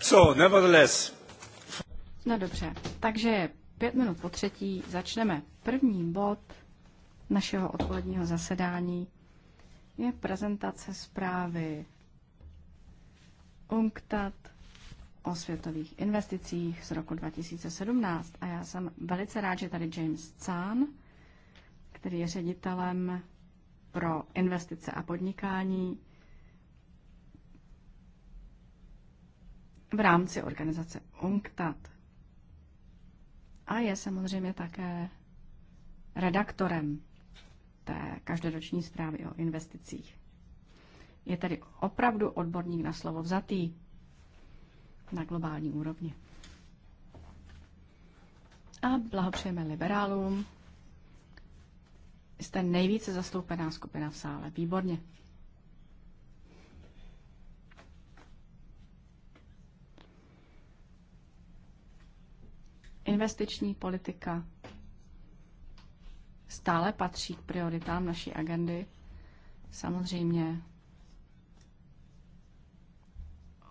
So, nevertheless. No dobře, takže pět minut po třetí, začneme. První bod našeho odpoledního zasedání je prezentace zprávy UNCTAD o světových investicích z roku 2017. A já jsem velice rád, že tady James Cán, který je ředitelem pro investice a podnikání v rámci organizace UNCTAD. A je samozřejmě také redaktorem té každoroční zprávy o investicích. Je tedy opravdu odborník na slovo vzatý na globální úrovni. A blahopřejeme liberálům. Jste nejvíce zastoupená skupina v sále. Výborně. Investiční politika stále patří k prioritám naší agendy. Samozřejmě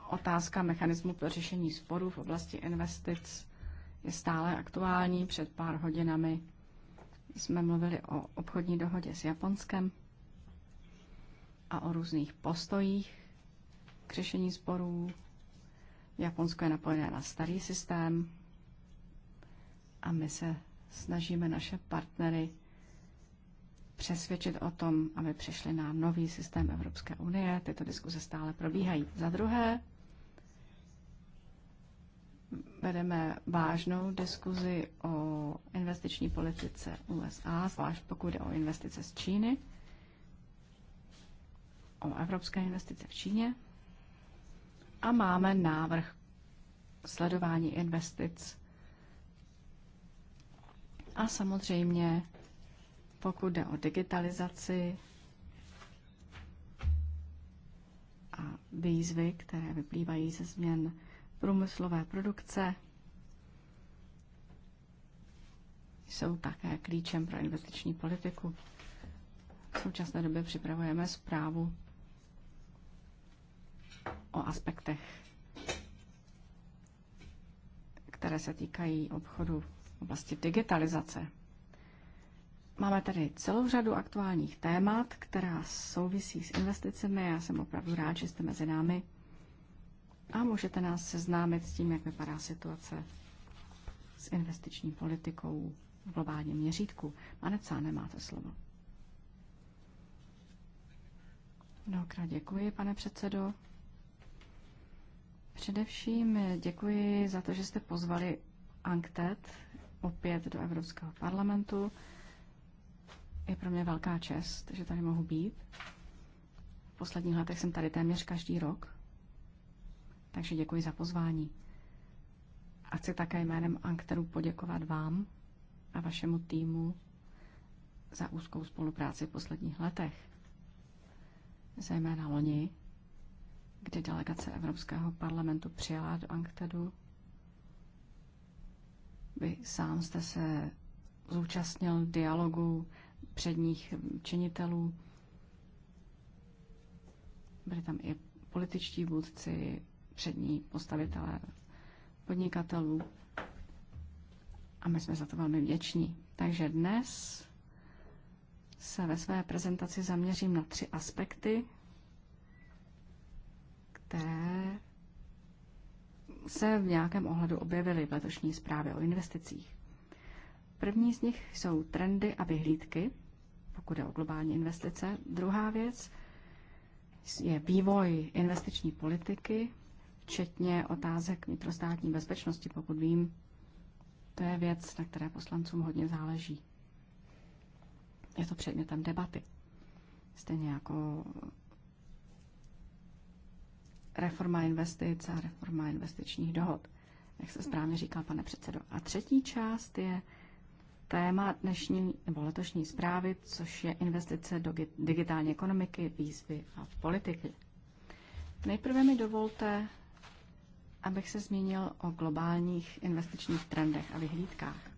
otázka mechanismu pro řešení sporů v oblasti investic je stále aktuální. Před pár hodinami jsme mluvili o obchodní dohodě s Japonskem a o různých postojích k řešení sporů. Japonsko je napojené na starý systém, a my se snažíme naše partnery přesvědčit o tom, aby přišli na nový systém Evropské unie. Tyto diskuze stále probíhají. Za druhé, vedeme vážnou diskuzi o investiční politice USA, zvlášť pokud jde o investice z Číny, o evropské investice v Číně. A máme návrh sledování investic a samozřejmě, pokud jde o digitalizaci a výzvy, které vyplývají ze změn průmyslové produkce, jsou také klíčem pro investiční politiku. V současné době připravujeme zprávu o aspektech, které se týkají obchodu oblasti digitalizace. Máme tady celou řadu aktuálních témat, která souvisí s investicemi. Já jsem opravdu rád, že jste mezi námi a můžete nás seznámit s tím, jak vypadá situace s investiční politikou v globálním měřítku. Pane Cáne, máte slovo. Mnohokrát děkuji, pane předsedo. Především děkuji za to, že jste pozvali Anktet opět do Evropského parlamentu. Je pro mě velká čest, že tady mohu být. V posledních letech jsem tady téměř každý rok, takže děkuji za pozvání. A chci také jménem Ankteru poděkovat vám a vašemu týmu za úzkou spolupráci v posledních letech. Zejména loni, kdy delegace Evropského parlamentu přijela do Anktedu vy sám jste se zúčastnil dialogu předních činitelů. Byli tam i političtí vůdci, přední postavitelé podnikatelů. A my jsme za to velmi vděční. Takže dnes se ve své prezentaci zaměřím na tři aspekty, které se v nějakém ohledu objevily v letošní zprávě o investicích. První z nich jsou trendy a vyhlídky, pokud je o globální investice. Druhá věc je vývoj investiční politiky, včetně otázek vnitrostátní bezpečnosti, pokud vím, to je věc, na které poslancům hodně záleží. Je to předmětem debaty. Stejně jako reforma investic a reforma investičních dohod, jak se správně říkal pane předsedo. A třetí část je téma dnešní nebo letošní zprávy, což je investice do digitální ekonomiky, výzvy a politiky. Nejprve mi dovolte, abych se zmínil o globálních investičních trendech a vyhlídkách.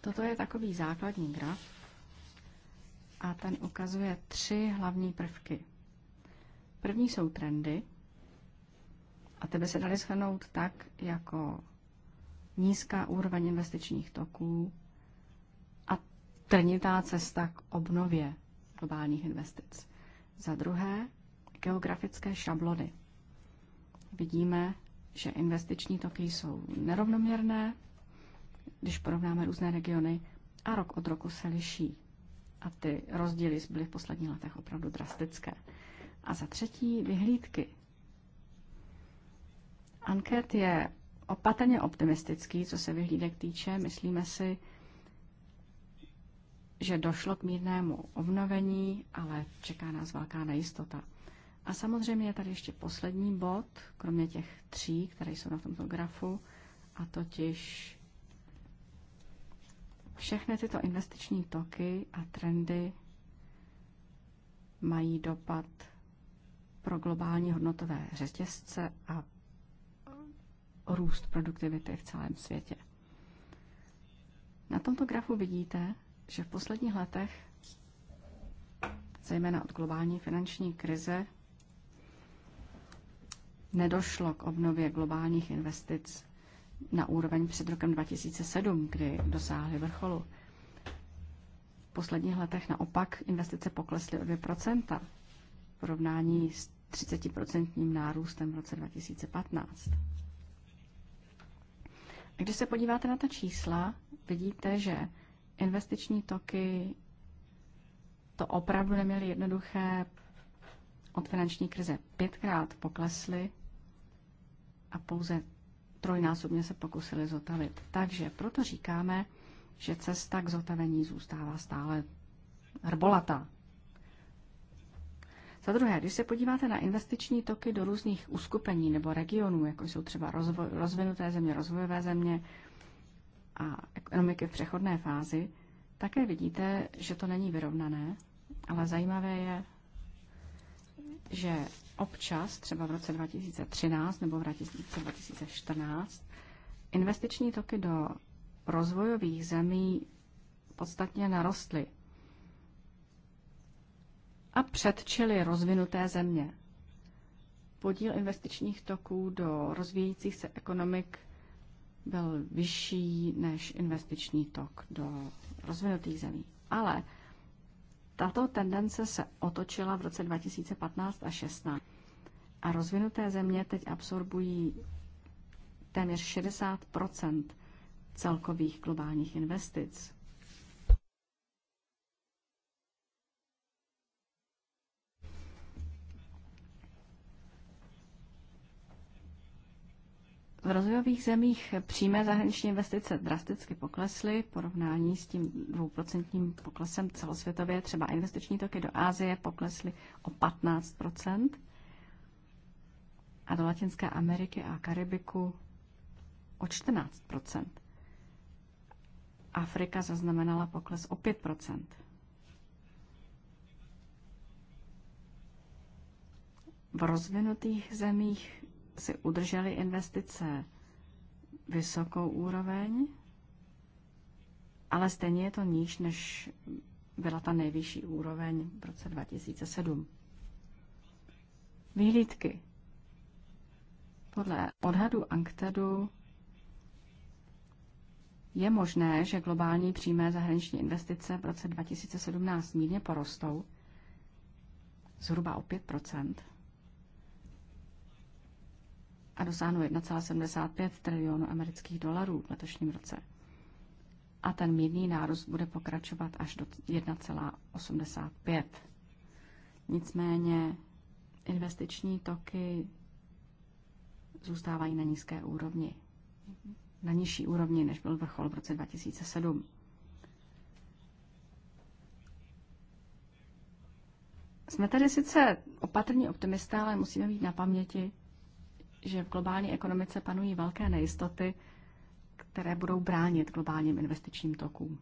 Toto je takový základní graf a ten ukazuje tři hlavní prvky. První jsou trendy a ty by se daly shrnout tak, jako nízká úroveň investičních toků a trnitá cesta k obnově globálních investic. Za druhé, geografické šablony. Vidíme, že investiční toky jsou nerovnoměrné, když porovnáme různé regiony, a rok od roku se liší. A ty rozdíly byly v posledních letech opravdu drastické. A za třetí vyhlídky. Anket je opatrně optimistický, co se vyhlídek týče. Myslíme si, že došlo k mírnému obnovení, ale čeká nás velká nejistota. A samozřejmě je tady ještě poslední bod, kromě těch tří, které jsou na tomto grafu, a totiž všechny tyto investiční toky a trendy mají dopad pro globální hodnotové řetězce a růst produktivity v celém světě. Na tomto grafu vidíte, že v posledních letech, zejména od globální finanční krize, nedošlo k obnově globálních investic na úroveň před rokem 2007, kdy dosáhly vrcholu. V posledních letech naopak investice poklesly o 2 porovnání s 30% nárůstem v roce 2015. A když se podíváte na ta čísla, vidíte, že investiční toky to opravdu neměly jednoduché. Od finanční krize pětkrát poklesly a pouze trojnásobně se pokusili zotavit. Takže proto říkáme, že cesta k zotavení zůstává stále hrbolata, za druhé, když se podíváte na investiční toky do různých uskupení nebo regionů, jako jsou třeba rozvoj, rozvinuté země, rozvojové země a ekonomiky v přechodné fázi, také vidíte, že to není vyrovnané, ale zajímavé je, že občas, třeba v roce 2013 nebo v roce 2014, investiční toky do rozvojových zemí podstatně narostly a předčili rozvinuté země. Podíl investičních toků do rozvíjících se ekonomik byl vyšší než investiční tok do rozvinutých zemí. Ale tato tendence se otočila v roce 2015 a 16. A rozvinuté země teď absorbují téměř 60 celkových globálních investic. V rozvojových zemích přímé zahraniční investice drasticky poklesly, porovnání s tím dvouprocentním poklesem celosvětově, třeba investiční toky do Ázie poklesly o 15 a do Latinské Ameriky a Karibiku o 14 Afrika zaznamenala pokles o 5 V rozvinutých zemích si udrželi investice vysokou úroveň, ale stejně je to níž, než byla ta nejvyšší úroveň v roce 2007. Výhlídky. Podle odhadu Anktedu je možné, že globální přímé zahraniční investice v roce 2017 mírně porostou, zhruba o 5 a dosáhnou 1,75 trilionu amerických dolarů v letošním roce. A ten mírný nárůst bude pokračovat až do 1,85. Nicméně investiční toky zůstávají na nízké úrovni, na nižší úrovni, než byl vrchol v roce 2007. Jsme tady sice opatrní optimisté, ale musíme mít na paměti, že v globální ekonomice panují velké nejistoty, které budou bránit globálním investičním tokům.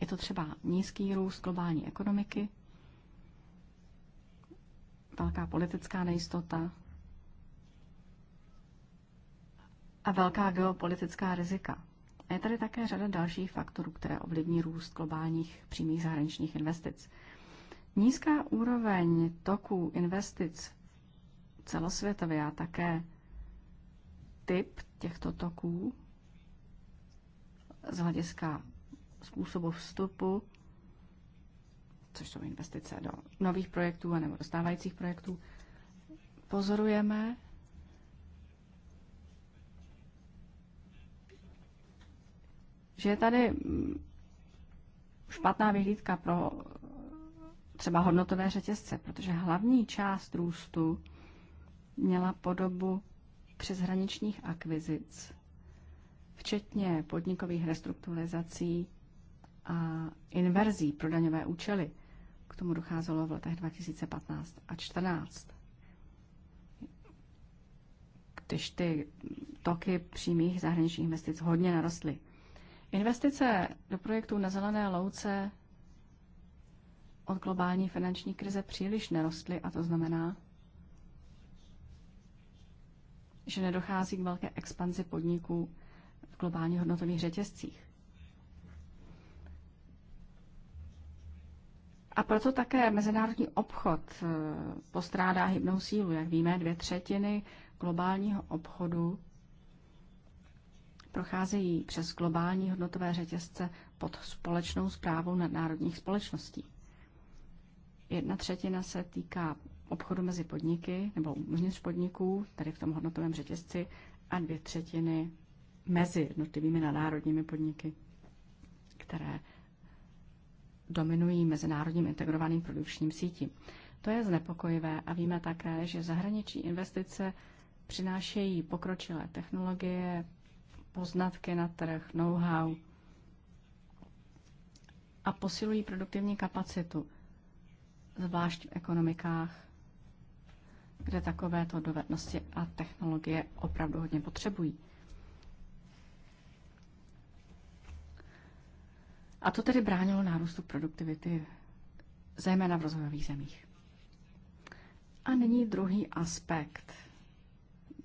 Je to třeba nízký růst globální ekonomiky, velká politická nejistota a velká geopolitická rizika. A je tady také řada dalších faktorů, které ovlivní růst globálních přímých zahraničních investic. Nízká úroveň toku investic celosvětově a také typ těchto toků z hlediska způsobu vstupu, což jsou investice do nových projektů a nebo stávajících projektů, pozorujeme že je tady špatná vyhlídka pro třeba hodnotové řetězce, protože hlavní část růstu měla podobu přeshraničních akvizic, včetně podnikových restrukturalizací a inverzí pro daňové účely. K tomu docházelo v letech 2015 a 2014. Když ty toky přímých zahraničních investic hodně narostly. Investice do projektů na zelené louce od globální finanční krize příliš nerostly a to znamená, že nedochází k velké expanzi podniků v globálně hodnotových řetězcích. A proto také mezinárodní obchod eh, postrádá hybnou sílu. Jak víme, dvě třetiny globálního obchodu procházejí přes globální hodnotové řetězce pod společnou zprávou nadnárodních společností. Jedna třetina se týká obchodu mezi podniky nebo uvnitř podniků, tady v tom hodnotovém řetězci, a dvě třetiny mezi jednotlivými nadnárodními podniky, které dominují mezinárodním integrovaným produkčním sítím. To je znepokojivé a víme také, že zahraniční investice přinášejí pokročilé technologie, poznatky na trh, know-how a posilují produktivní kapacitu, zvlášť v ekonomikách, kde takovéto dovednosti a technologie opravdu hodně potřebují. A to tedy bránilo nárůstu produktivity, zejména v rozvojových zemích. A nyní druhý aspekt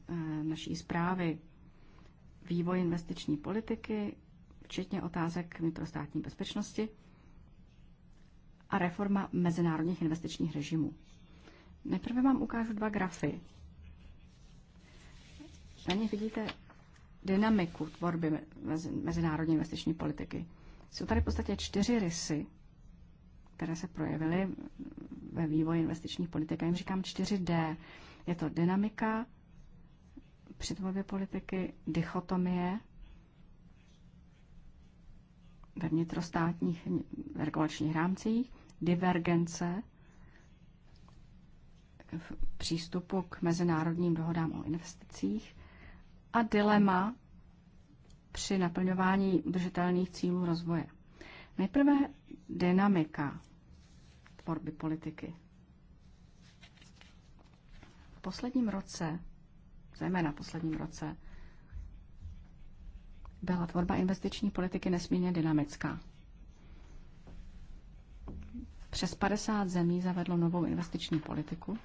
eh, naší zprávy. Vývoj investiční politiky, včetně otázek vnitrostátní bezpečnosti a reforma mezinárodních investičních režimů. Nejprve vám ukážu dva grafy. Na ně vidíte dynamiku tvorby mezinárodní investiční politiky. Jsou tady v podstatě čtyři rysy, které se projevily ve vývoji investičních politik. Já jim říkám 4D. Je to dynamika při tvorbě politiky, dichotomie ve vnitrostátních regulačních rámcích, divergence v přístupu k mezinárodním dohodám o investicích a dilema při naplňování udržitelných cílů rozvoje. Nejprve dynamika tvorby politiky. V posledním roce, zejména v posledním roce, byla tvorba investiční politiky nesmírně dynamická. Přes 50 zemí zavedlo novou investiční politiku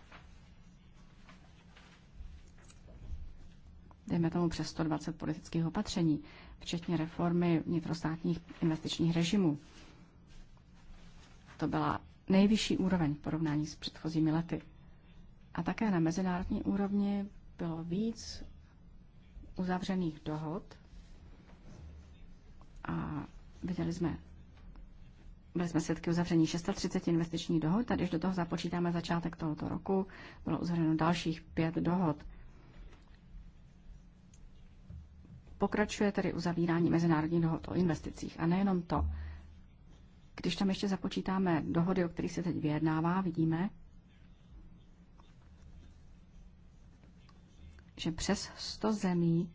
dejme tomu přes 120 politických opatření, včetně reformy vnitrostátních investičních režimů. To byla nejvyšší úroveň v porovnání s předchozími lety. A také na mezinárodní úrovni bylo víc uzavřených dohod a viděli jsme byli jsme svědky uzavření 630 investičních dohod a když do toho započítáme začátek tohoto roku, bylo uzavřeno dalších pět dohod. Pokračuje tedy uzavírání mezinárodních dohod o investicích. A nejenom to. Když tam ještě započítáme dohody, o kterých se teď vyjednává, vidíme, že přes 100 zemí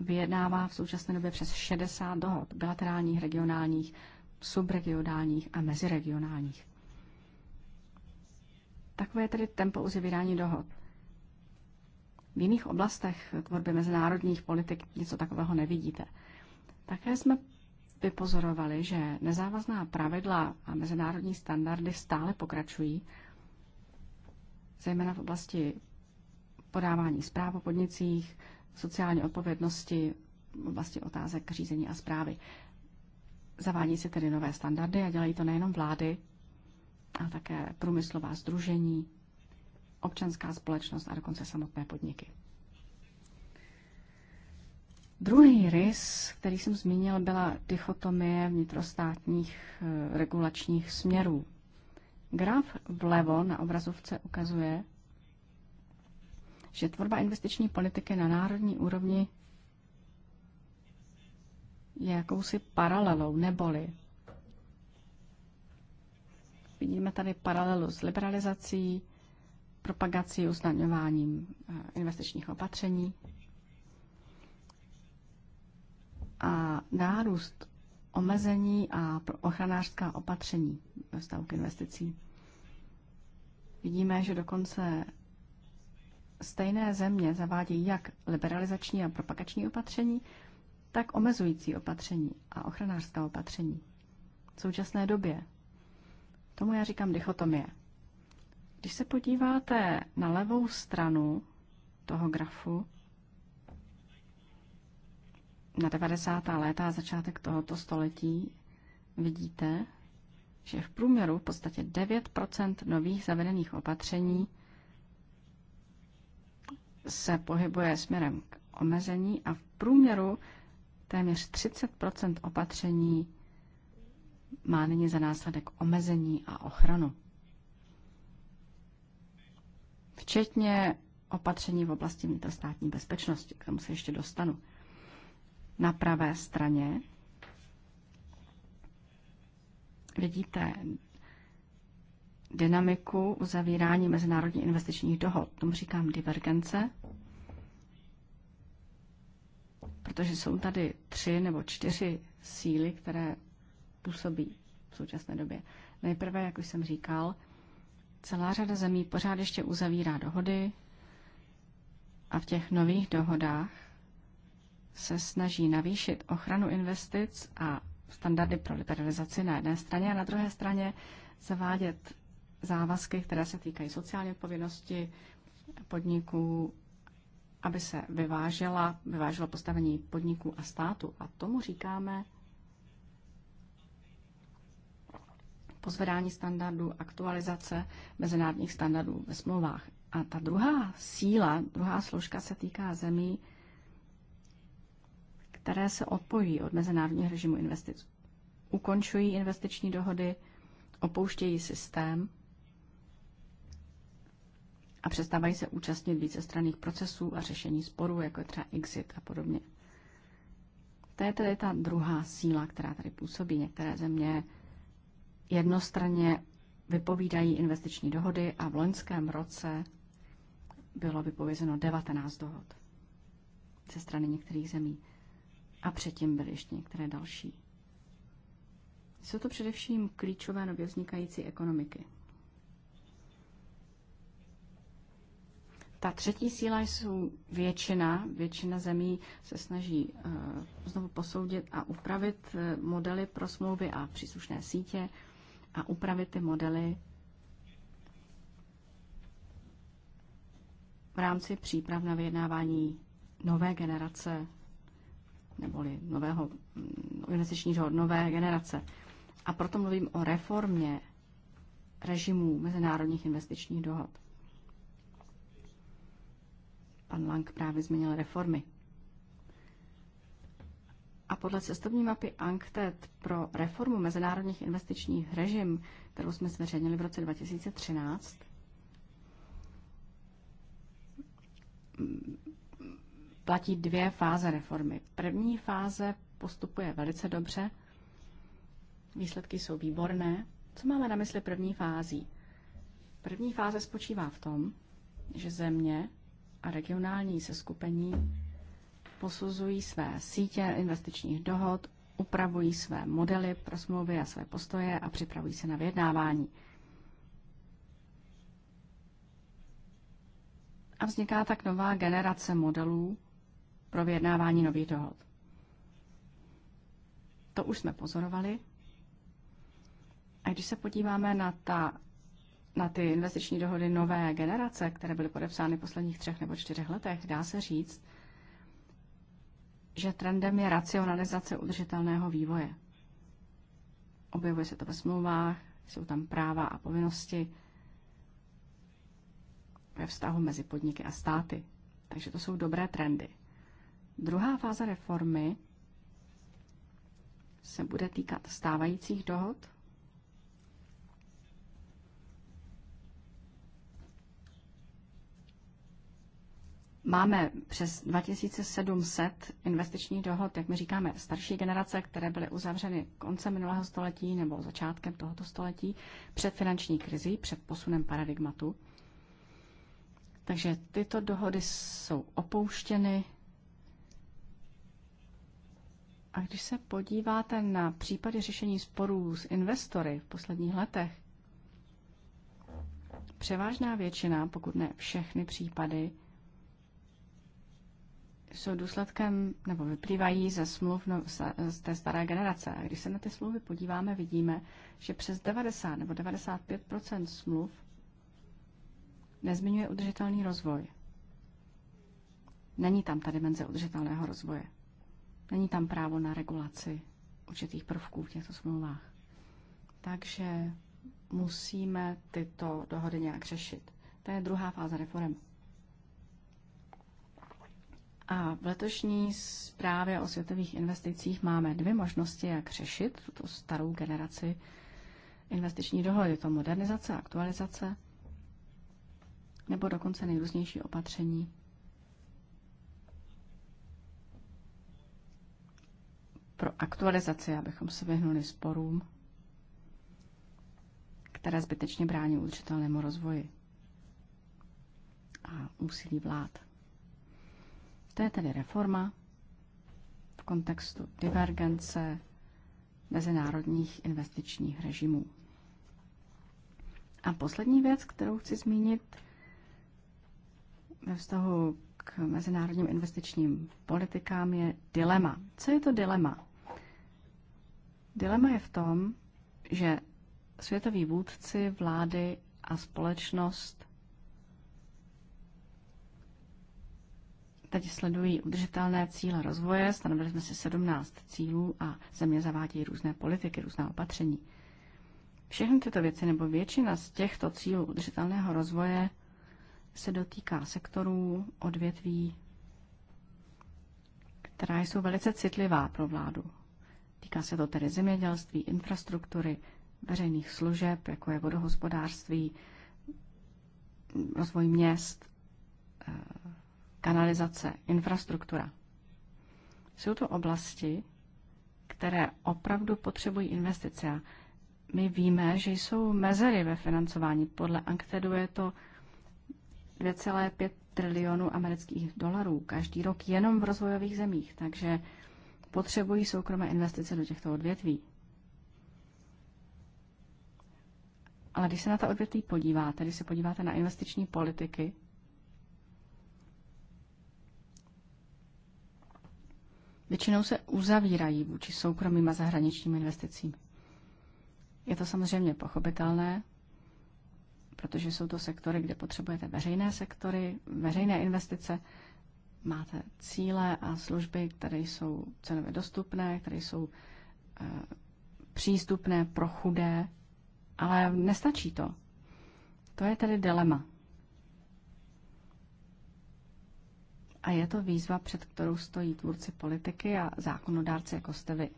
vyjednává v současné době přes 60 dohod bilaterálních, regionálních, subregionálních a meziregionálních. Takové je tedy tempo uzavírání dohod. V jiných oblastech tvorby mezinárodních politik něco takového nevidíte. Také jsme vypozorovali, že nezávazná pravidla a mezinárodní standardy stále pokračují, zejména v oblasti podávání zpráv o podnicích, sociální odpovědnosti, v oblasti otázek řízení a zprávy. Zavádí se tedy nové standardy a dělají to nejenom vlády, ale také průmyslová združení, občanská společnost a dokonce samotné podniky. Druhý rys, který jsem zmínil, byla dichotomie vnitrostátních eh, regulačních směrů. Graf vlevo na obrazovce ukazuje, že tvorba investiční politiky na národní úrovni je jakousi paralelou neboli. Vidíme tady paralelu s liberalizací, propagaci usnadňováním eh, investičních opatření a nárůst omezení a ochranářská opatření ve vztahu k investicím. Vidíme, že dokonce stejné země zavádějí jak liberalizační a propagační opatření, tak omezující opatření a ochranářská opatření v současné době. Tomu já říkám dichotomie. Když se podíváte na levou stranu toho grafu, na 90. léta a začátek tohoto století, vidíte, že v průměru v podstatě 9 nových zavedených opatření se pohybuje směrem k omezení a v průměru téměř 30 opatření má nyní za následek omezení a ochranu včetně opatření v oblasti vnitrostátní bezpečnosti. K tomu se ještě dostanu. Na pravé straně vidíte dynamiku uzavírání mezinárodních investičních dohod. Tomu říkám divergence, protože jsou tady tři nebo čtyři síly, které působí v současné době. Nejprve, jak už jsem říkal, Celá řada zemí pořád ještě uzavírá dohody a v těch nových dohodách se snaží navýšit ochranu investic a standardy pro liberalizaci na jedné straně a na druhé straně zavádět závazky, které se týkají sociální odpovědnosti podniků, aby se vyvážela, vyváželo postavení podniků a státu. A tomu říkáme pozvedání standardů, aktualizace mezinárodních standardů ve smlouvách. A ta druhá síla, druhá složka se týká zemí, které se odpojí od mezinárodního režimu investic. Ukončují investiční dohody, opouštějí systém a přestávají se účastnit straných procesů a řešení sporů, jako je třeba exit a podobně. To je tedy ta druhá síla, která tady působí. Některé země jednostranně vypovídají investiční dohody a v loňském roce bylo vypovězeno 19 dohod ze strany některých zemí. A předtím byly ještě některé další. Jsou to především klíčové nově vznikající ekonomiky. Ta třetí síla jsou většina. Většina zemí se snaží eh, znovu posoudit a upravit eh, modely pro smlouvy a příslušné sítě a upravit ty modely v rámci příprav na vyjednávání nové generace neboli nového mm, investičního nové generace. A proto mluvím o reformě režimů mezinárodních investičních dohod. Pan Lang právě změnil reformy. A podle cestovní mapy ANKTED pro reformu mezinárodních investičních režim, kterou jsme zveřejnili v roce 2013, platí dvě fáze reformy. První fáze postupuje velice dobře, výsledky jsou výborné. Co máme na mysli první fází? První fáze spočívá v tom, že země a regionální seskupení posuzují své sítě investičních dohod, upravují své modely pro smlouvy a své postoje a připravují se na vyjednávání. A vzniká tak nová generace modelů pro vyjednávání nových dohod. To už jsme pozorovali. A když se podíváme na, ta, na ty investiční dohody nové generace, které byly podepsány v posledních třech nebo čtyřech letech, dá se říct, že trendem je racionalizace udržitelného vývoje. Objevuje se to ve smlouvách, jsou tam práva a povinnosti ve vztahu mezi podniky a státy. Takže to jsou dobré trendy. Druhá fáze reformy se bude týkat stávajících dohod Máme přes 2700 investičních dohod, jak my říkáme, starší generace, které byly uzavřeny koncem minulého století nebo začátkem tohoto století, před finanční krizí, před posunem paradigmatu. Takže tyto dohody jsou opouštěny. A když se podíváte na případy řešení sporů s investory v posledních letech, převážná většina, pokud ne všechny případy, jsou důsledkem nebo vyplývají ze smluv no, z té staré generace. A když se na ty smlouvy podíváme, vidíme, že přes 90 nebo 95 smluv nezmiňuje udržitelný rozvoj. Není tam ta dimenze udržitelného rozvoje. Není tam právo na regulaci určitých prvků v těchto smlouvách. Takže musíme tyto dohody nějak řešit. To je druhá fáze reformy. A v letošní zprávě o světových investicích máme dvě možnosti, jak řešit tuto starou generaci investiční dohody. Je to modernizace, aktualizace nebo dokonce nejrůznější opatření pro aktualizaci, abychom se vyhnuli sporům, které zbytečně brání udržitelnému rozvoji a úsilí vlád. To je tedy reforma v kontextu divergence mezinárodních investičních režimů. A poslední věc, kterou chci zmínit ve vztahu k mezinárodním investičním politikám, je dilema. Co je to dilema? Dilema je v tom, že světoví vůdci, vlády a společnost teď sledují udržitelné cíle rozvoje, stanovili jsme si 17 cílů a země zavádějí různé politiky, různá opatření. Všechny tyto věci nebo většina z těchto cílů udržitelného rozvoje se dotýká sektorů, odvětví, která jsou velice citlivá pro vládu. Týká se to tedy zemědělství, infrastruktury, veřejných služeb, jako je vodohospodářství, rozvoj měst, eh, kanalizace, infrastruktura. Jsou to oblasti, které opravdu potřebují investice. My víme, že jsou mezery ve financování. Podle Anktedu je to 2,5 trilionů amerických dolarů každý rok jenom v rozvojových zemích, takže potřebují soukromé investice do těchto odvětví. Ale když se na ta odvětví podíváte, když se podíváte na investiční politiky, většinou se uzavírají vůči soukromým a zahraničním investicím. Je to samozřejmě pochopitelné, protože jsou to sektory, kde potřebujete veřejné sektory, veřejné investice, máte cíle a služby, které jsou cenově dostupné, které jsou e, přístupné pro chudé, ale nestačí to. To je tedy dilema. A je to výzva, před kterou stojí tvůrci politiky a zákonodárci jako jste vy.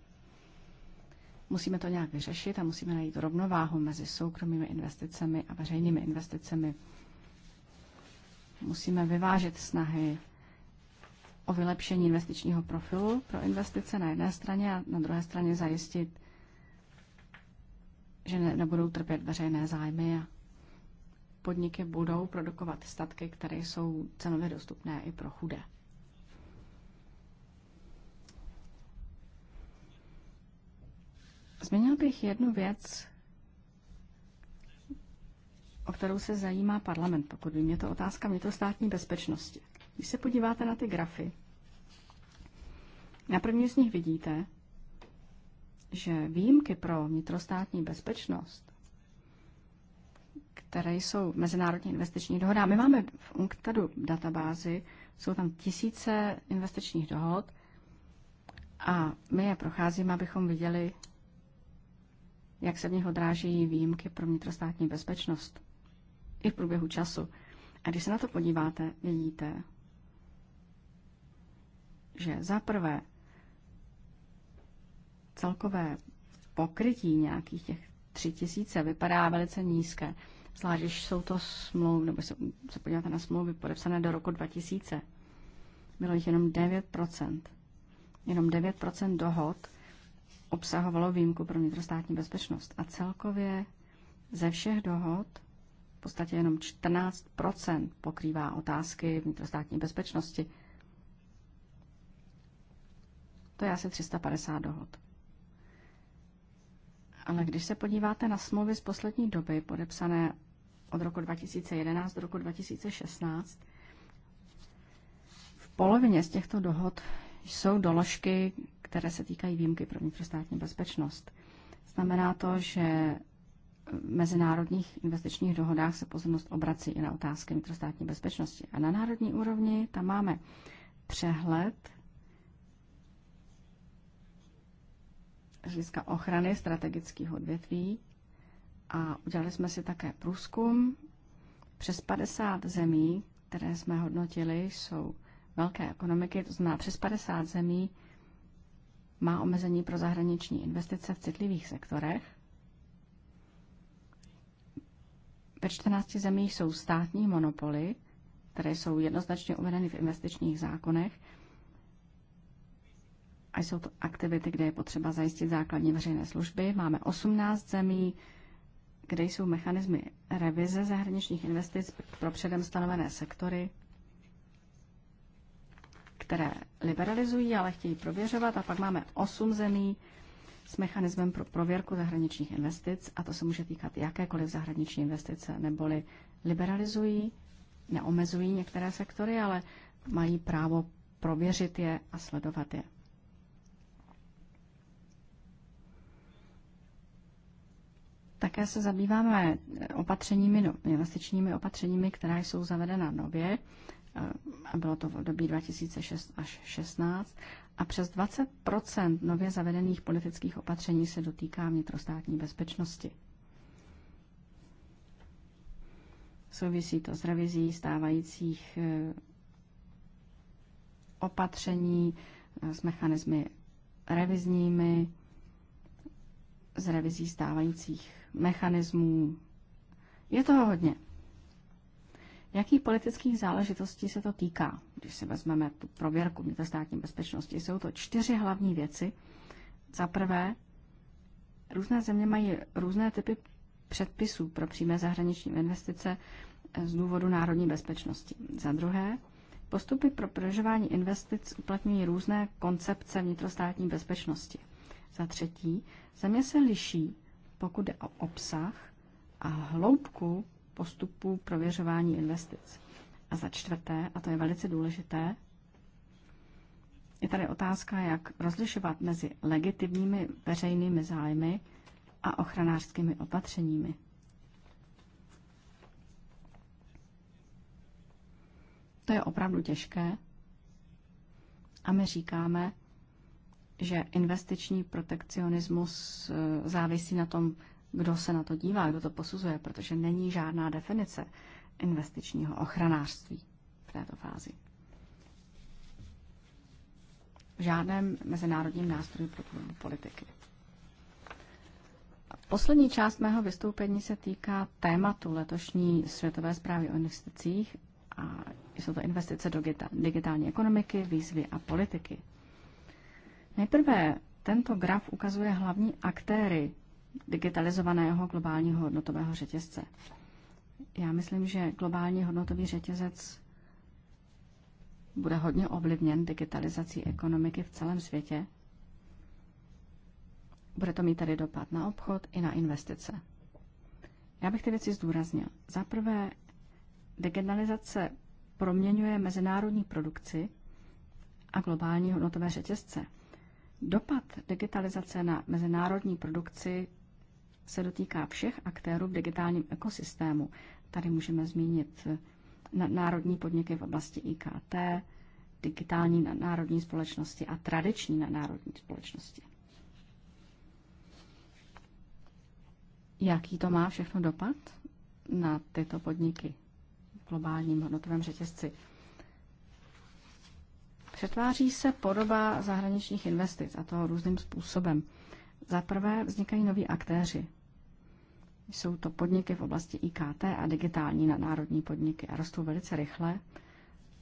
Musíme to nějak vyřešit a musíme najít rovnováhu mezi soukromými investicemi a veřejnými investicemi. Musíme vyvážet snahy o vylepšení investičního profilu pro investice na jedné straně a na druhé straně zajistit, že nebudou trpět veřejné zájmy a podniky budou produkovat statky, které jsou cenově dostupné i pro chudé. Změnil bych jednu věc, o kterou se zajímá parlament, pokud by mě to otázka vnitrostátní bezpečnosti. Když se podíváte na ty grafy, na první z nich vidíte, že výjimky pro vnitrostátní bezpečnost které jsou mezinárodní investiční dohoda. My máme v UNCTADu databázi, jsou tam tisíce investičních dohod a my je procházíme, abychom viděli, jak se v nich odráží výjimky pro vnitrostátní bezpečnost i v průběhu času. A když se na to podíváte, vidíte, že za prvé celkové pokrytí nějakých těch tři tisíce vypadá velice nízké zvlášť když jsou to smlouvy, nebo se, se podíváte na smlouvy podepsané do roku 2000, bylo jich jenom 9%. Jenom 9% dohod obsahovalo výjimku pro vnitrostátní bezpečnost. A celkově ze všech dohod v podstatě jenom 14 pokrývá otázky vnitrostátní bezpečnosti. To je asi 350 dohod. Ale když se podíváte na smlouvy z poslední doby, podepsané od roku 2011 do roku 2016, v polovině z těchto dohod jsou doložky, které se týkají výjimky pro vnitrostátní bezpečnost. Znamená to, že v mezinárodních investičních dohodách se pozornost obrací i na otázky vnitrostátní bezpečnosti. A na národní úrovni tam máme přehled z hlediska ochrany strategických odvětví a udělali jsme si také průzkum. Přes 50 zemí, které jsme hodnotili, jsou velké ekonomiky, to znamená přes 50 zemí má omezení pro zahraniční investice v citlivých sektorech. Ve 14 zemích jsou státní monopoly, které jsou jednoznačně uvedeny v investičních zákonech a jsou to aktivity, kde je potřeba zajistit základní veřejné služby. Máme 18 zemí, kde jsou mechanismy revize zahraničních investic pro předem stanovené sektory, které liberalizují, ale chtějí prověřovat. A pak máme 8 zemí s mechanismem pro prověrku zahraničních investic, a to se může týkat jakékoliv zahraniční investice, neboli liberalizují, neomezují některé sektory, ale mají právo prověřit je a sledovat je. Také se zabýváme opatřeními, no, investičními opatřeními, která jsou zavedena nově, eh, a bylo to v období 2006 až 16, a přes 20 nově zavedených politických opatření se dotýká vnitrostátní bezpečnosti. Souvisí to s revizí stávajících eh, opatření, eh, s mechanizmy revizními, z revizí stávajících mechanismů. Je toho hodně. Jakých politických záležitostí se to týká? Když si vezmeme tu prověrku vnitrostátní bezpečnosti, jsou to čtyři hlavní věci. Za prvé, různé země mají různé typy předpisů pro přímé zahraniční investice z důvodu národní bezpečnosti. Za druhé, postupy pro prožování investic uplatňují různé koncepce vnitrostátní bezpečnosti. Za třetí, země se liší, pokud jde o obsah a hloubku postupů prověřování investic. A za čtvrté, a to je velice důležité, je tady otázka, jak rozlišovat mezi legitimními veřejnými zájmy a ochranářskými opatřeními. To je opravdu těžké. A my říkáme, že investiční protekcionismus e, závisí na tom, kdo se na to dívá, kdo to posuzuje, protože není žádná definice investičního ochranářství v této fázi. V žádném mezinárodním nástroji pro politiky. Poslední část mého vystoupení se týká tématu letošní světové zprávy o investicích a jsou to investice do digitální ekonomiky, výzvy a politiky. Nejprve tento graf ukazuje hlavní aktéry digitalizovaného globálního hodnotového řetězce. Já myslím, že globální hodnotový řetězec bude hodně ovlivněn digitalizací ekonomiky v celém světě. Bude to mít tady dopad na obchod i na investice. Já bych ty věci zdůraznil. Za prvé, digitalizace proměňuje mezinárodní produkci a globální hodnotové řetězce. Dopad digitalizace na mezinárodní produkci se dotýká všech aktérů v digitálním ekosystému. Tady můžeme zmínit národní podniky v oblasti IKT, digitální národní společnosti a tradiční národní společnosti. Jaký to má všechno dopad na tyto podniky v globálním hodnotovém řetězci? Přetváří se podoba zahraničních investic a to různým způsobem. Za prvé vznikají noví aktéři. Jsou to podniky v oblasti IKT a digitální národní podniky a rostou velice rychle,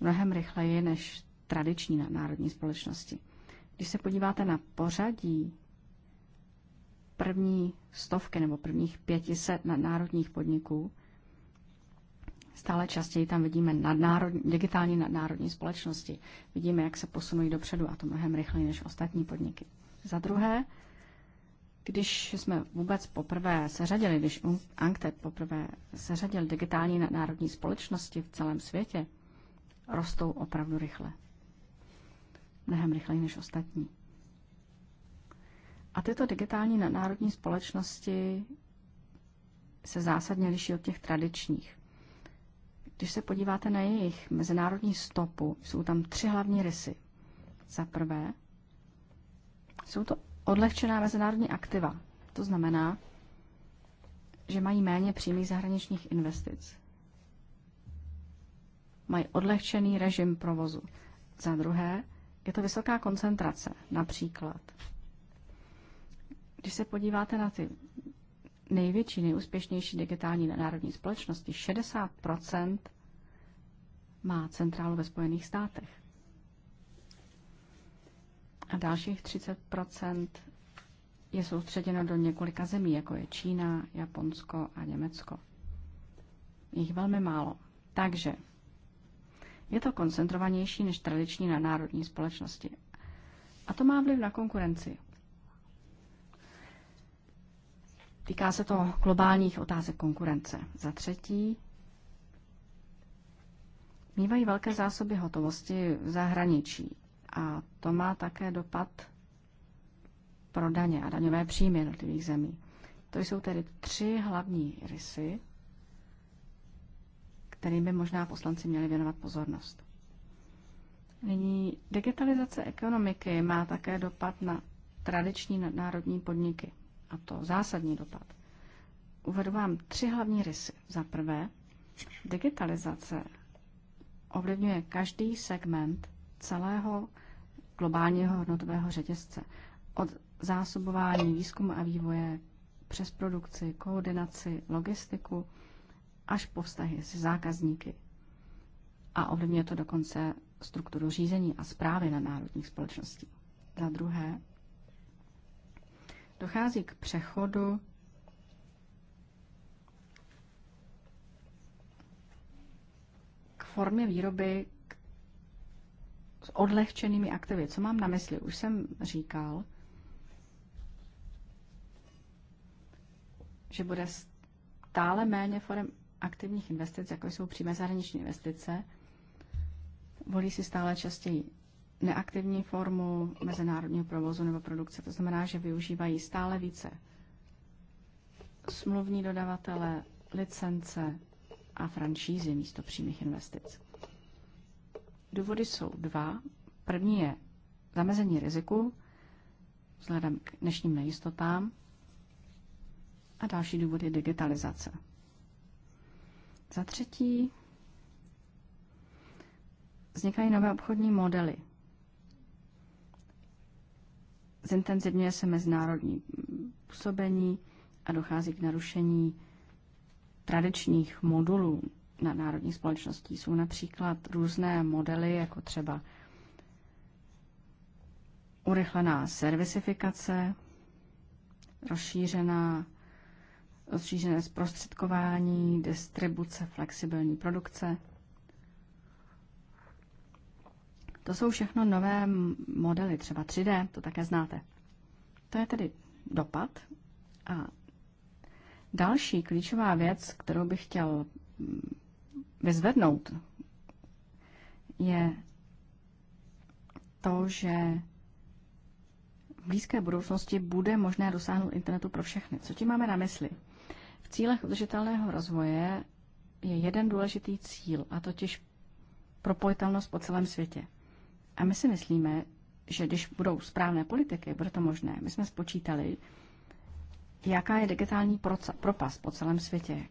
mnohem rychleji než tradiční národní společnosti. Když se podíváte na pořadí první stovky nebo prvních pětiset národních podniků, Stále častěji tam vidíme nadnárodní, digitální nadnárodní společnosti. Vidíme, jak se posunují dopředu a to mnohem rychleji než ostatní podniky. Za druhé, když jsme vůbec poprvé seřadili, když Anktet poprvé seřadil digitální národní společnosti v celém světě, rostou opravdu rychle. Mnohem rychleji než ostatní. A tyto digitální národní společnosti se zásadně liší od těch tradičních. Když se podíváte na jejich mezinárodní stopu, jsou tam tři hlavní rysy. Za prvé, jsou to odlehčená mezinárodní aktiva. To znamená, že mají méně přímých zahraničních investic. Mají odlehčený režim provozu. Za druhé, je to vysoká koncentrace, například. Když se podíváte na ty největší, nejúspěšnější digitální národní společnosti, 60 má centrálu ve Spojených státech. A dalších 30 je soustředěno do několika zemí, jako je Čína, Japonsko a Německo. Jich velmi málo. Takže je to koncentrovanější než tradiční na národní společnosti. A to má vliv na konkurenci. Týká se to globálních otázek konkurence. Za třetí, mývají velké zásoby hotovosti v zahraničí a to má také dopad pro daně a daňové příjmy jednotlivých zemí. To jsou tedy tři hlavní rysy, kterým by možná poslanci měli věnovat pozornost. Nyní digitalizace ekonomiky má také dopad na tradiční národní podniky a to zásadní dopad. Uvedu vám tři hlavní rysy. Za prvé, digitalizace ovlivňuje každý segment celého globálního hodnotového řetězce. Od zásobování, výzkumu a vývoje přes produkci, koordinaci, logistiku až po vztahy s zákazníky. A ovlivňuje to dokonce strukturu řízení a zprávy na národních společností. Za druhé, Dochází k přechodu k formě výroby s odlehčenými aktivy. Co mám na mysli? Už jsem říkal, že bude stále méně forem aktivních investic, jako jsou přímé zahraniční investice, volí si stále častěji neaktivní formu mezinárodního provozu nebo produkce. To znamená, že využívají stále více smluvní dodavatele, licence a franšízy místo přímých investic. Důvody jsou dva. První je zamezení riziku vzhledem k dnešním nejistotám a další důvod je digitalizace. Za třetí vznikají nové obchodní modely – zintenzivňuje se mezinárodní působení a dochází k narušení tradičních modulů na národní společností. Jsou například různé modely, jako třeba urychlená servisifikace, rozšířená, rozšířené zprostředkování, distribuce, flexibilní produkce – To jsou všechno nové modely, třeba 3D, to také znáte. To je tedy dopad. A další klíčová věc, kterou bych chtěl mm, vyzvednout, je to, že v blízké budoucnosti bude možné dosáhnout internetu pro všechny. Co tím máme na mysli? V cílech udržitelného rozvoje je jeden důležitý cíl, a totiž propojitelnost po celém světě. A my si myslíme, že když budou správné politiky, bude to možné. My jsme spočítali, jaká je digitální propas po celém světě,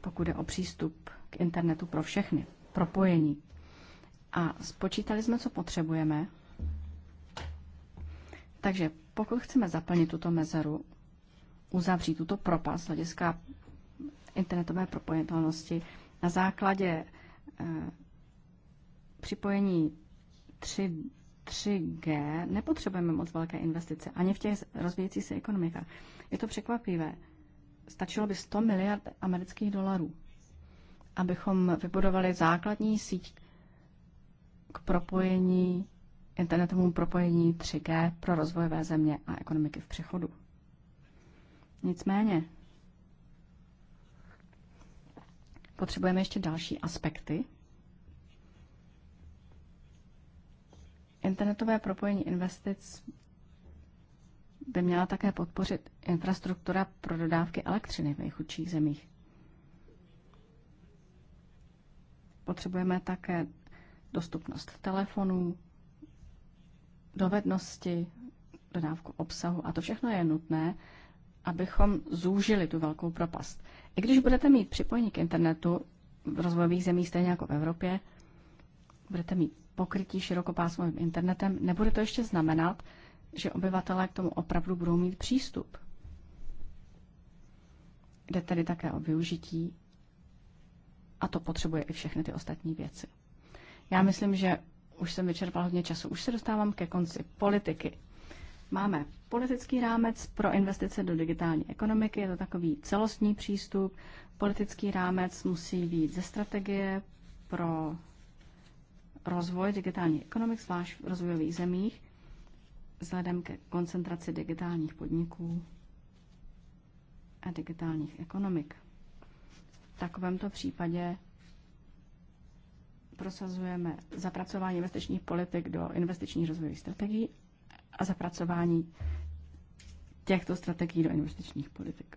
pokud je o přístup k internetu pro všechny, propojení. A spočítali jsme, co potřebujeme. Takže pokud chceme zaplnit tuto mezeru, uzavřít tuto propas hlediska internetové propojitelnosti na základě eh, připojení 3, 3G nepotřebujeme moc velké investice, ani v těch rozvíjejících se ekonomikách. Je to překvapivé. Stačilo by 100 miliard amerických dolarů, abychom vybudovali základní síť k propojení, internetovému propojení 3G pro rozvojové země a ekonomiky v přechodu. Nicméně, potřebujeme ještě další aspekty Internetové propojení investic by měla také podpořit infrastruktura pro dodávky elektřiny v nejchudších zemích. Potřebujeme také dostupnost telefonů, dovednosti, dodávku obsahu a to všechno je nutné, abychom zúžili tu velkou propast. I když budete mít připojení k internetu v rozvojových zemích stejně jako v Evropě, budete mít pokrytí širokopásmovým internetem, nebude to ještě znamenat, že obyvatelé k tomu opravdu budou mít přístup. Jde tedy také o využití a to potřebuje i všechny ty ostatní věci. Já myslím, že už jsem vyčerpal hodně času. Už se dostávám ke konci politiky. Máme politický rámec pro investice do digitální ekonomiky, je to takový celostní přístup. Politický rámec musí být ze strategie pro rozvoj digitální ekonomik, zvlášť v rozvojových zemích, vzhledem ke koncentraci digitálních podniků a digitálních ekonomik. V takovémto případě prosazujeme zapracování investičních politik do investičních rozvojových strategií a zapracování těchto strategií do investičních politik.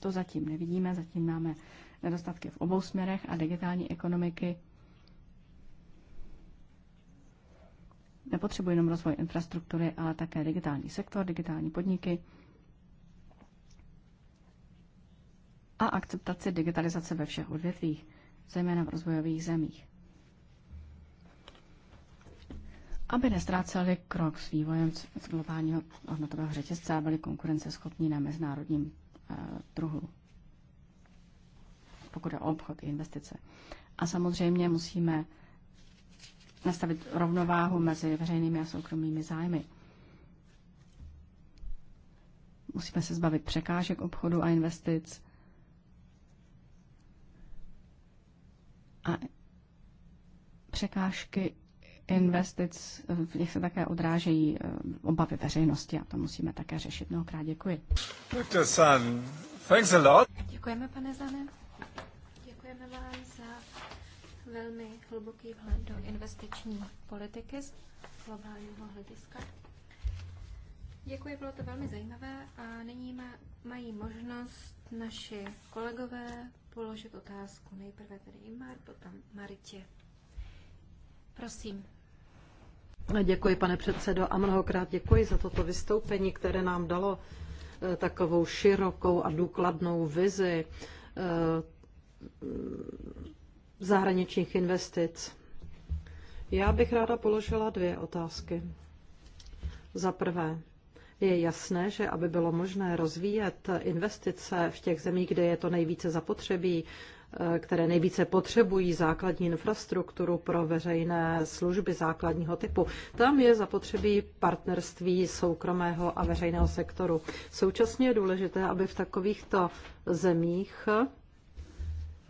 To zatím nevidíme, zatím máme nedostatky v obou směrech a digitální ekonomiky nepotřebují jenom rozvoj infrastruktury, ale také digitální sektor, digitální podniky a akceptaci digitalizace ve všech odvětvích, zejména v rozvojových zemích. Aby nestráceli krok s vývojem z globálního hodnotového řetězce a byli konkurenceschopní na mezinárodním e, trhu, pokud je o obchod i investice. A samozřejmě musíme nastavit rovnováhu mezi veřejnými a soukromými zájmy. Musíme se zbavit překážek obchodu a investic a překážky investic, v nich se také odrážejí eh, obavy veřejnosti a to musíme také řešit. Mnohokrát děkuji. Děkujeme, pane Zane. Děkujeme vám za velmi hluboký vhled do investiční politiky z globálního hlediska. Děkuji, bylo to velmi zajímavé a nyní má, mají možnost naši kolegové položit otázku. Nejprve tedy Imar, potom Maritě. Prosím. Děkuji, pane předsedo, a mnohokrát děkuji za toto vystoupení, které nám dalo eh, takovou širokou a důkladnou vizi eh, zahraničních investic. Já bych ráda položila dvě otázky. Za prvé, je jasné, že aby bylo možné rozvíjet investice v těch zemích, kde je to nejvíce zapotřebí, eh, které nejvíce potřebují základní infrastrukturu pro veřejné služby základního typu. Tam je zapotřebí partnerství soukromého a veřejného sektoru. Současně je důležité, aby v takovýchto zemích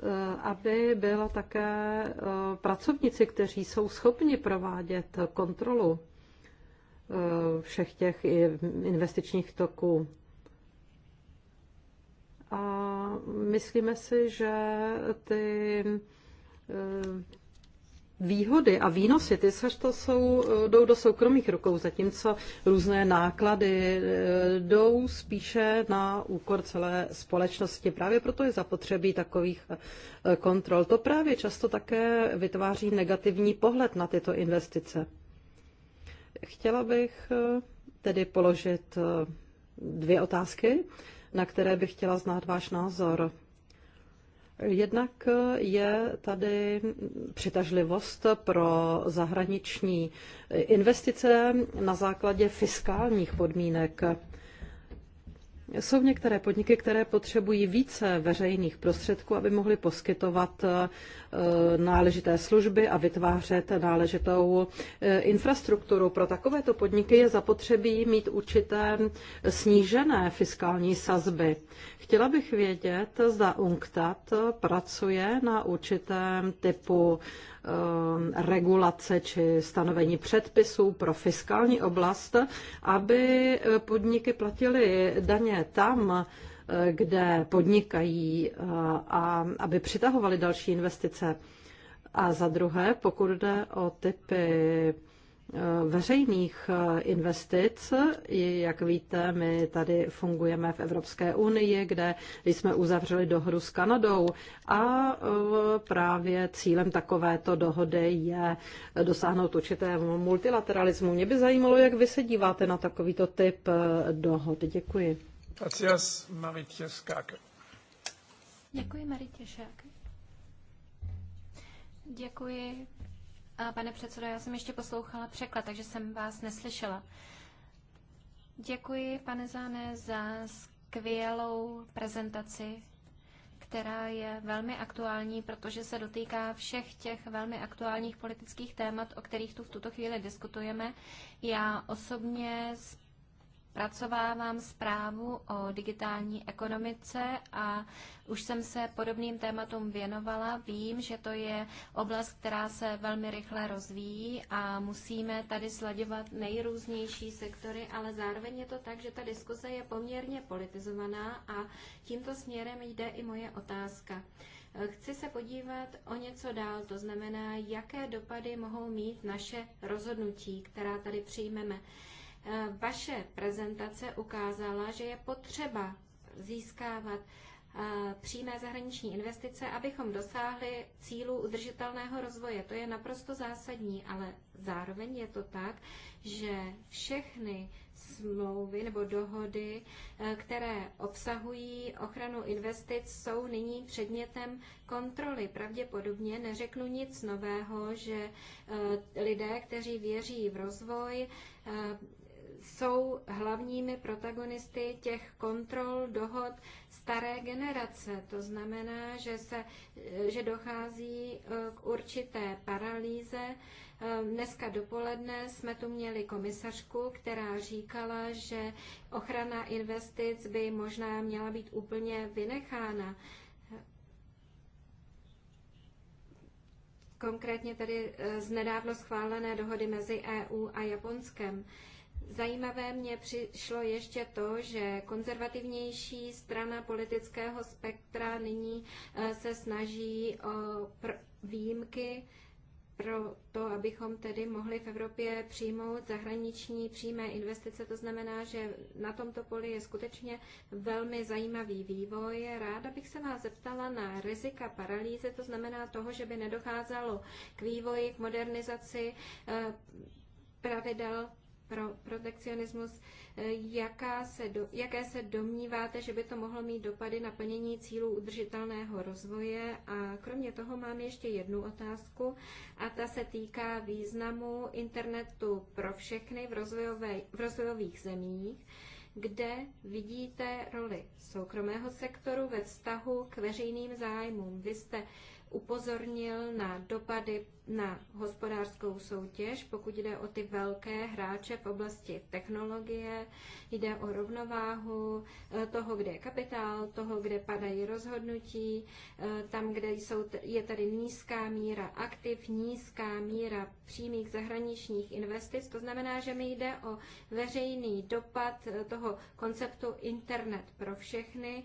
Eh, aby byla také eh, pracovníci, kteří jsou schopni provádět kontrolu eh, všech těch investičních toků. A myslíme si, že ty výhody a výnosy, ty to jsou, eh, jdou do soukromých rukou, zatímco různé náklady eh, jdou spíše na úkor celé společnosti. Právě proto je zapotřebí takových eh, kontrol. To právě často také vytváří negativní pohled na tyto investice. Chtěla bych tedy položit dvě otázky, na které bych chtěla znát váš názor. Jednak je tady přitažlivost pro zahraniční investice na základě fiskálních podmínek jsou některé podniky, které potřebují více veřejných prostředků, aby mohly poskytovat eh, náležité služby a vytvářet náležitou eh, infrastrukturu. Pro takovéto podniky je zapotřebí mít určité snížené fiskální sazby. Chtěla bych vědět, zda UNCTAD pracuje na určitém typu Um, regulace či stanovení předpisů pro fiskální oblast, aby eh, podniky platily daně tam, eh, kde podnikají eh, a aby přitahovali další investice. A za druhé, pokud jde o typy veřejných eh, investic. Jak víte, my tady fungujeme v Evropské unii, kde jsme uzavřeli dohodu s Kanadou a eh, právě cílem takovéto dohody je dosáhnout určitého multilateralismu. Mě by zajímalo, jak vy se díváte na takovýto typ eh, dohod. Děkuji. Děkuji, Maritě Šáke. Děkuji, pane předsedo, já jsem ještě poslouchala překlad, takže jsem vás neslyšela. Děkuji, pane Záne, za skvělou prezentaci, která je velmi aktuální, protože se dotýká všech těch velmi aktuálních politických témat, o kterých tu v tuto chvíli diskutujeme. Já osobně s zpracovávám zprávu o digitální ekonomice a už jsem se podobným tématům věnovala. Vím, že to je oblast, která se velmi rychle rozvíjí a musíme tady sladěvat nejrůznější sektory, ale zároveň je to tak, že ta diskuse je poměrně politizovaná a tímto směrem jde i moje otázka. Chci se podívat o něco dál, to znamená, jaké dopady mohou mít naše rozhodnutí, která tady přijmeme. Eh, vaše prezentace ukázala, že je potřeba získávat eh, přímé zahraniční investice, abychom dosáhli cílu udržitelného rozvoje. To je naprosto zásadní, ale zároveň je to tak, že všechny smlouvy nebo dohody, eh, které obsahují ochranu investic, jsou nyní předmětem kontroly. Pravděpodobně neřeknu nic nového, že lidé, kteří věří v rozvoj, jsou hlavními protagonisty těch kontrol dohod staré generace. To znamená, že, se, že dochází e, k určité paralýze. E, dneska dopoledne jsme tu měli komisařku, která říkala, že ochrana investic by možná měla být úplně vynechána. konkrétně tedy e, z nedávno schválené dohody mezi EU a Japonskem. Zajímavé mě přišlo ještě to, že konzervativnější strana politického spektra nyní eh, se snaží o výjimky pro to, abychom tedy mohli v Evropě přijmout zahraniční přímé investice. To znamená, že na tomto poli je skutečně velmi zajímavý vývoj. Ráda bych se vás zeptala na rizika paralýzy, to znamená toho, že by nedocházelo k vývoji, k modernizaci eh, pravidel pro protekcionismus, e, jaká se do, jaké se domníváte, že by to mohlo mít dopady na plnění cílů udržitelného rozvoje. A kromě toho mám ještě jednu otázku a ta se týká významu internetu pro všechny v, rozvojové, v rozvojových zemích kde vidíte roli soukromého sektoru ve vztahu k veřejným zájmům. Vy jste upozornil na dopady na hospodářskou soutěž, pokud jde o ty velké hráče v oblasti technologie, jde o rovnováhu eh, toho, kde je kapitál, toho, kde padají rozhodnutí, eh, tam, kde jsou, je tady nízká míra aktiv, nízká míra přímých zahraničních investic. To znamená, že mi jde o veřejný dopad eh, toho konceptu internet pro všechny,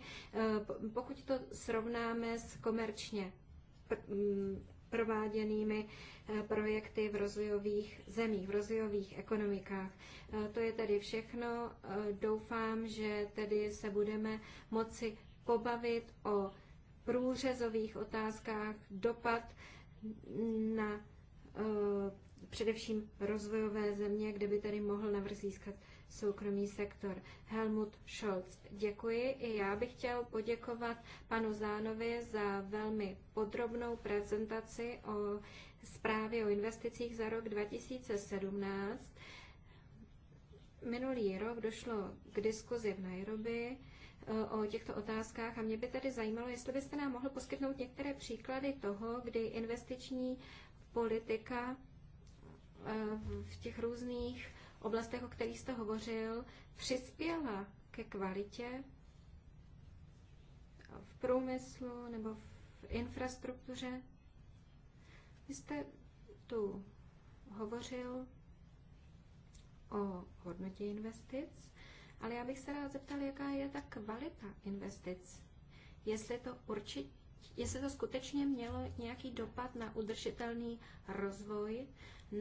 pokud to srovnáme s komerčně Mm, prováděnými eh, projekty v rozvojových zemích, v rozvojových ekonomikách. Eh, to je tedy všechno. Eh, doufám, že tedy se budeme moci pobavit o průřezových otázkách dopad na především rozvojové země, kde by tady mohl navrh získat soukromý sektor. Helmut Scholz, děkuji. I já bych chtěl poděkovat panu Zánovi za velmi podrobnou prezentaci o zprávě o investicích za rok 2017. Minulý rok došlo k diskuzi v Nairobi eh, o těchto otázkách a mě by tedy zajímalo, jestli byste nám mohl poskytnout některé příklady toho, kdy investiční politika eh, v těch různých oblastech, o kterých jste hovořil, přispěla ke kvalitě v průmyslu nebo v infrastruktuře? Vy jste tu hovořil o hodnotě investic, ale já bych se rád zeptal, jaká je ta kvalita investic. Jestli to určitě jestli to skutečně mělo nějaký dopad na udržitelný rozvoj,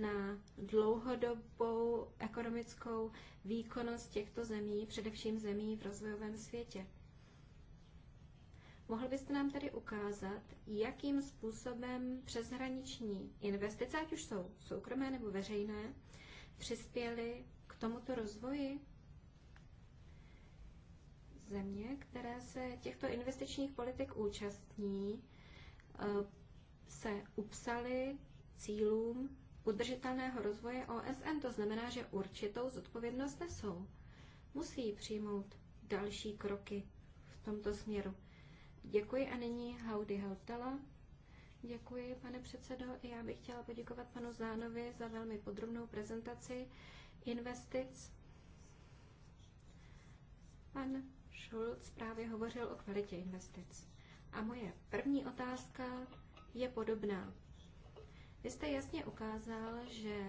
na dlouhodobou ekonomickou výkonnost těchto zemí, především zemí v rozvojovém světě. Mohl byste nám tedy ukázat, jakým způsobem přeshraniční investice, ať už jsou soukromé nebo veřejné, přispěly k tomuto rozvoji? země, které se těchto investičních politik účastní, eh, se upsaly cílům udržitelného rozvoje OSN. To znamená, že určitou zodpovědnost nesou. Musí přijmout další kroky v tomto směru. Děkuji a nyní Haudy Hautala. Děkuji, pane předsedo. I já bych chtěla poděkovat panu Zánovi za velmi podrobnou prezentaci investic. Pan Schulz právě hovořil o kvalitě investic. A moje první otázka je podobná. Vy jste jasně ukázal, že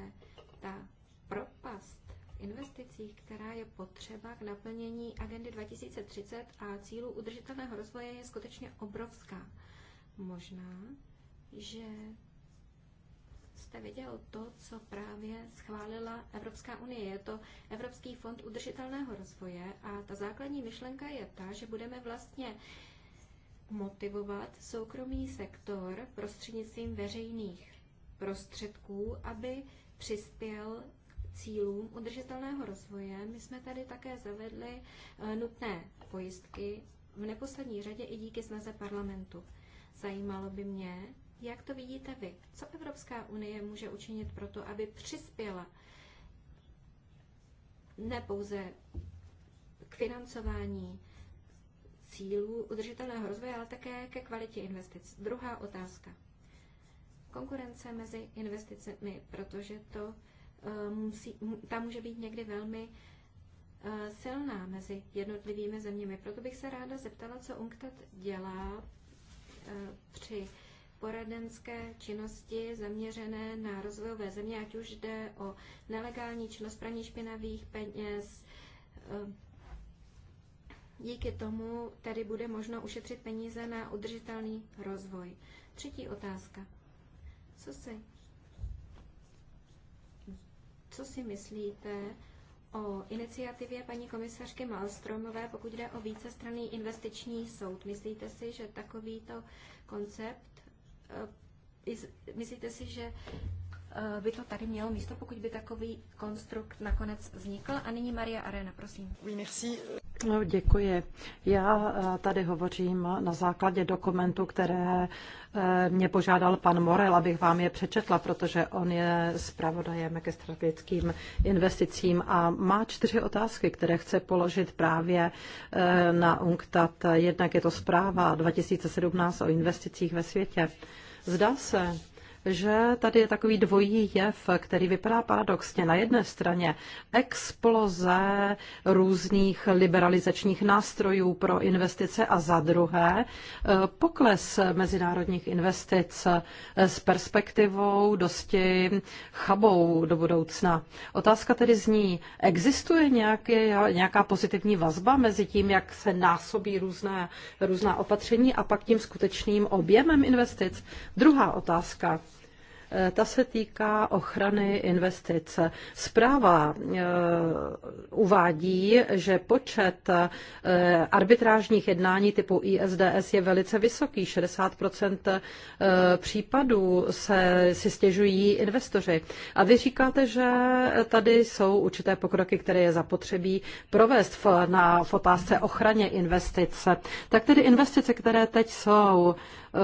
ta propast v investicích, která je potřeba k naplnění agendy 2030 a cílů udržitelného rozvoje, je skutečně obrovská. Možná, že abyste viděl to, co právě schválila Evropská unie. Je to Evropský fond udržitelného rozvoje a ta základní myšlenka je ta, že budeme vlastně motivovat soukromý sektor prostřednictvím veřejných prostředků, aby přispěl cílům udržitelného rozvoje. My jsme tady také zavedli eh, nutné pojistky, v neposlední řadě i díky snaze parlamentu. Zajímalo by mě, jak to vidíte vy? Co Evropská unie může učinit pro to, aby přispěla ne pouze k financování cílů udržitelného rozvoje, ale také ke kvalitě investic? Druhá otázka. Konkurence mezi investicemi, protože to eh, musí, ta může být někdy velmi eh, silná mezi jednotlivými zeměmi. Proto bych se ráda zeptala, co UNCTAD dělá eh, při poradenské činnosti zaměřené na rozvojové země, ať už jde o nelegální činnost praní špinavých peněz. Eh, díky tomu tedy bude možno ušetřit peníze na udržitelný rozvoj. Třetí otázka. Co si, co si myslíte o iniciativě paní komisařky Malstromové, pokud jde o vícestranný investiční soud? Myslíte si, že takovýto koncept Eh, myslíte si, že eh, by to tady mělo místo, pokud by takový konstrukt nakonec vznikl? A nyní Maria Arena, prosím. Oui, merci. No, děkuji. Já eh, tady hovořím na základě dokumentu, které eh, mě požádal pan Morel, abych vám je přečetla, protože on je zpravodajem ke strategickým investicím a má čtyři otázky, které chce položit právě eh, na UNCTAD. Jednak je to zpráva 2017 o investicích ve světě. Zdá se, že tady je takový dvojí jev, který vypadá paradoxně. Na jedné straně exploze různých liberalizačních nástrojů pro investice a za druhé eh, pokles mezinárodních investic eh, s perspektivou dosti chabou do budoucna. Otázka tedy zní, existuje nějaký, nějaká pozitivní vazba mezi tím, jak se násobí různé, různá opatření a pak tím skutečným objemem investic? Druhá otázka. Eh, ta se týká ochrany investic. Zpráva eh, uvádí, že počet eh, arbitrážních jednání typu ISDS je velice vysoký. 60 případů se, si stěžují investoři. A vy říkáte, že tady jsou určité pokroky, které je zapotřebí provést v, na, v otázce ochraně investice. Tak tedy investice, které teď jsou, Eh,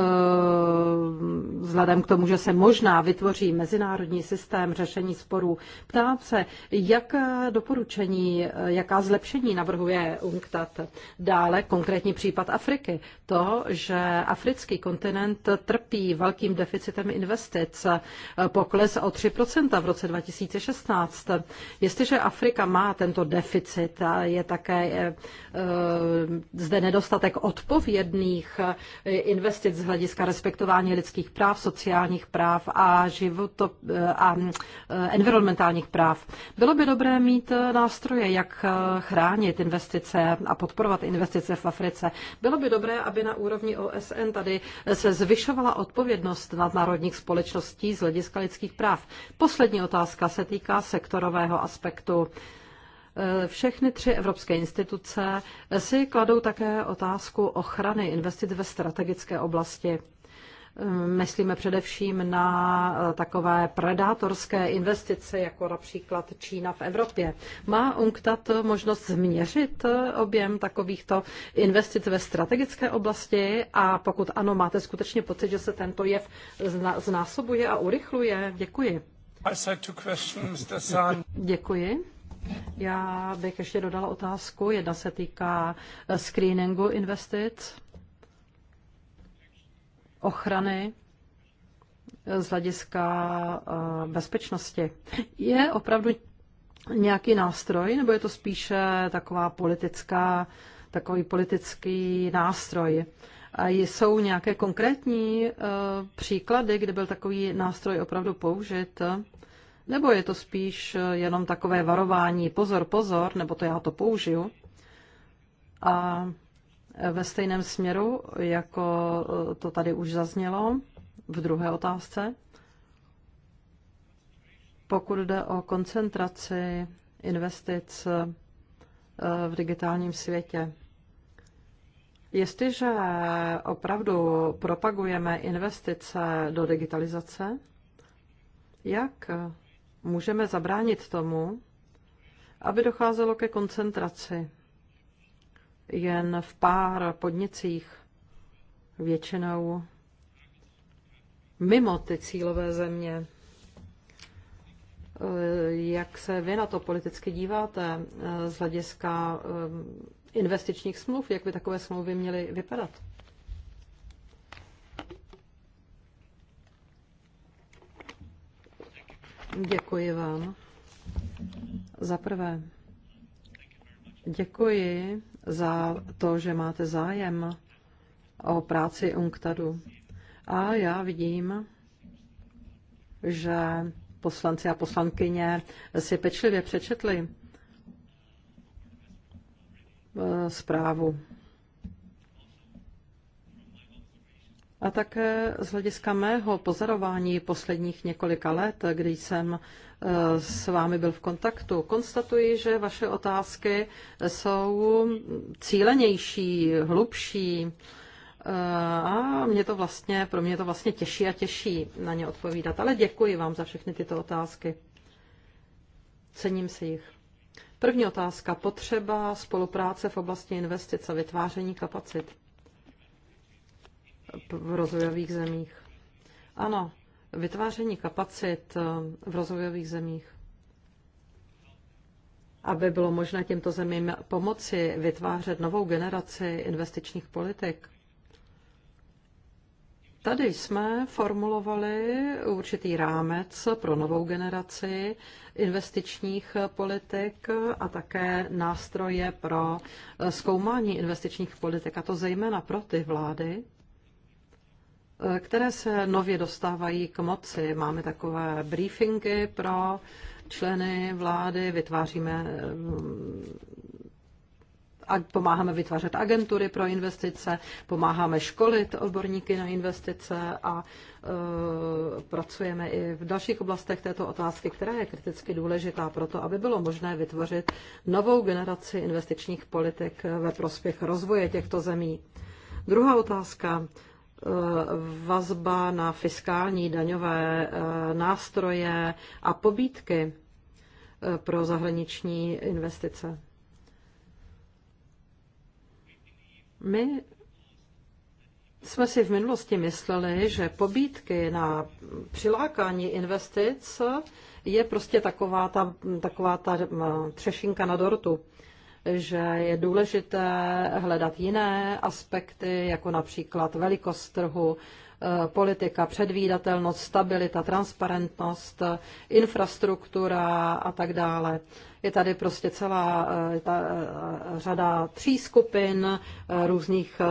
vzhledem k tomu, že se možná vytvoří mezinárodní systém řešení sporů, ptám se, jaká doporučení, eh, jaká zlepšení navrhuje UNCTAD. Dále konkrétní případ Afriky. To, že africký kontinent trpí velkým deficitem investic, eh, pokles o 3% v roce 2016. Jestliže Afrika má tento deficit a je také zde nedostatek odpovědných investic z hlediska respektování lidských práv, sociálních práv a, životo, eh, a eh, environmentálních práv. Bylo by dobré mít eh, nástroje, jak chránit investice a podporovat investice v Africe. Bylo by dobré, aby na úrovni OSN tady se zvyšovala odpovědnost nadnárodních společností z hlediska lidských práv. Poslední otázka se týká sektorového aspektu. Eh, všechny tři evropské instituce eh, si kladou také otázku ochrany investic ve strategické oblasti. Eh, myslíme především na takové predátorské investice, jako například Čína v Evropě. Má UNCTAD možnost změřit objem takovýchto investic ve strategické oblasti a pokud ano, máte skutečně pocit, že se tento jev znásobuje a urychluje? Děkuji. Děkuji. Já bych ještě dodala otázku. Jedna se týká eh, screeningu investic, ochrany eh, z hlediska eh, bezpečnosti. Je opravdu nějaký nástroj, nebo je to spíše taková politická, takový politický nástroj? A jsou nějaké konkrétní příklady, kde byl takový nástroj opravdu použit? Nebo je to spíš eh, jenom takové varování, pozor, pozor, nebo to já to použiju? A eh, ve stejném směru, jako eh, to tady už zaznělo v druhé otázce, pokud jde o koncentraci investic v digitálním světě. Jestliže opravdu propagujeme investice do digitalizace, jak můžeme zabránit tomu, aby docházelo ke koncentraci jen v pár podnicích, většinou mimo ty cílové země. Eh, jak se vy na to politicky díváte eh, z hlediska eh, investičních smluv, jak by takové smlouvy měly vypadat? Děkuji vám. Za prvé, děkuji za to, že máte zájem o práci UNCTADu. A já vidím, že poslanci a poslankyně si pečlivě přečetli eh, zprávu A také z hlediska mého pozorování posledních několika let, kdy jsem e, s vámi byl v kontaktu, konstatuji, že vaše otázky jsou cílenější, hlubší e, a mě to vlastně, pro mě to vlastně těší a těší na ně odpovídat. Ale děkuji vám za všechny tyto otázky. Cením si jich. První otázka. Potřeba spolupráce v oblasti investice, vytváření kapacit v rozvojových zemích. Ano, vytváření kapacit eh, v rozvojových zemích aby bylo možné těmto zemím pomoci vytvářet novou generaci investičních politik. Tady jsme formulovali určitý rámec pro novou generaci investičních politik a také nástroje pro eh, zkoumání investičních politik, a to zejména pro ty vlády, které se nově dostávají k moci. Máme takové briefingy pro členy vlády, vytváříme mm, a pomáháme vytvářet agentury pro investice, pomáháme školit odborníky na investice a e, pracujeme i v dalších oblastech této otázky, která je kriticky důležitá pro to, aby bylo možné vytvořit novou generaci investičních politik ve prospěch rozvoje těchto zemí. Druhá otázka. Eh, vazba na fiskální daňové eh, nástroje a pobídky eh, pro zahraniční investice. My jsme si v minulosti mysleli, že pobídky na přilákání investic je prostě taková ta, taková ta třešinka na dortu že je důležité hledat jiné aspekty, jako například velikost trhu, eh, politika, předvídatelnost, stabilita, transparentnost, eh, infrastruktura a tak dále. Je tady prostě celá eh, ta, řada tří skupin různých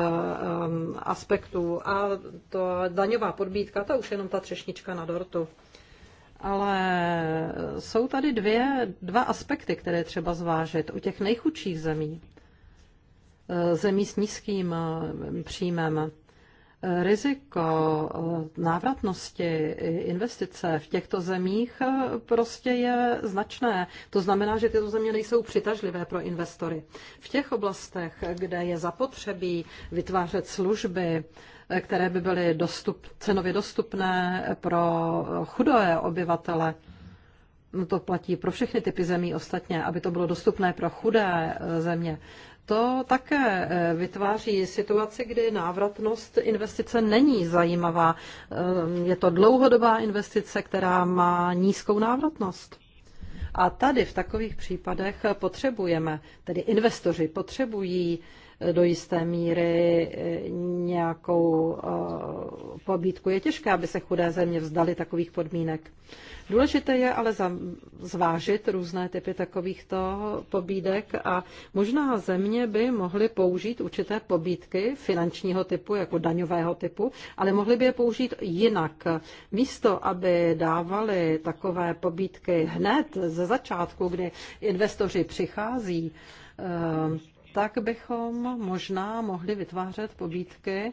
aspektů a to daňová podbídka, to už je jenom ta třešnička na dortu. Ale jsou tady dvě, dva aspekty, které třeba zvážit u těch nejchudších zemí. Eh, zemí s nízkým eh, příjmem. Eh, riziko návratnosti investice v těchto zemích prostě je značné. To znamená, že tyto země nejsou přitažlivé pro investory. V těch oblastech, kde je zapotřebí vytvářet služby, které by byly dostup, cenově dostupné pro chudé obyvatele. No to platí pro všechny typy zemí ostatně, aby to bylo dostupné pro chudé e, země. To také e, vytváří situaci, kdy návratnost investice není zajímavá. E, je to dlouhodobá investice, která má nízkou návratnost. A tady v takových případech potřebujeme, tedy investoři potřebují do jisté míry eh, nějakou eh, pobídku. Je těžké, aby se chudé země vzdali takových podmínek. Důležité je ale zvážit různé typy takovýchto pobídek a možná země by mohly použít určité pobídky finančního typu, jako daňového typu, ale mohly by je použít jinak. Místo, aby dávali takové pobídky hned ze začátku, kdy investoři přichází, eh, tak bychom možná mohli vytvářet pobídky,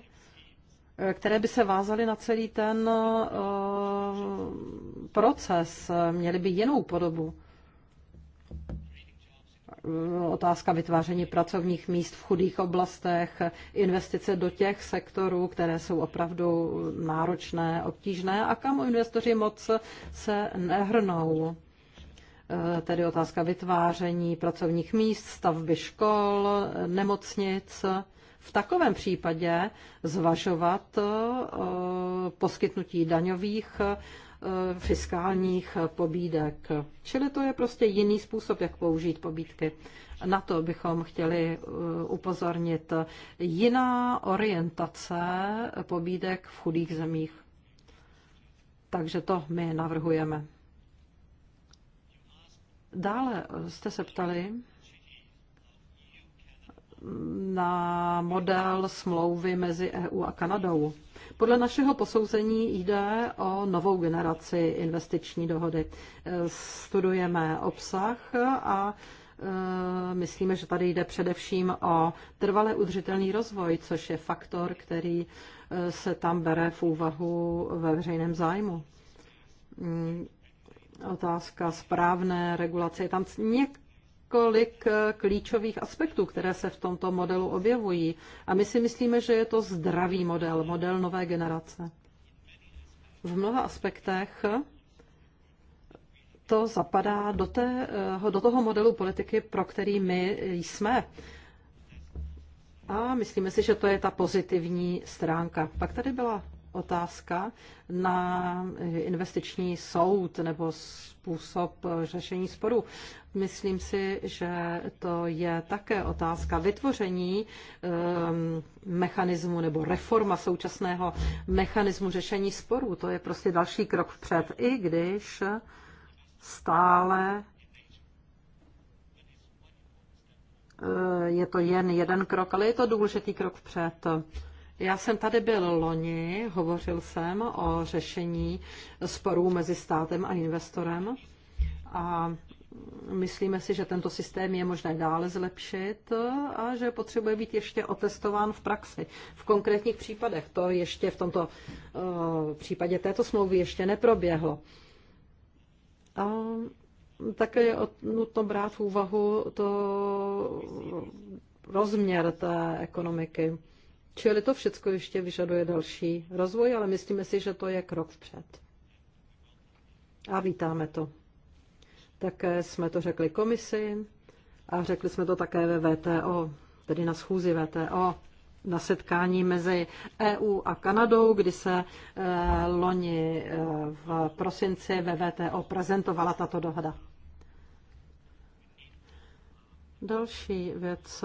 eh, které by se vázaly na celý ten eh, proces, měly by jinou podobu. Eh, otázka vytváření pracovních míst v chudých oblastech, investice do těch sektorů, které jsou opravdu náročné, obtížné a kam investoři moc se nehrnou. Eh, tedy otázka vytváření pracovních míst, stavby škol, eh, nemocnic. V takovém případě zvažovat eh, poskytnutí daňových fiskálních pobídek. Čili to je prostě jiný způsob, jak použít pobídky. Na to bychom chtěli upozornit. Jiná orientace pobídek v chudých zemích. Takže to my navrhujeme. Dále jste se ptali na model smlouvy mezi EU a Kanadou. Podle našeho posouzení jde o novou generaci investiční dohody. Studujeme obsah a e, myslíme, že tady jde především o trvale udržitelný rozvoj, což je faktor, který e, se tam bere v úvahu ve veřejném zájmu otázka správné regulace. Je tam několik eh, klíčových aspektů, které se v tomto modelu objevují. A my si myslíme, že je to zdravý model, model nové generace. V mnoha aspektech to zapadá do, té, eh, do toho modelu politiky, pro který my jsme. A myslíme si, že to je ta pozitivní stránka. Pak tady byla otázka na investiční soud nebo způsob řešení sporu. Myslím si, že to je také otázka vytvoření ehm, mechanismu nebo reforma současného mechanismu řešení sporů. To je prostě další krok vpřed, i když stále eh, je to jen jeden krok, ale je to důležitý krok vpřed. Já jsem tady byl loni, hovořil jsem o řešení sporů mezi státem a investorem a myslíme si, že tento systém je možné dále zlepšit a že potřebuje být ještě otestován v praxi, v konkrétních případech. To ještě v tomto v eh, případě této smlouvy ještě neproběhlo. A také je nutno brát v úvahu to rozměr té ekonomiky. Čili to všechno ještě vyžaduje další rozvoj, ale myslíme si, že to je krok vpřed. A vítáme to. Také jsme to řekli komisi a řekli jsme to také ve VTO, tedy na schůzi VTO, na setkání mezi EU a Kanadou, kdy se eh, loni eh, v prosinci ve VTO prezentovala tato dohoda. Další věc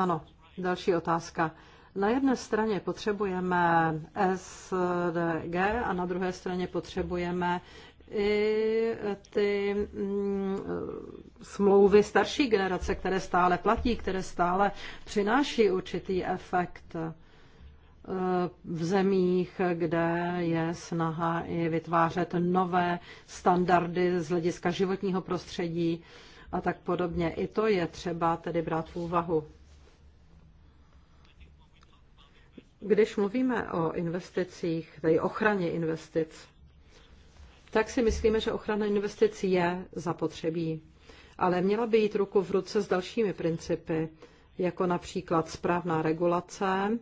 ano, další otázka. Na jedné straně potřebujeme SDG a na druhé straně potřebujeme i ty mm, smlouvy starší generace, které stále platí, které stále přináší určitý efekt eh, v zemích, kde je snaha i vytvářet nové standardy z hlediska životního prostředí a tak podobně. I to je třeba tedy brát v úvahu. Když mluvíme o investicích, tedy ochraně investic, tak si myslíme, že ochrana investic je zapotřebí, ale měla by jít ruku v ruce s dalšími principy, jako například správná regulace,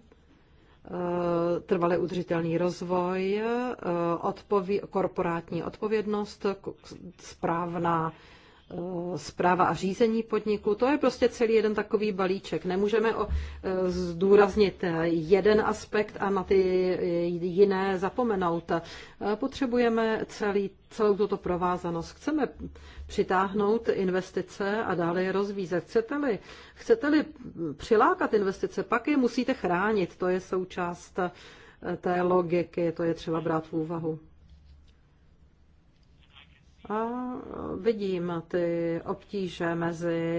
eh, trvalý udržitelný rozvoj, eh, odpoví, korporátní odpovědnost, správná Eh, zpráva a řízení podniku. To je prostě celý jeden takový balíček. Nemůžeme o, eh, zdůraznit eh, jeden aspekt a na ty jiné zapomenout. Potřebujeme celý, celou tuto provázanost. Chceme přitáhnout investice a dále je rozvízet. Chcete-li, chcete-li přilákat investice, pak je musíte chránit. To je součást té logiky, to je třeba brát v úvahu. A vidím ty obtíže mezi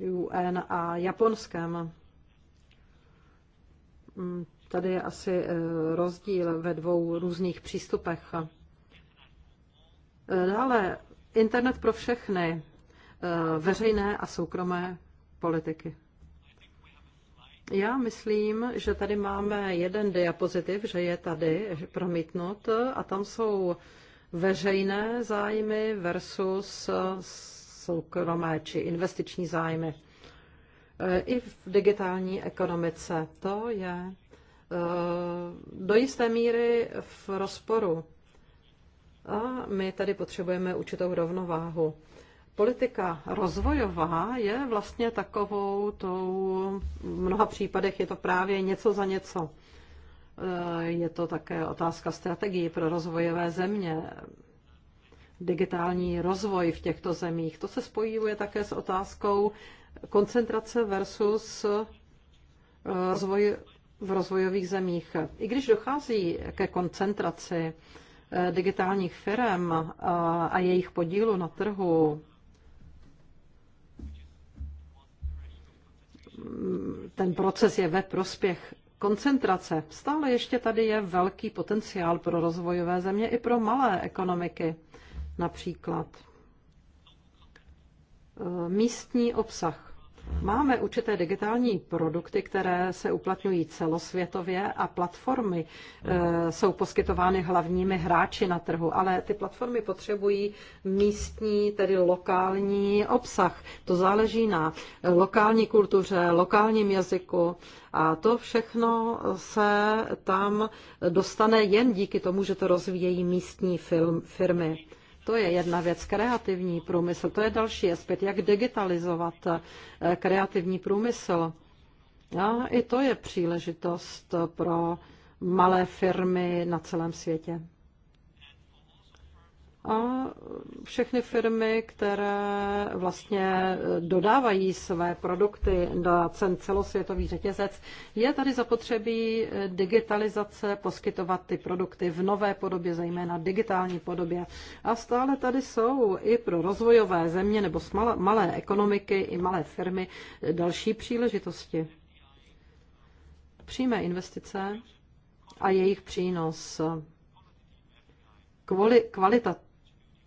eh, UN a Japonskem. Mm, tady je asi eh, rozdíl ve dvou různých přístupech. Eh, dále internet pro všechny, veřejné a soukromé politiky. Já myslím, že tady máme jeden diapozitiv, že je tady promítnut a tam jsou veřejné zájmy versus eh, soukromé či investiční zájmy. Eh, I v digitální ekonomice to je eh, do jisté míry v rozporu. A my tady potřebujeme určitou rovnováhu politika rozvojová je vlastně takovou tou, v mnoha případech je to právě něco za něco. Eh, je to také otázka strategii pro rozvojové země, digitální rozvoj v těchto zemích. To se spojuje také s otázkou koncentrace versus eh, rozvoj v rozvojových zemích. I když dochází ke koncentraci eh, digitálních firm a jejich podílu na trhu, ten proces je ve prospěch koncentrace. Stále ještě tady je velký potenciál pro rozvojové země i pro malé ekonomiky. Například e, místní obsah. Máme určité digitální produkty, které se uplatňují celosvětově a platformy eh, jsou poskytovány hlavními hráči na trhu, ale ty platformy potřebují místní, tedy lokální obsah. To záleží na lokální kultuře, lokálním jazyku a to všechno se tam dostane jen díky tomu, že to rozvíjejí místní film, firmy. To je jedna věc. Kreativní průmysl, to je další aspekt, jak digitalizovat eh, kreativní průmysl. A i to je příležitost pro malé firmy na celém světě a všechny firmy, které vlastně dodávají své produkty na cen celosvětový řetězec, je tady zapotřebí digitalizace, poskytovat ty produkty v nové podobě, zejména digitální podobě. A stále tady jsou i pro rozvojové země nebo malé ekonomiky i malé firmy další příležitosti. Přímé investice a jejich přínos kvalita,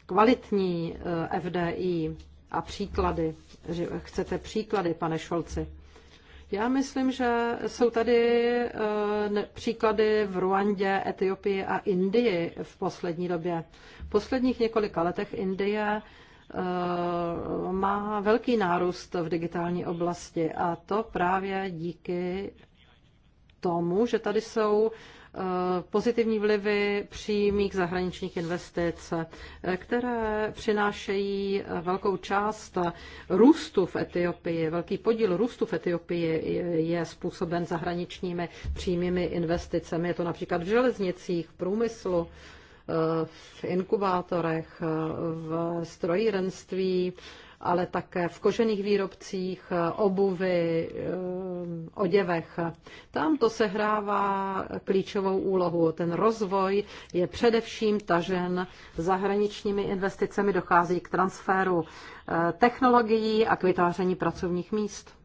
kvalitní eh, FDI a příklady, že chcete příklady, pane Šolci. Já myslím, že jsou tady eh, příklady v Ruandě, Etiopii a Indii v poslední době. V posledních několika letech Indie eh, má velký nárůst v digitální oblasti a to právě díky tomu, že tady jsou Eh, pozitivní vlivy přímých zahraničních investic, eh, které přinášejí eh, velkou část růstu v Etiopii. Velký podíl růstu v Etiopii je způsoben zahraničními přímými investicemi. Je to například v železnicích, v průmyslu, v inkubátorech, v strojírenství, ale také v kožených výrobcích, obuvy, eh, oděvech. Tam to sehrává klíčovou úlohu. Ten rozvoj je především tažen zahraničními investicemi, dochází k transferu eh, technologií a k vytváření pracovních míst.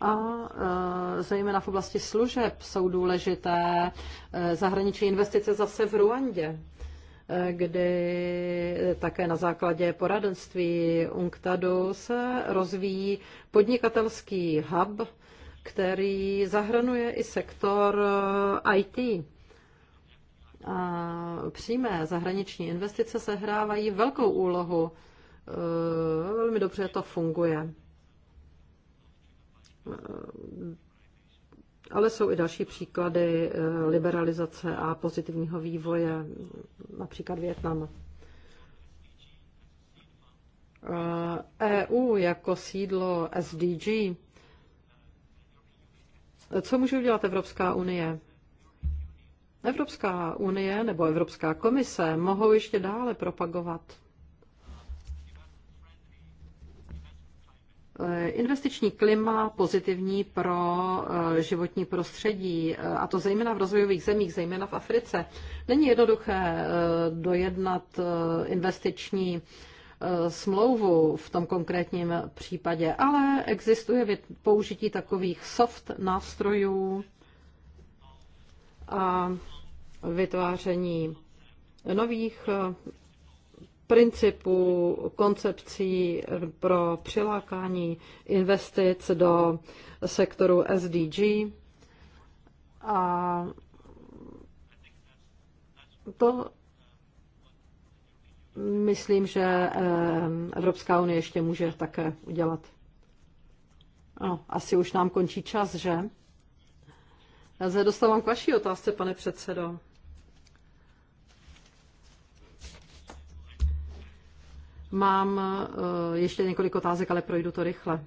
A eh, zejména v oblasti služeb jsou důležité zahraniční investice zase v Ruandě kdy také na základě poradenství UNCTADu se rozvíjí podnikatelský hub, který zahrnuje i sektor eh, IT. A přímé zahraniční investice sehrávají velkou úlohu. Eh, velmi dobře to funguje. Ale jsou i další příklady eh, liberalizace a pozitivního vývoje, například Větnam. EU eh, e jako sídlo SDG. Co může udělat Evropská unie? Evropská unie nebo Evropská komise mohou ještě dále propagovat Eh, investiční klima pozitivní pro eh, životní prostředí, eh, a to zejména v rozvojových zemích, zejména v Africe. Není jednoduché dojednat investiční smlouvu v tom konkrétním případě, ale existuje použití takových soft nástrojů a vytváření nových principů, koncepcí pro přilákání investic do sektoru SDG. A to myslím, že eh, Evropská unie ještě může také udělat. No, asi už nám končí čas, že? Já se dostávám k vaší otázce, pane předsedo. Mám eh, ještě několik otázek, ale projdu to rychle.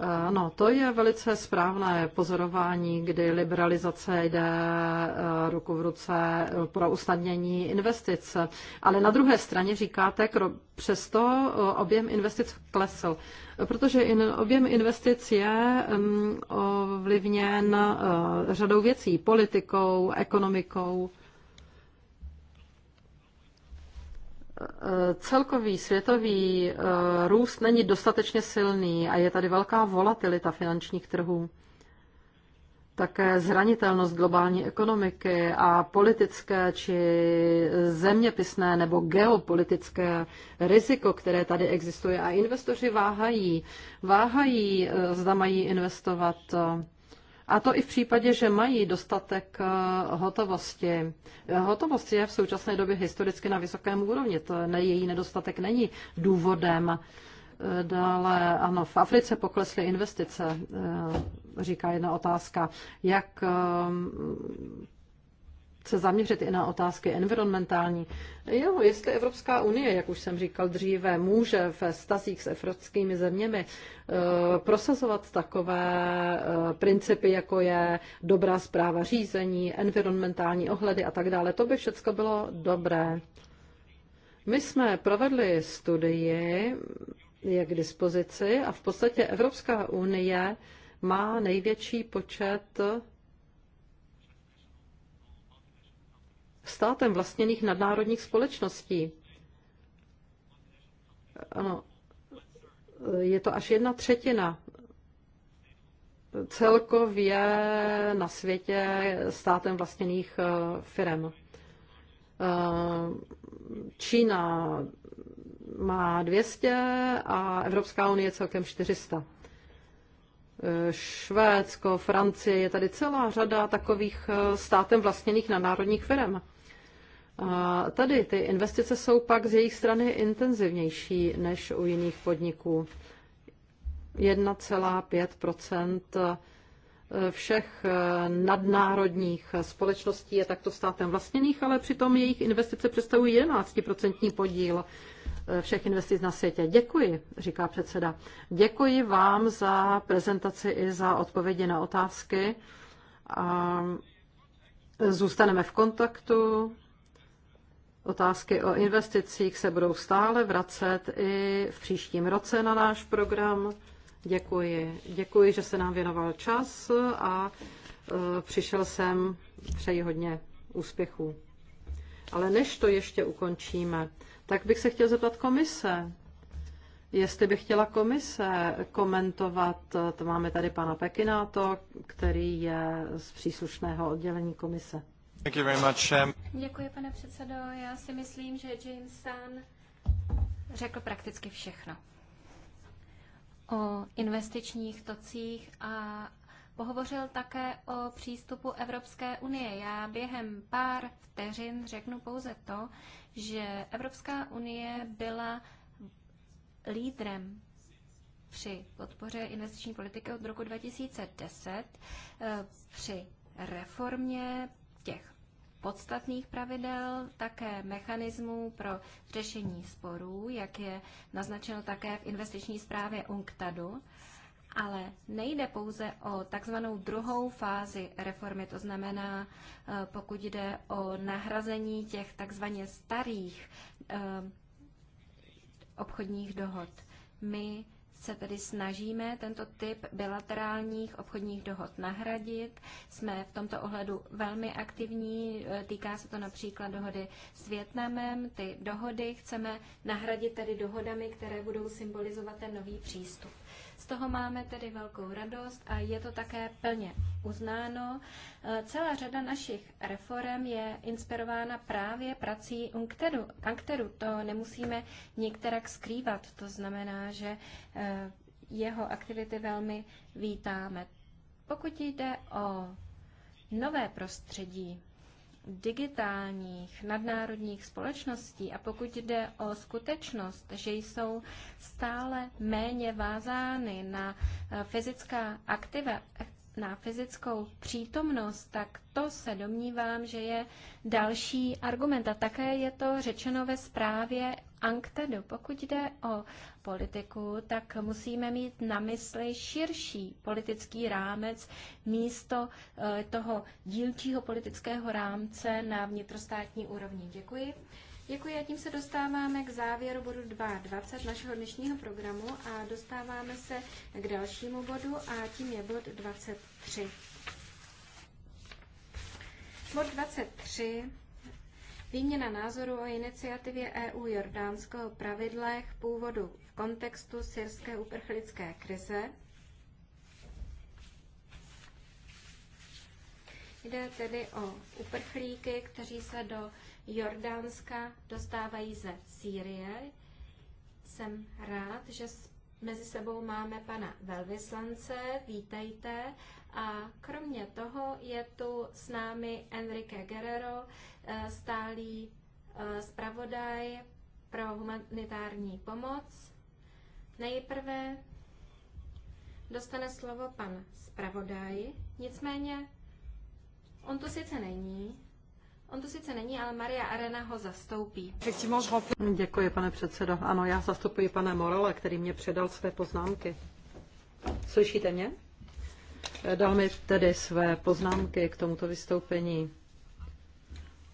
Eh, no, to je velice správné pozorování, kdy liberalizace jde eh, ruku v ruce pro usnadnění investic. Ale na druhé straně říkáte, přesto objem investic klesl, protože objem investic je mm, ovlivněn řadou věcí, politikou, ekonomikou. Eh, celkový světový eh, růst není dostatečně silný a je tady velká volatilita finančních trhů. Také zranitelnost globální ekonomiky a politické či zeměpisné nebo geopolitické riziko, které tady existuje. A investoři váhají. Váhají, eh, zda mají investovat a to i v případě, že mají dostatek eh, hotovosti. Hotovost je v současné době historicky na vysokém úrovni. To ne, její nedostatek není důvodem. Eh, dále, ano, v Africe poklesly investice, eh, říká jedna otázka. Jak se zaměřit i na otázky environmentální. Jo, jestli Evropská unie, jak už jsem říkal dříve, může ve stazích s evropskými zeměmi eh, prosazovat takové eh, principy, jako je dobrá zpráva řízení, environmentální ohledy a tak dále, to by všechno bylo dobré. My jsme provedli studii, je k dispozici a v podstatě Evropská unie má největší počet státem vlastněných nadnárodních společností. Ano, je to až jedna třetina celkově na světě státem vlastněných eh, firm. Eh, Čína má 200 a Evropská unie celkem 400. Eh, Švédsko, Francie, je tady celá řada takových státem vlastněných na národních firm. A tady ty investice jsou pak z jejich strany intenzivnější než u jiných podniků. 1,5 eh, všech eh, nadnárodních společností je takto státem vlastněných, ale přitom jejich investice představují 11% podíl eh, všech investic na světě. Děkuji, říká předseda. Děkuji vám za prezentaci i za odpovědi na otázky. A zůstaneme v kontaktu Otázky o investicích se budou stále vracet i v příštím roce na náš program. Děkuji. Děkuji, že se nám věnoval čas a e, přišel jsem, přeji hodně úspěchů. Ale než to ještě ukončíme, tak bych se chtěl zeptat komise. Jestli by chtěla komise komentovat, e, to máme tady pana Pekináto, který je z příslušného oddělení komise. Děkuji, pane předsedo. Já si myslím, že James Sun řekl prakticky všechno. O investičních tocích a pohovořil také o přístupu Evropské unie. Já během pár vteřin řeknu pouze to, že Evropská unie byla lídrem při podpoře investiční politiky od roku 2010, eh, při reformě těch podstatných pravidel, také mechanismů pro řešení sporů, jak je naznačeno také v investiční zprávě UNCTADu. Ale nejde pouze o takzvanou druhou fázi reformy, to znamená, eh, pokud jde o nahrazení těch takzvaně starých eh, obchodních dohod. My se tedy snažíme tento typ bilaterálních obchodních dohod nahradit. Jsme v tomto ohledu velmi aktivní, e, týká se to například dohody s Větnamem. Ty dohody chceme nahradit tedy dohodami, které budou symbolizovat ten nový přístup. Z toho máme tedy velkou radost a je to také plně uznáno. Eh, celá řada našich reform je inspirována právě prací UNCTEDu. UNCTEDu to nemusíme některak skrývat. To znamená, že eh, jeho aktivity velmi vítáme. Pokud jde o nové prostředí, digitálních nadnárodních společností a pokud jde o skutečnost, že jsou stále méně vázány na eh, fyzická aktiva, na fyzickou přítomnost, tak to se domnívám, že je další argument. A také je to řečeno ve zprávě Anktedu. Pokud jde o politiku, tak musíme mít na mysli širší politický rámec místo eh, toho dílčího politického rámce na vnitrostátní úrovni. Děkuji. Děkuji a tím se dostáváme k závěru bodu 2.20 našeho dnešního programu a dostáváme se k dalšímu bodu a tím je bod 23. Bod 23. Výměna názoru o iniciativě EU Jordánsko o pravidlech původu v kontextu syrské uprchlické krize. Jde tedy o uprchlíky, kteří se do Jordánska dostávají ze Sýrie. Jsem rád, že mezi sebou máme pana velvyslance. Vítejte. A kromě toho je tu s námi Enrique Guerrero, eh, stálý eh, zpravodaj pro humanitární pomoc. Nejprve dostane slovo pan zpravodaj, nicméně on tu sice není, On to sice není, ale Maria Arena ho zastoupí. Děkuji, pane předsedo. Ano, já zastupuji pana Morala, který mě předal své poznámky. Slyšíte mě? Dal mi tedy své poznámky k tomuto vystoupení.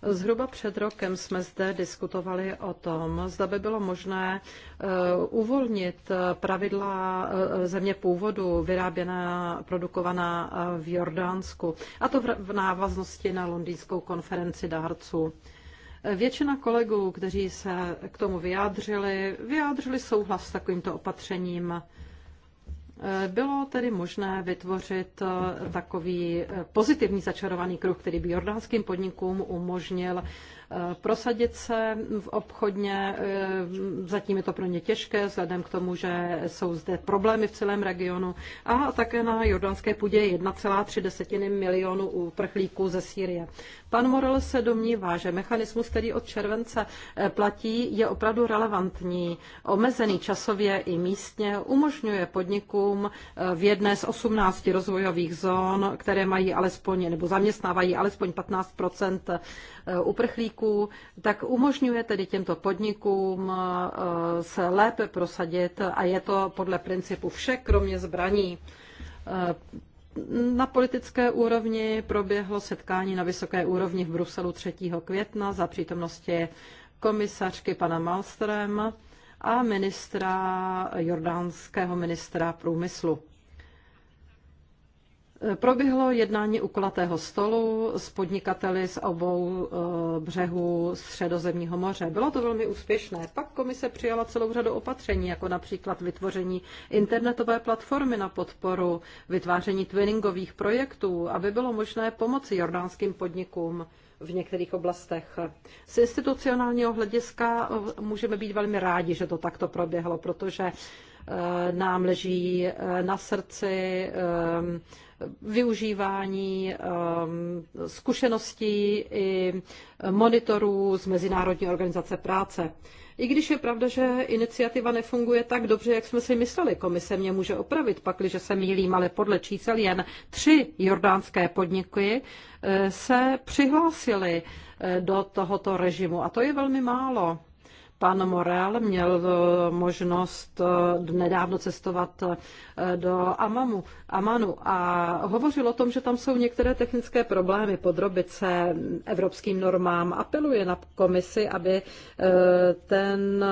Zhruba před rokem jsme zde diskutovali o tom, zda by bylo možné eh, uvolnit eh, pravidla eh, země původu vyráběná, produkovaná v Jordánsku, a to v návaznosti na londýnskou konferenci dárců. Většina kolegů, kteří se k tomu vyjádřili, vyjádřili souhlas s takovýmto opatřením. Bylo tedy možné vytvořit eh, takový eh, pozitivní začarovaný kruh, který by jordánským podnikům umožnil Eh, prosadit se v obchodně. Eh, zatím je to pro ně těžké, vzhledem k tomu, že jsou zde problémy v celém regionu. A také na jordánské půdě 1,3 milionu uprchlíků ze Sýrie. Pan Morel se domnívá, že mechanismus, který od července eh, platí, je opravdu relevantní, omezený časově i místně, umožňuje podnikům v jedné z 18 rozvojových zón, které mají alespoň nebo zaměstnávají alespoň 15 Eh, uprchlíků, tak umožňuje tedy těmto podnikům eh, se lépe prosadit a je to podle principu vše, kromě zbraní. Eh, na politické úrovni proběhlo setkání na vysoké úrovni v Bruselu 3. května za přítomnosti komisařky pana Malstrem a ministra jordánského ministra průmyslu. Eh, proběhlo jednání u kulatého stolu s podnikateli z obou eh, břehů Středozemního moře. Bylo to velmi úspěšné. Pak komise přijala celou řadu opatření, jako například vytvoření internetové platformy na podporu vytváření twinningových projektů, aby bylo možné pomoci jordánským podnikům v některých oblastech. Z institucionálního hlediska eh, můžeme být velmi rádi, že to takto proběhlo, protože nám leží na srdci využívání ehm, zkušeností i monitorů z Mezinárodní organizace práce. I když je pravda, že iniciativa nefunguje tak dobře, jak jsme si mysleli, komise mě může opravit, pakliže se mýlím, ale podle čísel jen tři jordánské podniky eh, se přihlásily eh, do tohoto režimu a to je velmi málo. Pan Morel měl eh, možnost eh, nedávno cestovat eh, do Amamu, Amanu a hovořil o tom, že tam jsou některé technické problémy podrobit se evropským normám. Apeluje na komisi, aby ten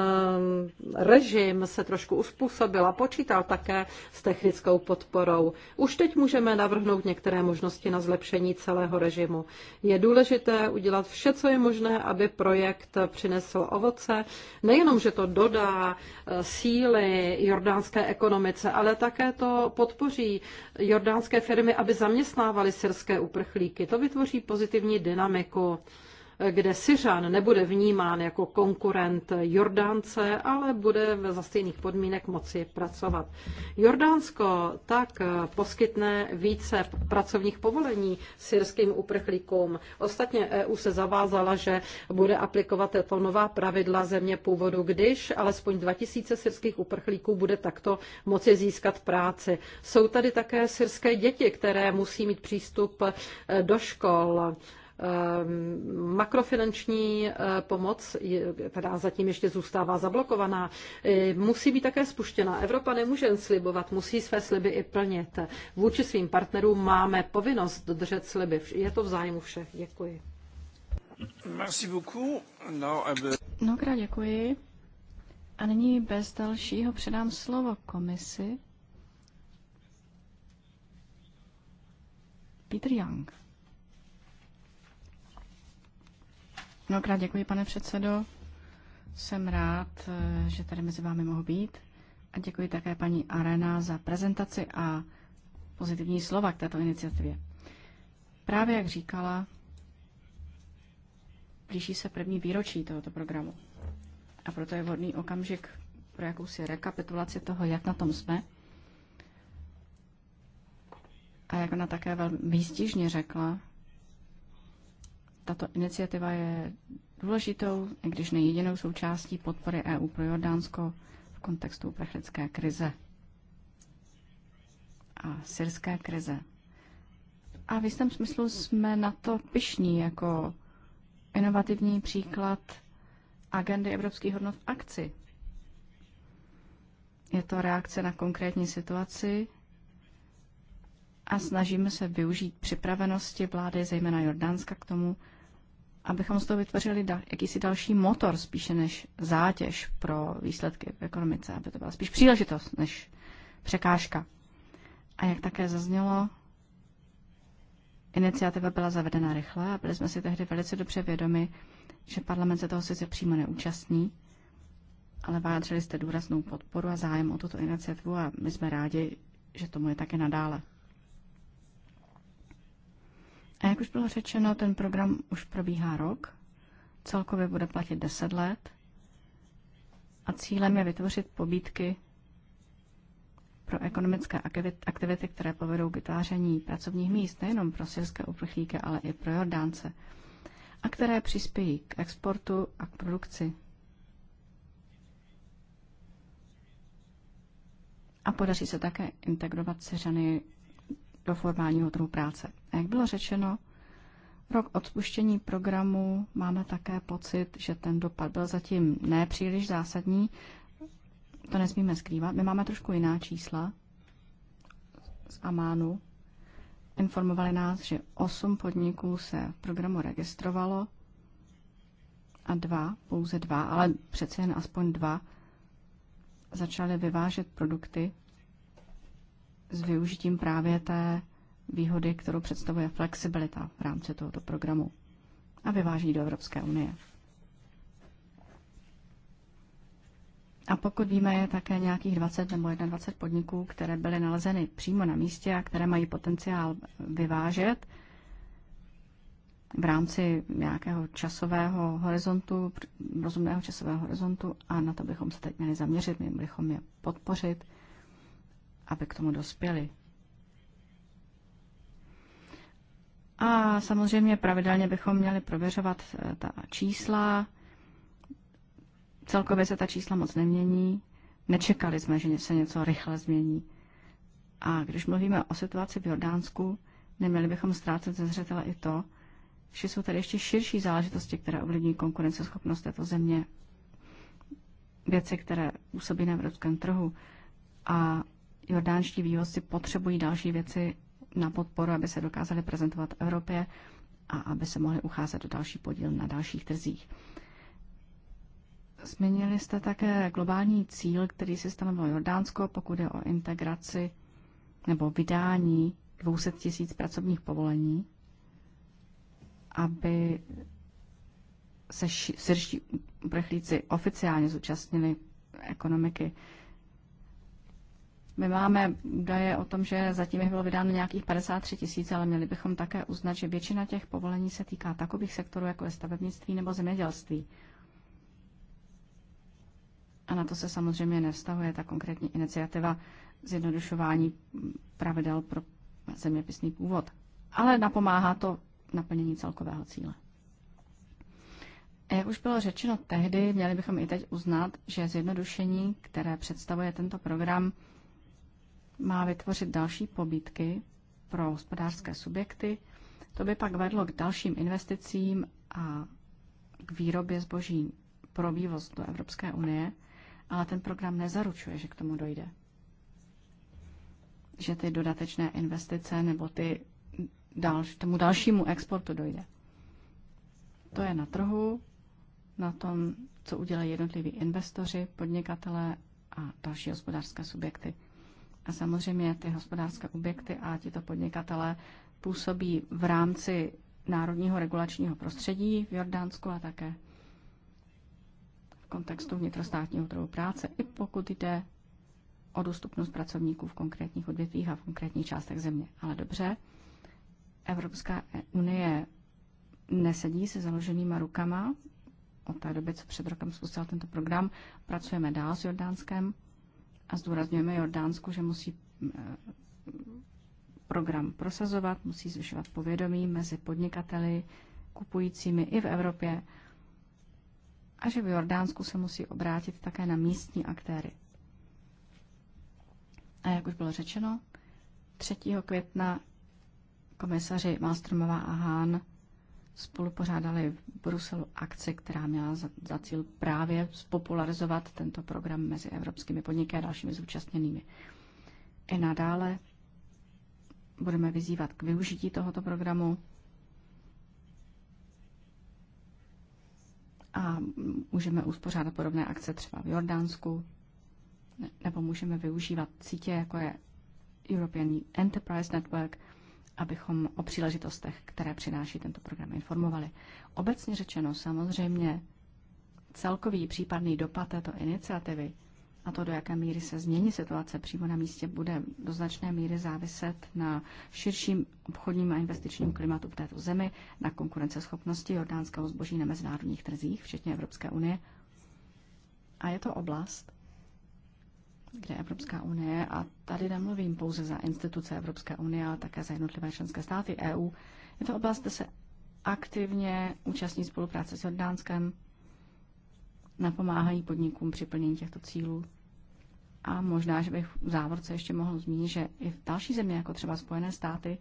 režim se trošku uspůsobil a počítal také s technickou podporou. Už teď můžeme navrhnout některé možnosti na zlepšení celého režimu. Je důležité udělat vše, co je možné, aby projekt přinesl ovoce, Nejenom, že to dodá eh, síly jordánské ekonomice, ale také to podpoří jordánské firmy, aby zaměstnávaly syrské uprchlíky. To vytvoří pozitivní dynamiku kde Syřan nebude vnímán jako konkurent Jordánce, ale bude za stejných podmínek moci pracovat. Jordánsko tak poskytne více pracovních povolení syrským uprchlíkům. Ostatně EU se zavázala, že bude aplikovat tato nová pravidla země původu, když alespoň 2000 syrských uprchlíků bude takto moci získat práci. Jsou tady také syrské děti, které musí mít přístup e, do škol Ehm, makrofinanční eh, pomoc, která zatím ještě zůstává zablokovaná, eh, musí být také spuštěna. Evropa nemůže jen slibovat, musí své sliby i plnit. Vůči svým partnerům máme povinnost dodržet sliby. Je to v zájmu všech. Děkuji. Merci No, byl... Mnohokrát děkuji. A nyní bez dalšího předám slovo komisi. Peter Young. Mnohokrát děkuji, pane předsedo. Jsem rád, eh, že tady mezi vámi mohu být. A děkuji také paní Arena za prezentaci a pozitivní slova k této iniciativě. Právě jak říkala, blíží se první výročí tohoto programu. A proto je vhodný okamžik pro jakousi rekapitulaci toho, jak na tom jsme. A jak ona také velmi výstižně řekla, tato iniciativa je důležitou, i když nejedinou jedinou součástí podpory EU pro Jordánsko v kontextu uprchlické krize a syrské krize. A v jistém smyslu jsme na to pišní jako inovativní příklad agendy evropských hodnot v akci. Je to reakce na konkrétní situaci a snažíme se využít připravenosti vlády, zejména Jordánska, k tomu, abychom z toho vytvořili jakýsi další motor, spíše než zátěž pro výsledky v ekonomice, aby to byla spíš příležitost než překážka. A jak také zaznělo, iniciativa byla zavedena rychle a byli jsme si tehdy velice dobře vědomi, že parlament se toho sice přímo neúčastní, ale vyjádřili jste důraznou podporu a zájem o tuto iniciativu a my jsme rádi, že tomu je také nadále. A jak už bylo řečeno, ten program už probíhá rok, celkově bude platit 10 let a cílem je vytvořit pobídky pro ekonomické aktivity, které povedou k vytváření pracovních míst nejenom pro syrské uprchlíky, ale i pro Jordánce a které přispějí k exportu a k produkci. A podaří se také integrovat Syřany do formálního trhu práce. A jak bylo řečeno, rok odpuštění programu máme také pocit, že ten dopad byl zatím nepříliš zásadní. To nesmíme skrývat. My máme trošku jiná čísla z Amánu. Informovali nás, že 8 podniků se v programu registrovalo a dva, pouze dva, ale přece jen aspoň dva, začaly vyvážet produkty, s využitím právě té výhody, kterou představuje flexibilita v rámci tohoto programu a vyváží do Evropské unie. A pokud víme, je také nějakých 20 nebo 21 podniků, které byly nalezeny přímo na místě a které mají potenciál vyvážet v rámci nějakého časového horizontu, rozumného časového horizontu a na to bychom se teď měli zaměřit, měli bychom je podpořit aby k tomu dospěli. A samozřejmě pravidelně bychom měli prověřovat eh, ta čísla. Celkově se ta čísla moc nemění. Nečekali jsme, že se něco rychle změní. A když mluvíme o situaci v Jordánsku, neměli bychom ztrácet ze zřetele i to, že jsou tady ještě širší záležitosti, které ovlivní konkurenceschopnost této země. Věci, které působí na evropském trhu. A jordánští vývozci potřebují další věci na podporu, aby se dokázali prezentovat v Evropě a aby se mohli ucházet do další podíl na dalších trzích. Změnili jste také globální cíl, který si stanovilo Jordánsko, pokud je o integraci nebo vydání 200 tisíc pracovních povolení, aby se syrští uprchlíci oficiálně zúčastnili ekonomiky. My máme údaje o tom, že zatím jich bylo vydáno nějakých 53 tisíc, ale měli bychom také uznat, že většina těch povolení se týká takových sektorů, jako je stavebnictví nebo zemědělství. A na to se samozřejmě nevztahuje ta konkrétní iniciativa zjednodušování pravidel pro zeměpisný původ. Ale napomáhá to naplnění celkového cíle. A jak už bylo řečeno tehdy, měli bychom i teď uznat, že zjednodušení, které představuje tento program, má vytvořit další pobídky pro hospodářské subjekty. To by pak vedlo k dalším investicím a k výrobě zboží pro vývoz do Evropské unie, ale ten program nezaručuje, že k tomu dojde. Že ty dodatečné investice nebo ty dalš, tomu dalšímu exportu dojde. To je na trhu, na tom, co udělají jednotliví investoři, podnikatelé a další hospodářské subjekty. A samozřejmě ty hospodářské objekty a tito podnikatele působí v rámci národního regulačního prostředí v Jordánsku a také v kontextu vnitrostátního trhu práce, i pokud jde o dostupnost pracovníků v konkrétních odvětvích a v konkrétních částech země. Ale dobře, Evropská unie nesedí se založenýma rukama. Od té doby, co před rokem spustil tento program, pracujeme dál s Jordánskem a zdůrazňujeme Jordánsku, že musí eh, program prosazovat, musí zvyšovat povědomí mezi podnikateli, kupujícími i v Evropě a že v Jordánsku se musí obrátit také na místní aktéry. A jak už bylo řečeno, 3. května komisaři Malstromová a Hán spolu pořádali v Bruselu akci, která měla za, za cíl právě spopularizovat tento program mezi evropskými podniky a dalšími zúčastněnými. I nadále budeme vyzývat k využití tohoto programu a můžeme uspořádat podobné akce třeba v Jordánsku, nebo můžeme využívat sítě, jako je European Enterprise Network – abychom o příležitostech, které přináší tento program, informovali. Obecně řečeno, samozřejmě celkový případný dopad této iniciativy a to, do jaké míry se změní situace přímo na místě, bude do značné míry záviset na širším obchodním a investičním klimatu v této zemi, na konkurenceschopnosti jordánského zboží na mezinárodních trzích, včetně Evropské unie. A je to oblast, kde Evropská unie, a tady nemluvím pouze za instituce Evropské unie, ale také za jednotlivé členské státy EU, je to oblast, kde se aktivně účastní spolupráce s Jordánskem, napomáhají podnikům při plnění těchto cílů. A možná, že bych v závorce ještě mohl zmínit, že i v další země, jako třeba Spojené státy,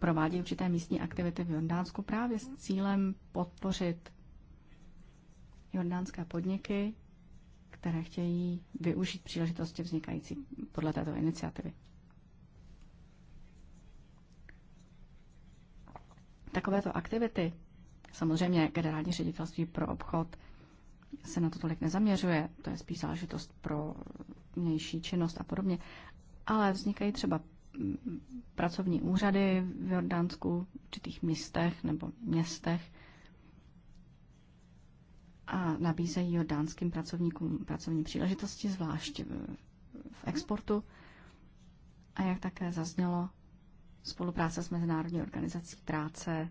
provádí určité místní aktivity v Jordánsku právě s cílem podpořit jordánské podniky které chtějí využít příležitosti vznikající podle této iniciativy. Takovéto aktivity, samozřejmě generální ředitelství pro obchod se na to tolik nezaměřuje, to je spíš záležitost pro vnější činnost a podobně, ale vznikají třeba pracovní úřady v Jordánsku, v určitých místech nebo městech, a nabízejí ho dánským pracovníkům pracovní příležitosti, zvlášť v exportu. A jak také zaznělo, spolupráce s Mezinárodní organizací práce,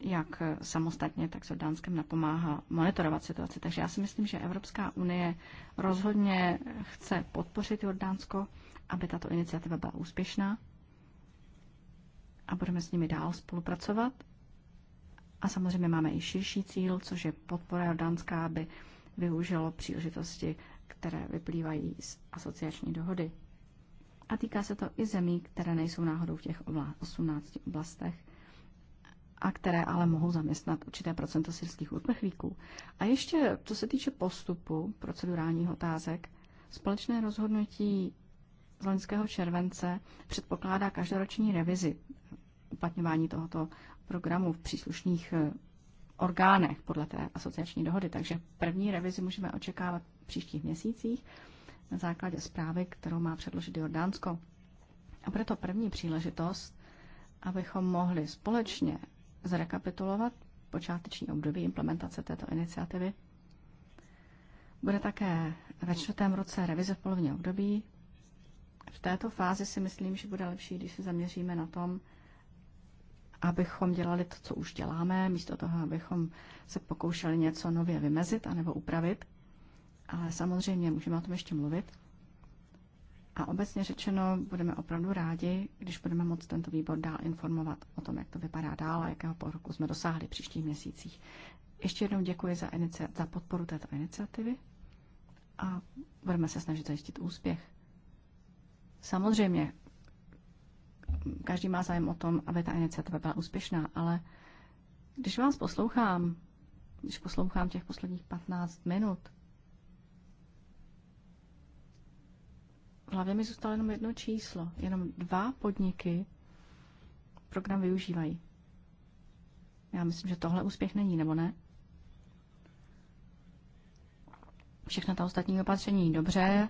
jak samostatně, tak s Dánskem napomáhá monitorovat situaci. Takže já si myslím, že Evropská unie rozhodně chce podpořit Jordánsko, aby tato iniciativa byla úspěšná a budeme s nimi dál spolupracovat a samozřejmě máme i širší cíl, což je podpora Jordánska, aby využilo příležitosti, které vyplývají z asociační dohody. A týká se to i zemí, které nejsou náhodou v těch 18 oblastech a které ale mohou zaměstnat určité procento syrských uprchlíků. A ještě, co se týče postupu procedurálních otázek, společné rozhodnutí z loňského července předpokládá každoroční revizi uplatňování tohoto programů v příslušných eh, orgánech podle té asociační dohody. Takže první revizi můžeme očekávat v příštích měsících na základě zprávy, kterou má předložit Jordánsko. A proto první příležitost, abychom mohli společně zrekapitulovat počáteční období implementace této iniciativy. Bude také ve čtvrtém roce revize v polovině období. V této fázi si myslím, že bude lepší, když se zaměříme na tom, abychom dělali to, co už děláme, místo toho, abychom se pokoušeli něco nově vymezit anebo upravit. Ale samozřejmě můžeme o tom ještě mluvit. A obecně řečeno, budeme opravdu rádi, když budeme moct tento výbor dál informovat o tom, jak to vypadá dál a jakého pokroku jsme dosáhli v příštích měsících. Ještě jednou děkuji za, inici- za podporu této iniciativy a budeme se snažit zajistit úspěch. Samozřejmě každý má zájem o tom, aby ta iniciativa byla úspěšná, ale když vás poslouchám, když poslouchám těch posledních 15 minut, v hlavě mi zůstalo jenom jedno číslo. Jenom dva podniky program využívají. Já myslím, že tohle úspěch není, nebo ne? Všechna ta ostatní opatření dobře,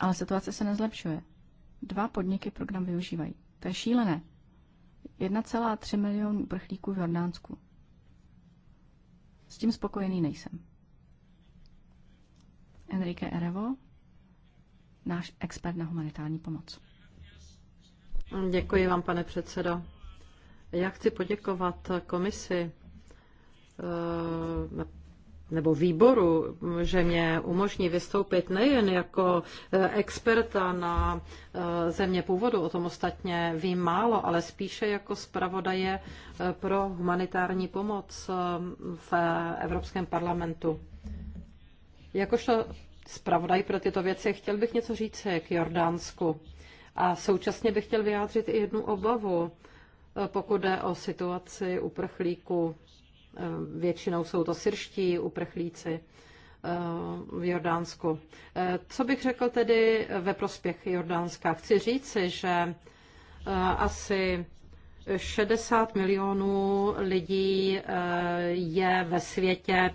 ale situace se nezlepšuje. Dva podniky program využívají. To je šílené. 1,3 milionů uprchlíků v Jordánsku. S tím spokojený nejsem. Enrique Erevo, náš expert na humanitární pomoc. Děkuji vám, pane předsedo. Já chci poděkovat komisi eh, nebo výboru, že mě umožní vystoupit nejen jako eh, experta na eh, země původu, o tom ostatně vím málo, ale spíše jako zpravodaje eh, pro humanitární pomoc v Evropském parlamentu. Jakožto zpravodaj pro tyto věci chtěl bych něco říct k Jordánsku. A současně bych chtěl vyjádřit i jednu obavu, pokud jde o situaci uprchlíků Eh, většinou jsou to syrští uprchlíci eh, v Jordánsku. Eh, co bych řekl tedy ve prospěch Jordánska? Chci říci, že asi 60 milionů lidí je ve světě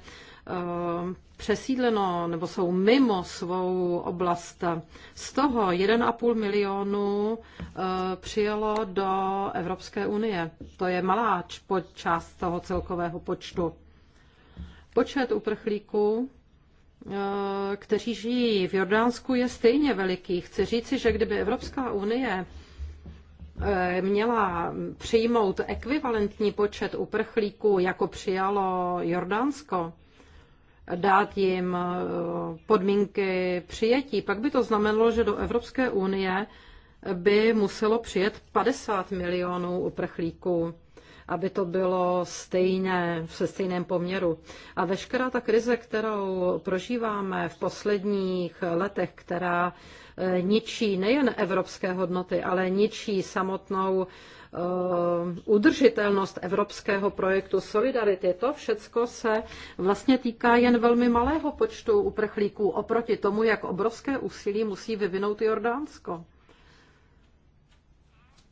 přesídleno nebo jsou mimo svou oblast. Z toho 1,5 milionu eh, přijelo do Evropské unie. To je malá část toho celkového počtu. Počet uprchlíků, eh, kteří žijí v Jordánsku, je stejně veliký. Chci říci, že kdyby Evropská unie eh, měla přijmout ekvivalentní počet uprchlíků, jako přijalo Jordánsko, dát jim eh, podmínky přijetí, pak by to znamenalo, že do Evropské unie by muselo přijet 50 milionů uprchlíků, aby to bylo stejné, se stejném poměru. A veškerá ta krize, kterou prožíváme v posledních letech, která eh, ničí nejen evropské hodnoty, ale ničí samotnou Eh, udržitelnost evropského projektu Solidarity. To všecko se vlastně týká jen velmi malého počtu uprchlíků oproti tomu, jak obrovské úsilí musí vyvinout Jordánsko.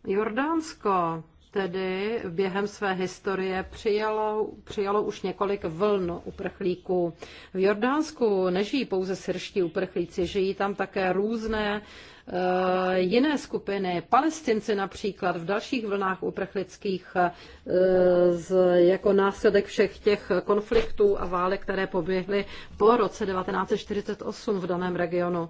Jordánsko tedy během své historie přijalo, přijalo už několik vln uprchlíků. V Jordánsku nežijí pouze syrští uprchlíci, žijí tam také různé Eh, jiné skupiny, palestinci například v dalších vlnách uprchlických eh, jako následek všech těch konfliktů a válek, které poběhly po roce 1948 v daném regionu.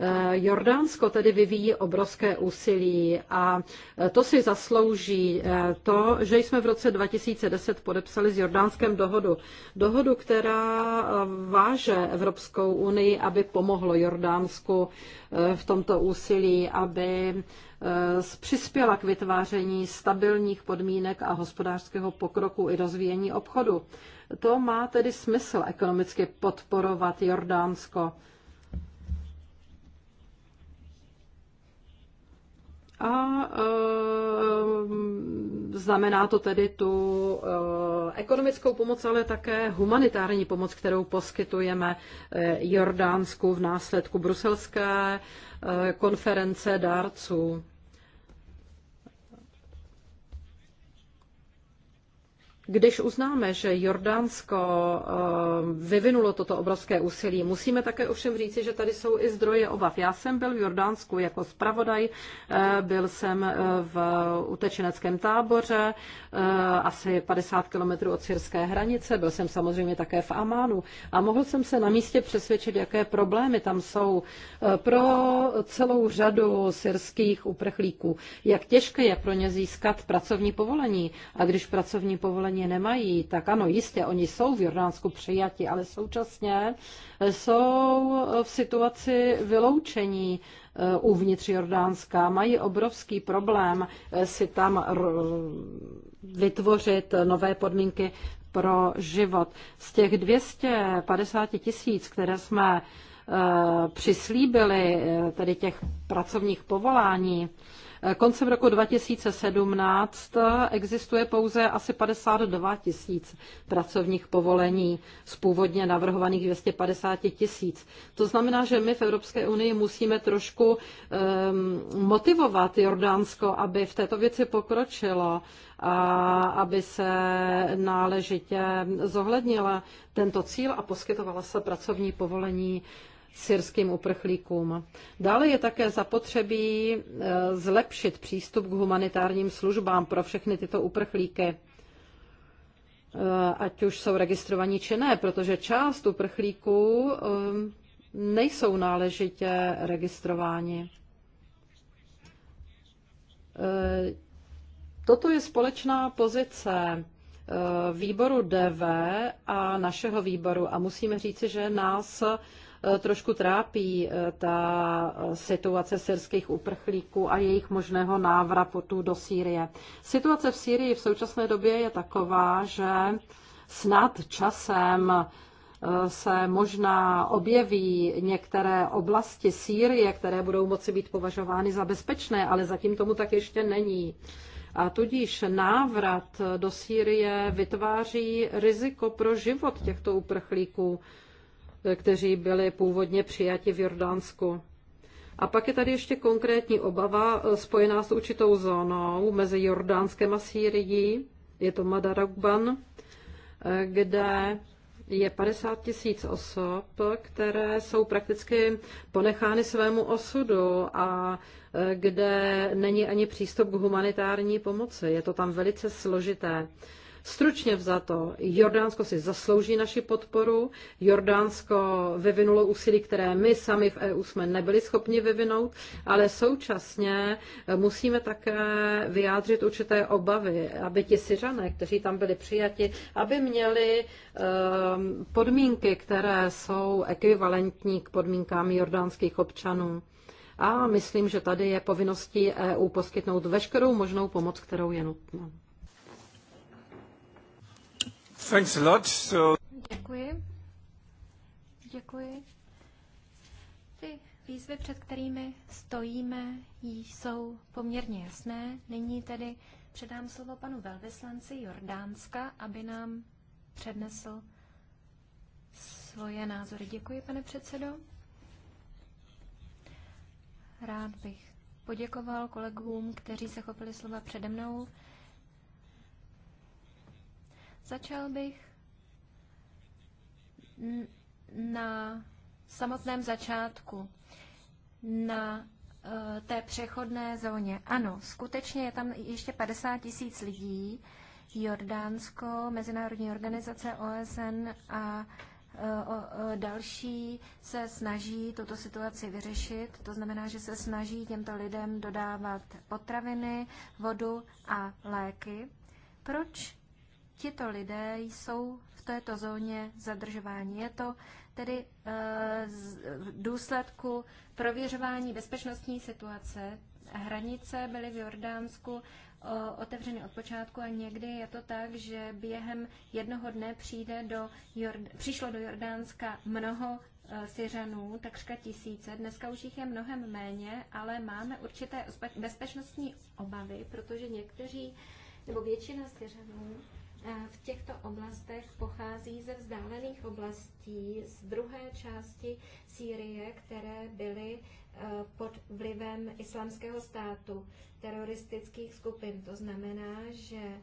Eh, Jordánsko tedy vyvíjí obrovské úsilí a eh, to si zaslouží eh, to, že jsme v roce 2010 podepsali s Jordánskem dohodu. Dohodu, která váže Evropskou unii, aby pomohlo Jordánsku v tomto úsilí, aby přispěla k vytváření stabilních podmínek a hospodářského pokroku i rozvíjení obchodu. To má tedy smysl ekonomicky podporovat Jordánsko a e, znamená to tedy tu e, ekonomickou pomoc, ale také humanitární pomoc, kterou poskytujeme e, Jordánsku v následku bruselské e, konference dárců. Když uznáme, že Jordánsko eh, vyvinulo toto obrovské úsilí, musíme také ovšem říci, že tady jsou i zdroje obav. Já jsem byl v Jordánsku jako zpravodaj, eh, byl jsem eh, v utečeneckém táboře, asi 50 kilometrů od syrské hranice, byl jsem samozřejmě také v Amánu a mohl jsem se na místě přesvědčit, jaké problémy tam jsou pro celou řadu syrských uprchlíků, jak těžké je pro ně získat pracovní povolení a když pracovní povolení Jordáni nemají, tak ano, jistě, oni jsou v Jordánsku přijati, ale současně jsou v situaci vyloučení eh, uvnitř Jordánska. Mají obrovský problém eh, si tam vytvořit nové podmínky pro život. Z těch 250 tisíc, které jsme eh, přislíbili, tedy těch pracovních povolání, Koncem roku 2017 existuje pouze asi 52 tisíc pracovních povolení z původně navrhovaných 250 tisíc. To znamená, že my v Evropské unii musíme trošku um, motivovat Jordánsko, aby v této věci pokročilo a aby se náležitě zohlednila tento cíl a poskytovala se pracovní povolení syrským uprchlíkům. Dále je také zapotřebí e, zlepšit přístup k humanitárním službám pro všechny tyto uprchlíky e, ať už jsou registrovaní či ne, protože část uprchlíků e, nejsou náležitě registrováni. Toto je společná pozice výboru DV a našeho výboru a musíme říci, že nás Eh, trošku trápí eh, ta eh, situace syrských uprchlíků a jejich možného návratu do Sýrie. Situace v Sýrii v současné době je taková, že snad časem se možná objeví některé oblasti Sýrie, které budou moci být považovány za bezpečné, ale zatím tomu tak ještě není. A tudíž návrat do Sýrie vytváří riziko pro život těchto uprchlíků kteří byli původně přijati v Jordánsku. A pak je tady ještě konkrétní obava eh, spojená s určitou zónou mezi Jordánskem a Sýrií, je to Madarakban, eh, kde je 50 tisíc osob, které jsou prakticky ponechány svému osudu a eh, kde není ani přístup k humanitární pomoci. Je to tam velice složité. Stručně vzato, Jordánsko si zaslouží naši podporu. Jordánsko vyvinulo úsilí, které my sami v EU jsme nebyli schopni vyvinout, ale současně musíme také vyjádřit určité obavy, aby ti Syřané, kteří tam byli přijati, aby měli ehm, podmínky, které jsou ekvivalentní k podmínkám jordánských občanů. A myslím, že tady je povinností EU poskytnout veškerou možnou pomoc, kterou je nutná. Thanks a lot. So... Děkuji. Děkuji. Ty výzvy, před kterými stojíme, jsou poměrně jasné. Nyní tedy předám slovo panu velvyslanci Jordánska, aby nám přednesl svoje názory. Děkuji, pane předsedo. Rád bych poděkoval kolegům, kteří se chopili slova přede mnou. Začal bych na samotném začátku, na eh, té přechodné zóně. Ano, skutečně je tam ještě 50 tisíc lidí. Jordánsko, Mezinárodní organizace OSN a eh, eh, další se snaží tuto situaci vyřešit. To znamená, že se snaží těmto lidem dodávat potraviny, vodu a léky. Proč tito lidé jsou v této zóně zadržováni. Je to tedy eh, v důsledku prověřování bezpečnostní situace. Hranice byly v Jordánsku otevřeny od počátku a někdy je to tak, že během jednoho dne přijde do Jord- přišlo do Jordánska mnoho eh, Syřanů, takřka tisíce. Dneska už jich je mnohem méně, ale máme určité bezpečnostní obavy, protože někteří nebo většina Syřanů v těchto oblastech pochází ze vzdálených oblastí z druhé části Sýrie, které byly eh, pod vlivem islamského státu, teroristických skupin. To znamená, že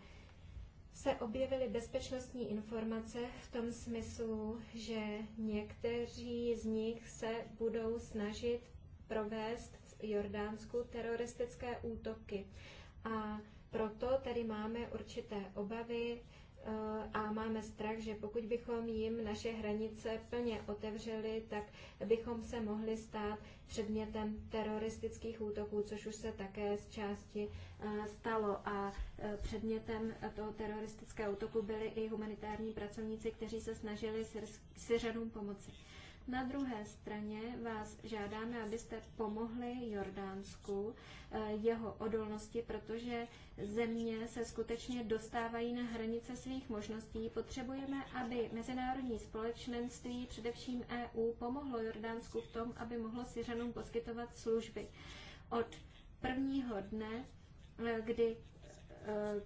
se objevily bezpečnostní informace v tom smyslu, že někteří z nich se budou snažit provést v Jordánsku teroristické útoky. A proto tady máme určité obavy eh, a máme strach, že pokud bychom jim naše hranice plně otevřeli, tak bychom se mohli stát předmětem teroristických útoků, což už se také z části eh, stalo. A eh, předmětem toho teroristického útoku byli i humanitární pracovníci, kteří se snažili Syřanům pomoci. Na druhé straně vás žádáme, abyste pomohli Jordánsku eh, jeho odolnosti, protože země se skutečně dostávají na hranice svých možností. Potřebujeme, aby mezinárodní společenství, především EU, pomohlo Jordánsku v tom, aby mohlo Syřanům poskytovat služby. Od prvního dne, eh, kdy eh,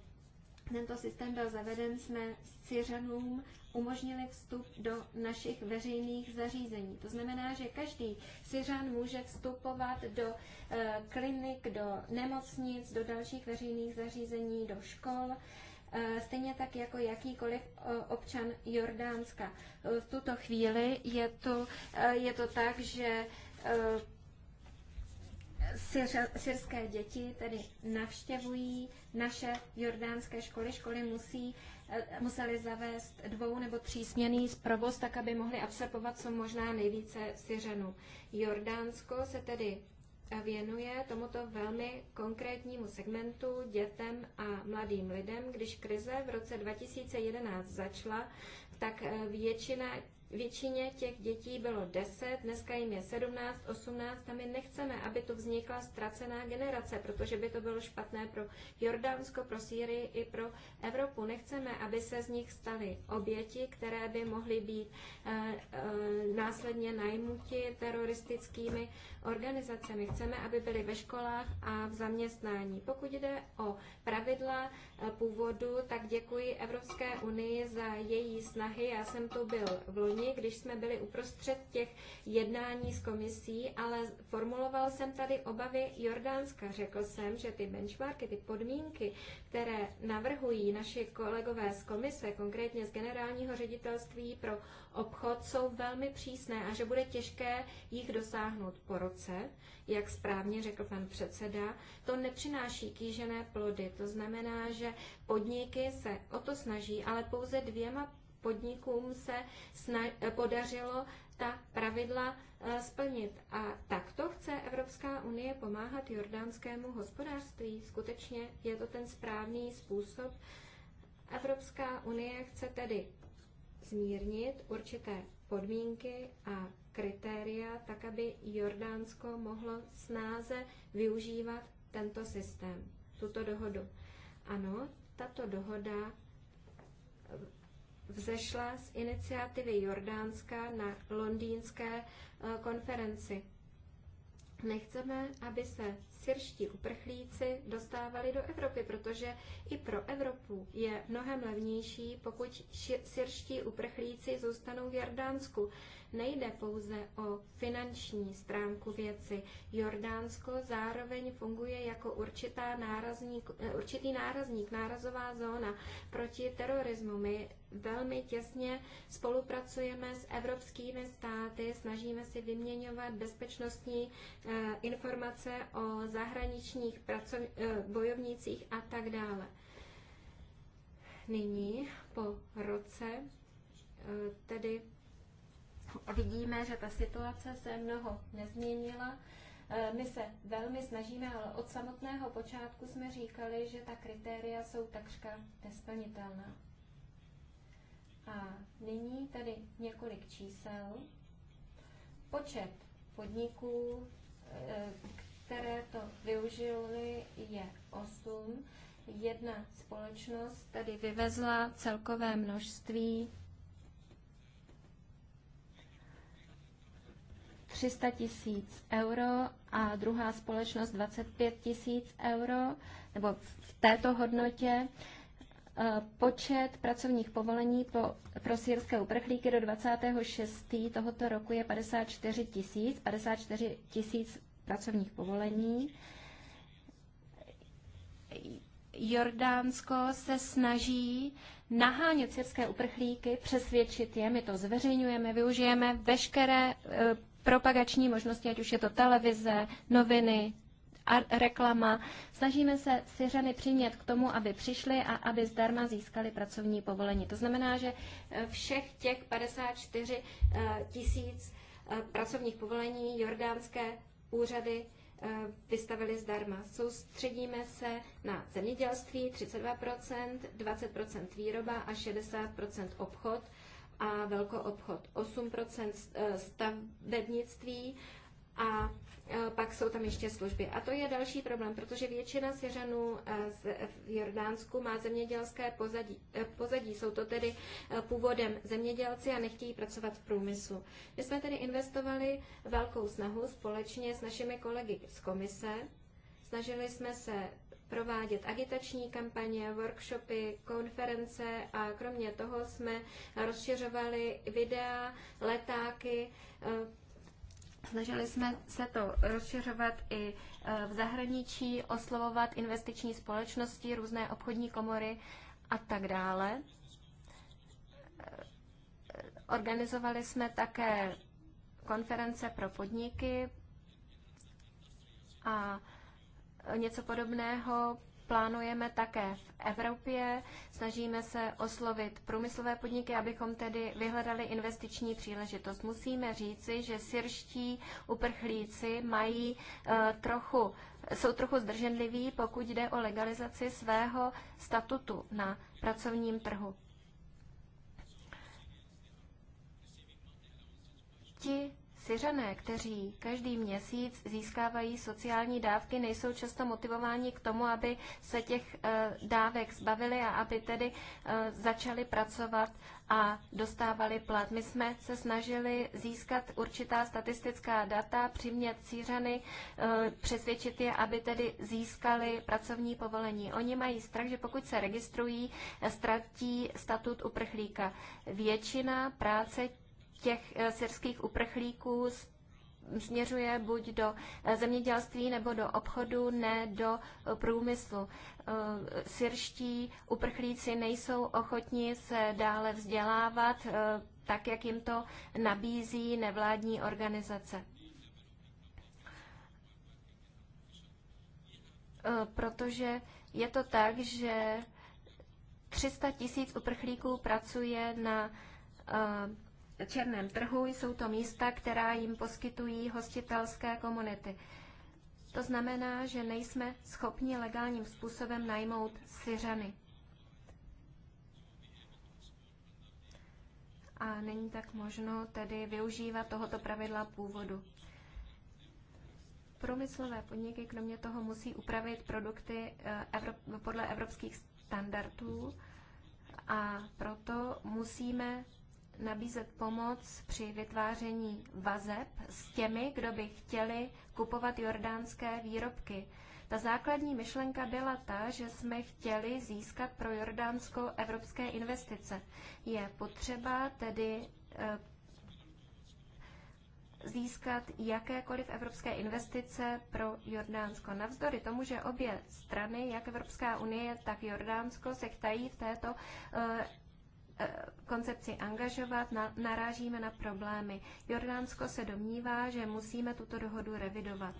tento systém byl zaveden, jsme Syřanům umožnili vstup do našich veřejných zařízení. To znamená, že každý Syřan může vstupovat do eh, klinik, do nemocnic, do dalších veřejných zařízení, do škol eh, stejně tak jako jakýkoliv eh, občan Jordánska. V tuto chvíli je to, je to tak, že syrské děti tedy navštěvují naše jordánské školy. Školy musí Eh, museli zavést dvou nebo třísměný provoz, tak aby mohli absorbovat co možná nejvíce Syřanů. Jordánsko se tedy věnuje tomuto velmi konkrétnímu segmentu dětem a mladým lidem. Když krize v roce 2011 začala, tak eh, většina většině těch dětí bylo 10, dneska jim je 17, 18 a my nechceme, aby tu vznikla ztracená generace, protože by to bylo špatné pro Jordánsko, pro Sýrii i pro Evropu. Nechceme, aby se z nich staly oběti, které by mohly být e, e, následně najmuti teroristickými organizacemi. Chceme, aby byly ve školách a v zaměstnání. Pokud jde o pravidla eh, původu, tak děkuji Evropské unii za její snahy. Já jsem tu byl v loni loni, když jsme byli uprostřed těch jednání s komisí, ale formuloval jsem tady obavy Jordánska. Řekl jsem, že ty benchmarky, ty podmínky, které navrhují naši kolegové z komise, konkrétně z generálního ředitelství pro obchod, jsou velmi přísné a že bude těžké jich dosáhnout po roce. Jak správně řekl pan předseda, to nepřináší kýžené plody. To znamená, že podniky se o to snaží, ale pouze dvěma podnikům se podařilo ta pravidla eh, splnit. A takto chce Evropská unie pomáhat jordánskému hospodářství. Skutečně je to ten správný způsob. Evropská unie chce tedy zmírnit určité podmínky a kritéria, tak aby Jordánsko mohlo snáze využívat tento systém, tuto dohodu. Ano, tato dohoda vzešla z iniciativy Jordánska na londýnské eh, konferenci. Nechceme, aby se syrští uprchlíci dostávali do Evropy, protože i pro Evropu je mnohem levnější, pokud syrští uprchlíci zůstanou v Jordánsku. Nejde pouze o finanční stránku věci. Jordánsko zároveň funguje jako určitá nárazník, eh, určitý nárazník, nárazová zóna proti terorismu. My velmi těsně spolupracujeme s evropskými státy, snažíme si vyměňovat bezpečnostní eh, informace o zahraničních pracov, eh, bojovnicích a tak dále. Nyní po roce eh, tedy vidíme, že ta situace se mnoho nezměnila. Eh, my se velmi snažíme, ale od samotného počátku jsme říkali, že ta kritéria jsou takřka nesplnitelná. A nyní tady několik čísel. Počet podniků, které to využili, je 8. Jedna společnost tady vyvezla celkové množství 300 tisíc euro a druhá společnost 25 tisíc euro, nebo v této hodnotě. Eh, počet pracovních povolení po, pro sírské uprchlíky do 26. tohoto roku je 54 tisíc. 54 tisíc pracovních povolení. Jordánsko se snaží nahánět syrské uprchlíky, přesvědčit je, my to zveřejňujeme, využijeme veškeré e, propagační možnosti, ať už je to televize, noviny, a reklama. Snažíme se Syřany přimět k tomu, aby přišli a aby zdarma získali pracovní povolení. To znamená, že e, všech těch 54 e, tisíc pracovních povolení jordánské úřady eh, vystavili zdarma. Soustředíme se na zemědělství 32%, 20% výroba a 60% obchod a velkoobchod 8% eh, stavebnictví a e, pak jsou tam ještě služby. A to je další problém, protože většina svěřenů e, v Jordánsku má zemědělské pozadí. E, pozadí. Jsou to tedy původem zemědělci a nechtějí pracovat v průmyslu. My jsme tedy investovali velkou snahu společně s našimi kolegy z komise. Snažili jsme se provádět agitační kampaně, workshopy, konference a kromě toho jsme rozšiřovali videa, letáky, Snažili jsme se to rozšiřovat i e, v zahraničí, oslovovat investiční společnosti, různé obchodní komory a tak dále. E, organizovali jsme také konference pro podniky a něco podobného plánujeme také v Evropě. Snažíme se oslovit průmyslové podniky, abychom tedy vyhledali investiční příležitost. Musíme říci, že syrští uprchlíci mají eh, trochu, jsou trochu zdrženliví, pokud jde o legalizaci svého statutu na pracovním trhu. Ti Syřané, kteří každý měsíc získávají sociální dávky, nejsou často motivováni k tomu, aby se těch eh, dávek zbavili a aby tedy eh, začali pracovat a dostávali plat. My jsme se snažili získat určitá statistická data, přimět Syřany, eh, přesvědčit je, aby tedy získali pracovní povolení. Oni mají strach, že pokud se registrují, ztratí statut uprchlíka. Většina práce těch eh, syrských uprchlíků směřuje buď do eh, zemědělství nebo do obchodu, ne do eh, průmyslu. Syrští uprchlíci nejsou ochotni se dále vzdělávat, tak jak jim to nabízí nevládní organizace. Protože je to tak, že 300 tisíc uprchlíků pracuje na černém trhu jsou to místa, která jim poskytují hostitelské komunity. To znamená, že nejsme schopni legálním způsobem najmout Syřany. A není tak možno tedy využívat tohoto pravidla původu. Průmyslové podniky kromě toho musí upravit produkty eh, podle evropských standardů a proto musíme nabízet pomoc při vytváření vazeb s těmi, kdo by chtěli kupovat jordánské výrobky. Ta základní myšlenka byla ta, že jsme chtěli získat pro Jordánsko evropské investice. Je potřeba tedy eh, získat jakékoliv evropské investice pro Jordánsko. Navzdory tomu, že obě strany, jak Evropská unie, tak Jordánsko, se chtají v této eh, Eh, koncepci angažovat, na, narážíme na problémy. Jordánsko se domnívá, že musíme tuto dohodu revidovat.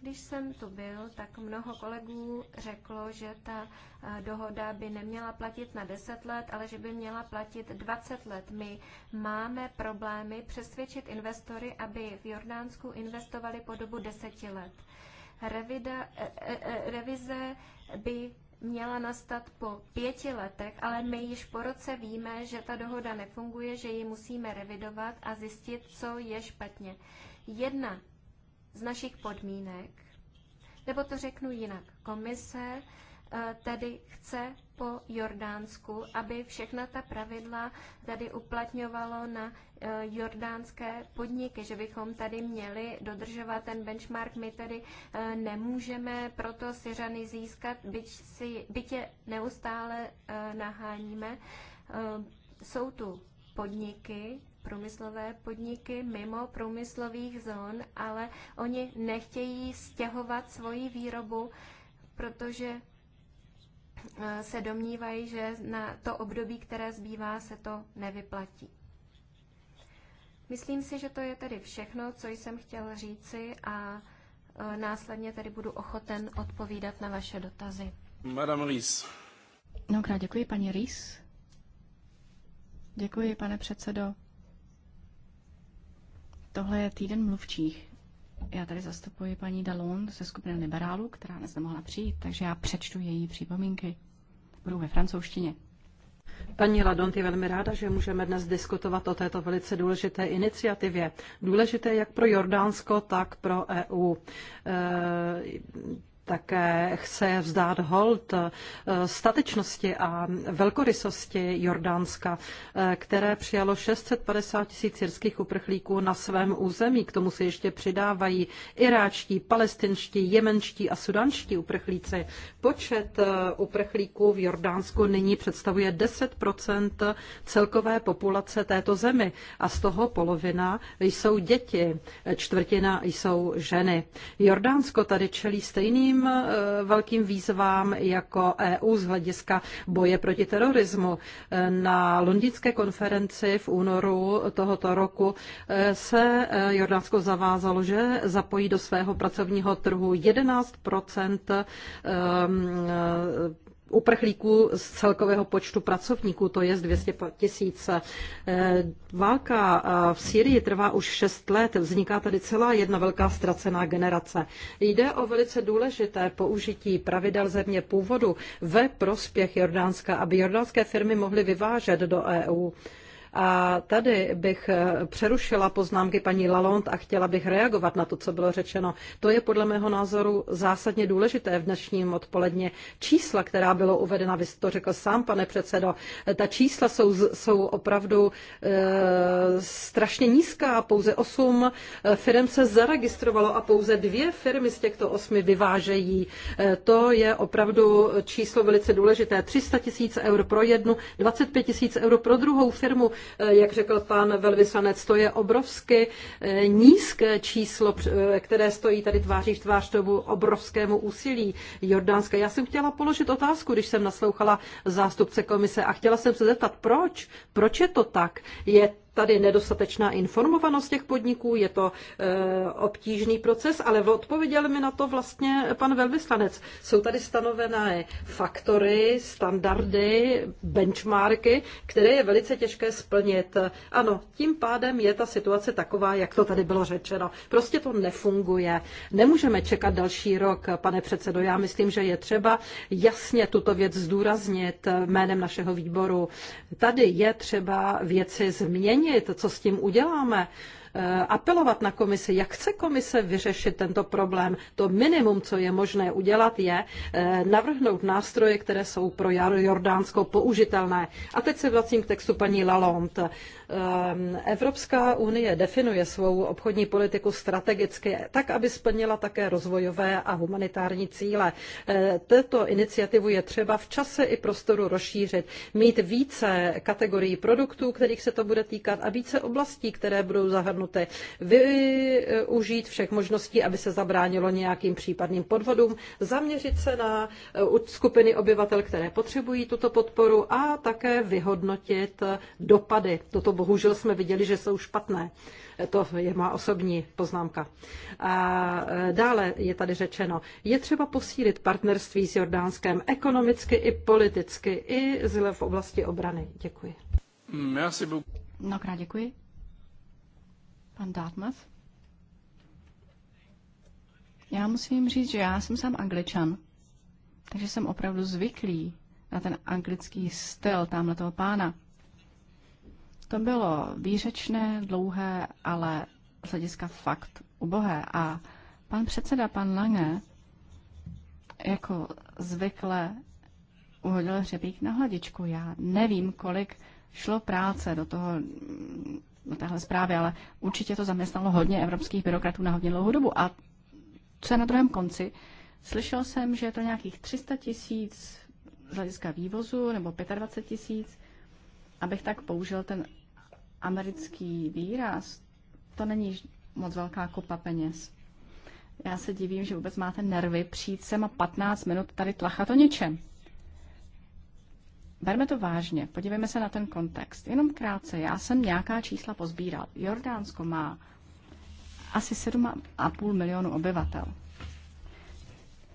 Když jsem tu byl, tak mnoho kolegů řeklo, že ta eh, dohoda by neměla platit na 10 let, ale že by měla platit 20 let. My máme problémy přesvědčit investory, aby v Jordánsku investovali po dobu 10 let. Revida, eh, revize by měla nastat po pěti letech, ale my již po roce víme, že ta dohoda nefunguje, že ji musíme revidovat a zjistit, co je špatně. Jedna z našich podmínek, nebo to řeknu jinak, komise eh, tedy chce po Jordánsku, aby všechna ta pravidla tady uplatňovalo na eh, jordánské podniky, že bychom tady měli dodržovat ten benchmark. My tady eh, nemůžeme proto Syřany získat, byť, si, byť je neustále eh, naháníme. Jsou tu podniky, průmyslové podniky mimo průmyslových zón, ale oni nechtějí stěhovat svoji výrobu, protože Eh, se domnívají, že na to období, které zbývá, se to nevyplatí. Myslím si, že to je tedy všechno, co jsem chtěl říci a eh, následně tedy budu ochoten odpovídat na vaše dotazy. Madame No, Mnohokrát děkuji, paní Rees. Děkuji, pane předsedo. Tohle je týden mluvčích. Já tady zastupuji paní Dalon ze skupiny liberálů, která dnes nemohla přijít, takže já přečtu její připomínky. Budou ve francouzštině. Paní Ladont je velmi ráda, že můžeme dnes diskutovat o této velice důležité iniciativě. Důležité jak pro Jordánsko, tak pro EU také chce vzdát hold eh, statečnosti a velkorysosti Jordánska, eh, které přijalo 650 tisíc syrských uprchlíků na svém území. K tomu se ještě přidávají iráčtí, palestinští, jemenští a sudanští uprchlíci. Počet eh, uprchlíků v Jordánsku nyní představuje 10 celkové populace této zemi a z toho polovina jsou děti, čtvrtina jsou ženy. Jordánsko tady čelí stejným velkým, eh, velkým výzvám jako EU z hlediska boje proti terorismu. Eh, na londýnské konferenci v únoru tohoto roku eh, se Jordánsko zavázalo, že zapojí do svého pracovního trhu 11 uprchlíků z celkového počtu pracovníků, to je z 200 tisíc. Eh, válka eh, v Syrii trvá už 6 let, vzniká tady celá jedna velká ztracená generace. Jde o velice důležité použití pravidel země původu ve prospěch Jordánska, aby jordánské firmy mohly vyvážet do EU. A tady bych eh, přerušila poznámky paní Lalonde a chtěla bych reagovat na to, co bylo řečeno. To je podle mého názoru zásadně důležité v dnešním odpoledně. Čísla, která bylo uvedena, vy to řekl sám, pane předsedo, eh, ta čísla jsou, jsou opravdu e, strašně nízká. Pouze osm firm se zaregistrovalo a pouze dvě firmy z těchto osmi vyvážejí. E, to je opravdu číslo velice důležité. 300 tisíc eur pro jednu, 25 tisíc euro pro druhou firmu Eh, jak řekl pan velvyslanec, to je obrovsky eh, nízké číslo, eh, které stojí tady tváří v tvář tomu obrovskému úsilí Jordánska. Já jsem chtěla položit otázku, když jsem naslouchala zástupce komise a chtěla jsem se zeptat, proč? Proč je to tak? Je tady nedostatečná informovanost těch podniků, je to eh, obtížný proces, ale odpověděl mi na to vlastně pan velvyslanec. Jsou tady stanovené faktory, standardy, benchmarky, které je velice těžké splnit. Ano, tím pádem je ta situace taková, jak to tady bylo řečeno. Prostě to nefunguje. Nemůžeme čekat další rok, pane předsedo. Já myslím, že je třeba jasně tuto věc zdůraznit jménem našeho výboru. Tady je třeba věci změnit změnit, co s tím uděláme. Eh, apelovat na komisi, jak chce komise vyřešit tento problém. To minimum, co je možné udělat, je eh, navrhnout nástroje, které jsou pro Jordánsko použitelné. A teď se vracím k textu paní Lalonde. Eh, Evropská unie definuje svou obchodní politiku strategicky tak, aby splnila také rozvojové a humanitární cíle. Této iniciativu je třeba v čase i prostoru rozšířit, mít více kategorií produktů, kterých se to bude týkat a více oblastí, které budou zahrnuty zvládnuty využít všech možností, aby se zabránilo nějakým případným podvodům, zaměřit se na eh, skupiny obyvatel, které potřebují tuto podporu a také vyhodnotit dopady. Toto bohužel jsme viděli, že jsou špatné. Eh, to je má osobní poznámka. A eh, dále je tady řečeno, je třeba posílit partnerství s Jordánskem ekonomicky i politicky, i zle v oblasti obrany. Děkuji. Mnohokrát děkuji. Pan Dartmouth? Já musím říct, že já jsem sám angličan, takže jsem opravdu zvyklý na ten anglický styl tamhle toho pána. To bylo výřečné, dlouhé, ale z hlediska fakt ubohé. A pan předseda, pan Lange, jako zvykle uhodil hřebík na hladičku. Já nevím, kolik šlo práce do toho na téhle zprávě, ale určitě to zaměstnalo hodně evropských byrokratů na hodně dlouhou dobu. A co je na druhém konci? Slyšel jsem, že je to nějakých 300 tisíc z hlediska vývozu nebo 25 tisíc. Abych tak použil ten americký výraz, to není moc velká kopa peněz. Já se divím, že vůbec máte nervy přijít sem a 15 minut tady tlachat o něčem. Berme to vážně, podívejme se na ten kontext. Jenom krátce, já jsem nějaká čísla pozbíral. Jordánsko má asi 7,5 milionu obyvatel.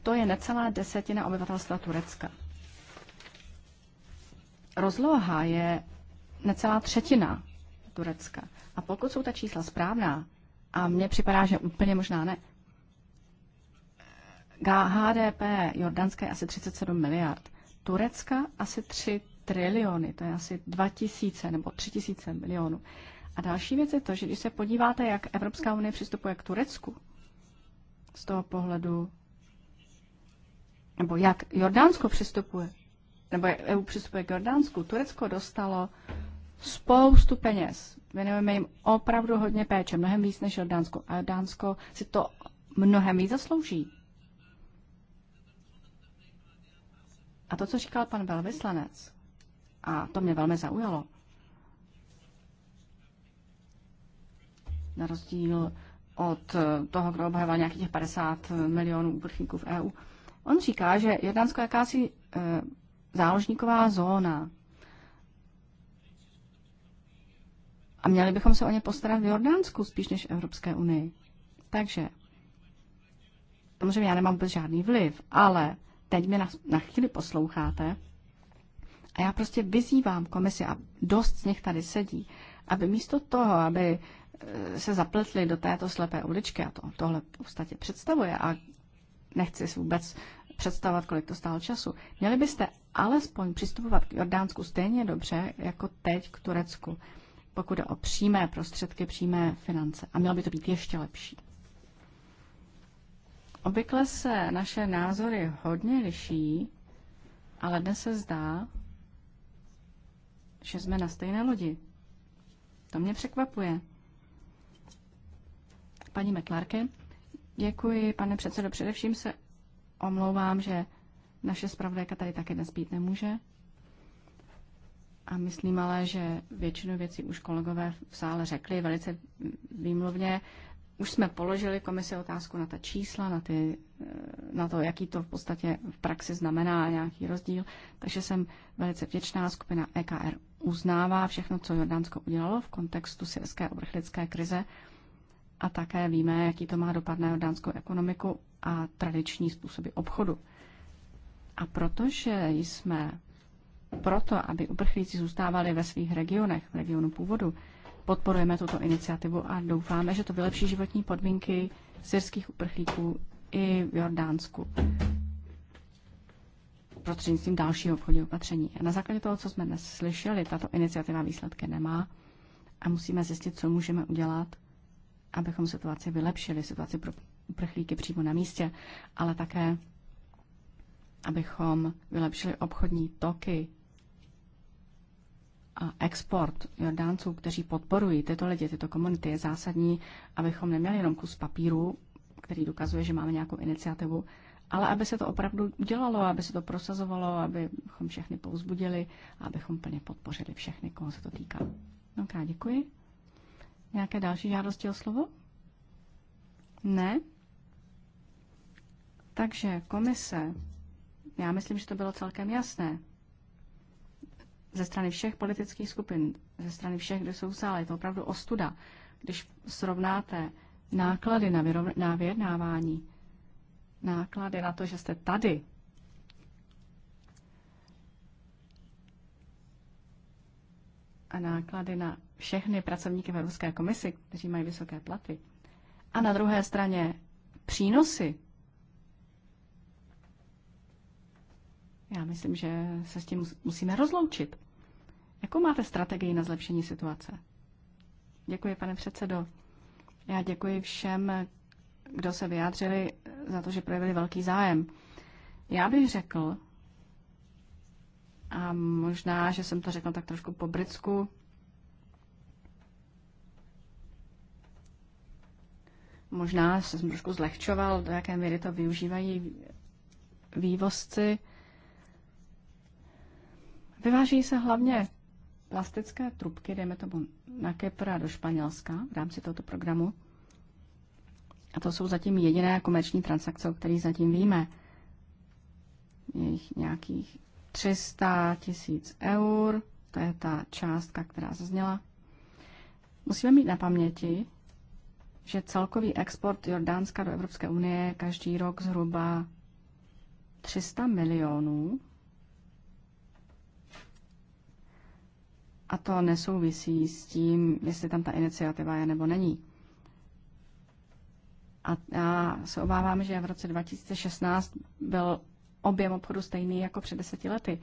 To je necelá desetina obyvatelstva Turecka. Rozloha je necelá třetina Turecka. A pokud jsou ta čísla správná, a mně připadá, že úplně možná ne, HDP Jordánské asi 37 miliard. Turecka asi 3 triliony, to je asi 2 tisíce nebo 3 tisíce milionů. A další věc je to, že když se podíváte, jak Evropská unie přistupuje k Turecku, z toho pohledu, nebo jak Jordánsko přistupuje, nebo jak EU přistupuje k Jordánsku, Turecko dostalo spoustu peněz. Věnujeme jim opravdu hodně péče, mnohem víc než Jordánsko. A Jordánsko si to mnohem víc zaslouží. A to, co říkal pan velvyslanec, a to mě velmi zaujalo, na rozdíl od toho, kdo obhajoval nějakých těch 50 milionů uprchlíků v EU. On říká, že Jordánsko je jakási e, záložníková zóna. A měli bychom se o ně postarat v Jordánsku spíš než v Evropské unii. Takže, samozřejmě já nemám vůbec žádný vliv, ale teď mě na, na chvíli posloucháte a já prostě vyzývám komisi, a dost z nich tady sedí, aby místo toho, aby eh, se zapletli do této slepé uličky, a to, tohle v podstatě představuje, a nechci si vůbec představovat, kolik to stálo času, měli byste alespoň přistupovat k Jordánsku stejně dobře, jako teď k Turecku, pokud jde o přímé prostředky, přímé finance. A mělo by to být ještě lepší. Obvykle se naše názory hodně liší, ale dnes se zdá, že jsme na stejné lodi. To mě překvapuje. Paní Meklárke, děkuji, pane předsedo. Především se omlouvám, že naše zpravodajka tady taky dnes být nemůže. A myslím ale, že většinu věcí už kolegové v sále řekli velice výmluvně. Už jsme položili komisi otázku na ta čísla, na, ty, eh, na to, jaký to v podstatě v praxi znamená nějaký rozdíl. Takže jsem velice vděčná. Skupina EKR uznává všechno, co Jordánsko udělalo v kontextu syrské obrchlické krize. A také víme, jaký to má dopad na jordánskou ekonomiku a tradiční způsoby obchodu. A protože jsme proto, aby uprchlíci zůstávali ve svých regionech, v regionu původu, Podporujeme tuto iniciativu a doufáme, že to vylepší životní podmínky syrských uprchlíků i v Jordánsku prostřednictvím dalšího obchodního opatření. A na základě toho, co jsme dnes slyšeli, tato iniciativa výsledky nemá a musíme zjistit, co můžeme udělat, abychom situaci vylepšili, situaci pro uprchlíky přímo na místě, ale také abychom vylepšili obchodní toky export Jordánců, kteří podporují tyto lidi, tyto komunity, je zásadní, abychom neměli jenom kus papíru, který dokazuje, že máme nějakou iniciativu, ale aby se to opravdu dělalo, aby se to prosazovalo, abychom všechny pouzbudili a abychom plně podpořili všechny, koho se to týká. Mnohokrát děkuji. Nějaké další žádosti o slovo? Ne? Takže komise, já myslím, že to bylo celkem jasné ze strany všech politických skupin, ze strany všech, kdo jsou v sále. Je to opravdu ostuda. Když srovnáte náklady na, vyrov- na vyjednávání, náklady na to, že jste tady, a náklady na všechny pracovníky v Evropské komisi, kteří mají vysoké platy, a na druhé straně přínosy Já myslím, že se s tím musíme rozloučit. Jakou máte strategii na zlepšení situace? Děkuji, pane předsedo. Já děkuji všem, kdo se vyjádřili za to, že projevili velký zájem. Já bych řekl, a možná, že jsem to řekl tak trošku po britsku, možná jsem trošku zlehčoval, do jaké míry to využívají vývozci. Vyváží se hlavně plastické trubky, dejme tomu na Kepra, do Španělska v rámci tohoto programu. A to jsou zatím jediné komerční transakce, o kterých zatím víme. Je jich nějakých 300 tisíc eur, to je ta částka, která zazněla. Musíme mít na paměti, že celkový export Jordánska do Evropské unie každý rok zhruba 300 milionů A to nesouvisí s tím, jestli tam ta iniciativa je nebo není. A já se obávám, že v roce 2016 byl objem obchodu stejný jako před deseti lety.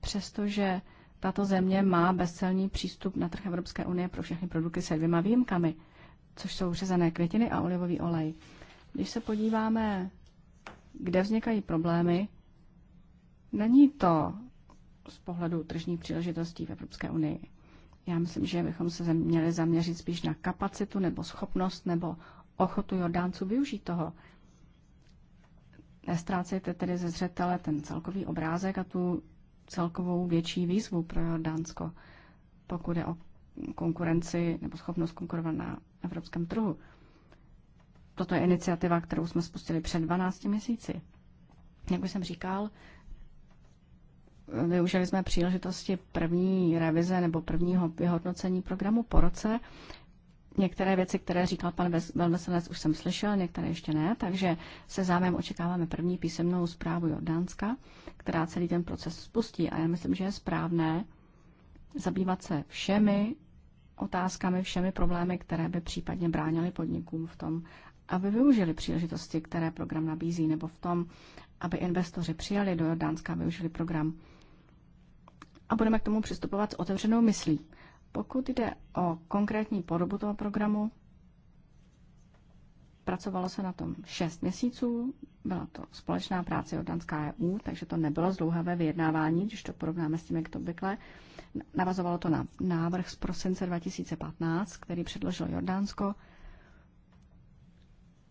Přestože tato země má bezcelní přístup na trh Evropské unie pro všechny produkty se dvěma výjimkami, což jsou řezané květiny a olivový olej. Když se podíváme, kde vznikají problémy, není to z pohledu tržních příležitostí v Evropské unii. Já myslím, že bychom se měli zaměřit spíš na kapacitu nebo schopnost nebo ochotu Jordánců využít toho. Nestrácejte tedy ze zřetele ten celkový obrázek a tu celkovou větší výzvu pro Jordánsko, pokud je o konkurenci nebo schopnost konkurovat na evropském trhu. Toto je iniciativa, kterou jsme spustili před 12 měsíci. Jak už jsem říkal, Využili jsme příležitosti první revize nebo prvního vyhodnocení programu po roce. Některé věci, které říkal pan velvyslanec, už jsem slyšel, některé ještě ne, takže se zájmem očekáváme první písemnou zprávu Jordánska, která celý ten proces spustí. A já myslím, že je správné zabývat se všemi otázkami, všemi problémy, které by případně bránily podnikům v tom, aby využili příležitosti, které program nabízí, nebo v tom, aby investoři přijali do Jordánska a využili program a budeme k tomu přistupovat s otevřenou myslí. Pokud jde o konkrétní podobu toho programu, pracovalo se na tom 6 měsíců, byla to společná práce od Danská EU, takže to nebylo zdlouhavé vyjednávání, když to porovnáme s tím, jak to obvykle. Navazovalo to na návrh z prosince 2015, který předložilo Jordánsko.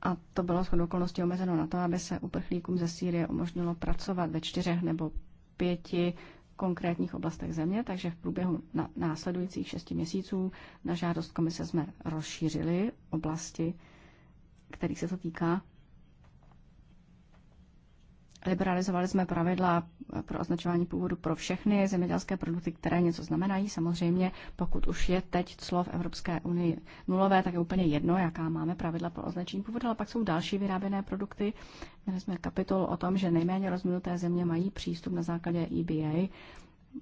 A to bylo shodou okolností omezeno na to, aby se uprchlíkům ze Sýrie umožnilo pracovat ve čtyřech nebo pěti konkrétních oblastech země, takže v průběhu na následujících šesti měsíců na žádost komise jsme rozšířili oblasti, kterých se to týká, Liberalizovali jsme pravidla pro označování původu pro všechny zemědělské produkty, které něco znamenají. Samozřejmě, pokud už je teď clo v Evropské unii nulové, tak je úplně jedno, jaká máme pravidla pro označení původu, ale pak jsou další vyráběné produkty. Měli jsme kapitol o tom, že nejméně rozvinuté země mají přístup na základě EBA,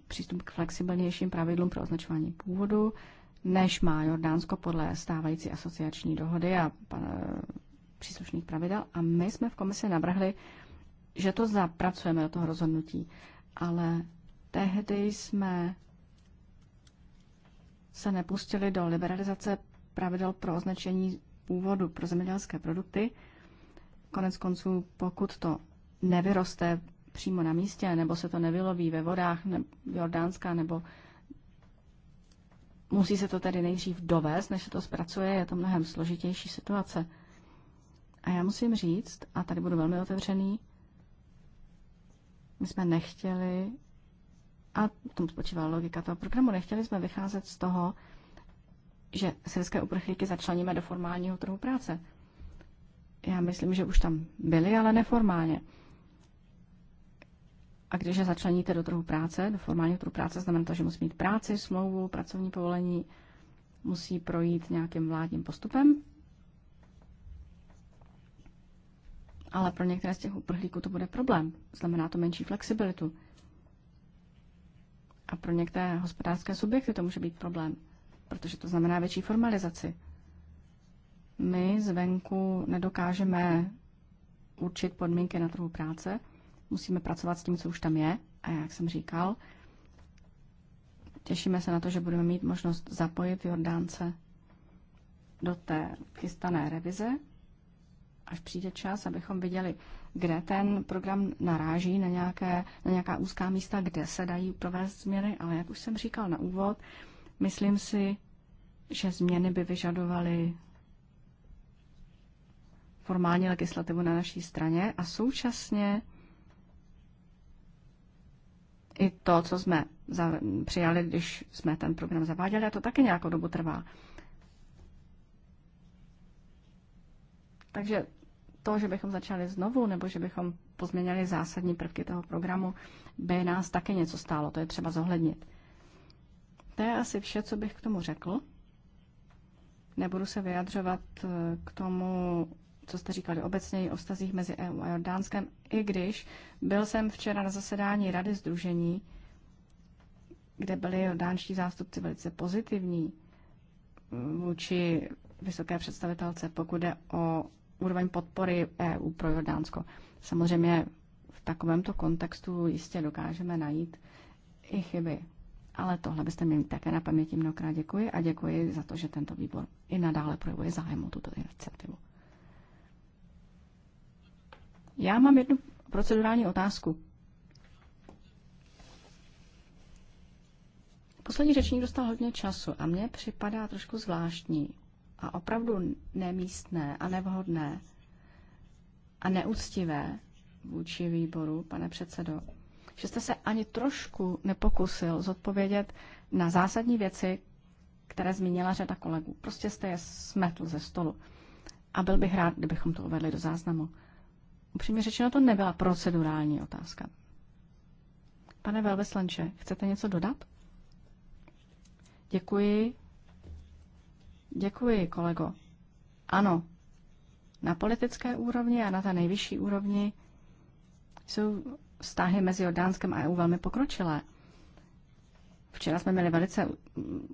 přístup k flexibilnějším pravidlům pro označování původu, než má Jordánsko podle stávající asociační dohody a e, příslušných pravidel. A my jsme v komisi navrhli že to zapracujeme do toho rozhodnutí, ale tehdy jsme se nepustili do liberalizace pravidel pro označení původu pro zemědělské produkty. Konec konců, pokud to nevyroste přímo na místě, nebo se to nevyloví ve vodách ne, Jordánska, nebo musí se to tedy nejdřív dovést, než se to zpracuje, je to mnohem složitější situace. A já musím říct, a tady budu velmi otevřený, my jsme nechtěli, a v tom spočívala logika toho programu, nechtěli jsme vycházet z toho, že syrské uprchlíky začleníme do formálního trhu práce. Já myslím, že už tam byli, ale neformálně. A když je začleníte do trhu práce, do formálního trhu práce, znamená to, že musí mít práci, smlouvu, pracovní povolení, musí projít nějakým vládním postupem, ale pro některé z těch uprchlíků to bude problém. Znamená to menší flexibilitu. A pro některé hospodářské subjekty to může být problém, protože to znamená větší formalizaci. My zvenku nedokážeme určit podmínky na trhu práce, musíme pracovat s tím, co už tam je. A jak jsem říkal, těšíme se na to, že budeme mít možnost zapojit Jordánce do té chystané revize až přijde čas, abychom viděli, kde ten program naráží na, nějaké, na nějaká úzká místa, kde se dají provést změny, ale jak už jsem říkal na úvod, myslím si, že změny by vyžadovaly formální legislativu na naší straně a současně i to, co jsme za, přijali, když jsme ten program zaváděli, a to taky nějakou dobu trvá. Takže to, že bychom začali znovu nebo že bychom pozměnili zásadní prvky toho programu, by nás také něco stálo. To je třeba zohlednit. To je asi vše, co bych k tomu řekl. Nebudu se vyjadřovat eh, k tomu, co jste říkali obecněji o vztazích mezi EU a Jordánskem, i když byl jsem včera na zasedání Rady Združení, kde byli jordánští zástupci velice pozitivní mm, vůči vysoké představitelce, pokud jde o úroveň podpory EU pro Jordánsko. Samozřejmě v takovémto kontextu jistě dokážeme najít i chyby. Ale tohle byste měli také na paměti. Mnohokrát děkuji a děkuji za to, že tento výbor i nadále projevuje zájem o tuto iniciativu. Já mám jednu procedurální otázku. Poslední řečník dostal hodně času a mně připadá trošku zvláštní, a opravdu nemístné a nevhodné a neúctivé vůči výboru, pane předsedo, že jste se ani trošku nepokusil zodpovědět na zásadní věci, které zmínila řada kolegů. Prostě jste je smetl ze stolu. A byl bych rád, kdybychom to uvedli do záznamu. Upřímně řečeno, to nebyla procedurální otázka. Pane velveslanče, chcete něco dodat? Děkuji. Děkuji, kolego. Ano, na politické úrovni a na té nejvyšší úrovni jsou vztahy mezi Jordánskem a EU velmi pokročilé. Včera jsme měli velice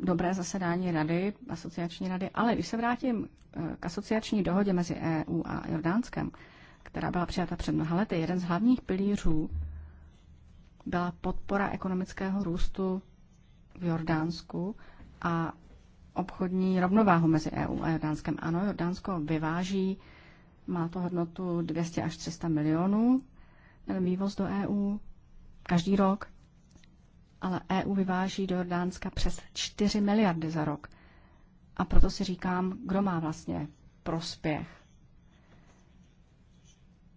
dobré zasedání rady, asociační rady, ale když se vrátím eh, k asociační dohodě mezi EU a Jordánskem, která byla přijata před mnoha lety, jeden z hlavních pilířů byla podpora ekonomického růstu v Jordánsku a obchodní rovnováhu mezi EU a Jordánskem. Ano, Jordánsko vyváží, má to hodnotu 200 až 300 milionů, vývoz do EU každý rok, ale EU vyváží do Jordánska přes 4 miliardy za rok. A proto si říkám, kdo má vlastně prospěch.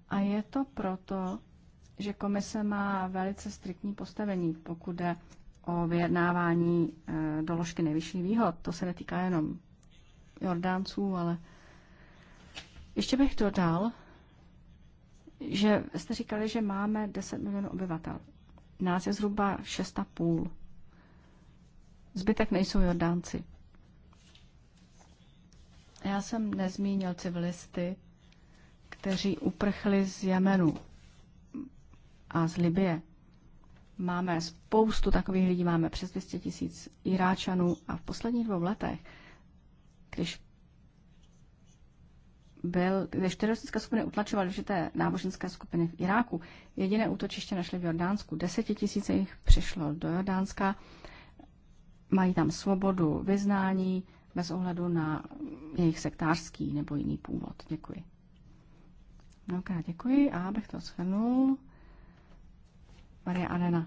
A je to proto, že komise má velice striktní postavení, pokud jde o vyjednávání eh, doložky nejvyšších výhod. To se netýká jenom Jordánců, ale ještě bych dodal, že jste říkali, že máme 10 milionů obyvatel. Nás je zhruba 6,5. Zbytek nejsou Jordánci. Já jsem nezmínil civilisty, kteří uprchli z Jemenu a z Libie. Máme spoustu takových lidí, máme přes 200 tisíc Iráčanů a v posledních dvou letech, když byl, když teroristické skupiny utlačovaly určité náboženské skupiny v Iráku, jediné útočiště našli v Jordánsku. Desetitisíce jich přišlo do Jordánska, mají tam svobodu vyznání bez ohledu na jejich sektářský nebo jiný původ. Děkuji. Mnohokrát děkuji a abych to shrnul. Maria Arena.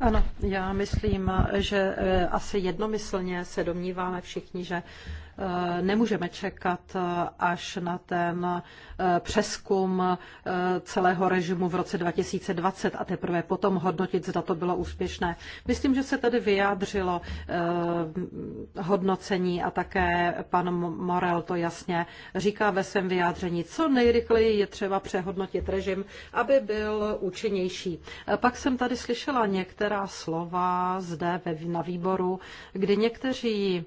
Ano, já myslím, že eh, asi jednomyslně se domníváme všichni, že Eh, nemůžeme čekat eh, až na ten eh, přeskum celého režimu v roce 2020 a teprve potom hodnotit, zda to bylo úspěšné. Myslím, že se tady vyjádřilo hodnocení a také pan Morel to jasně říká ve svém vyjádření. Co nejrychleji je třeba přehodnotit režim, aby byl účinnější. Pak jsem tady slyšela některá slova zde na výboru, kdy někteří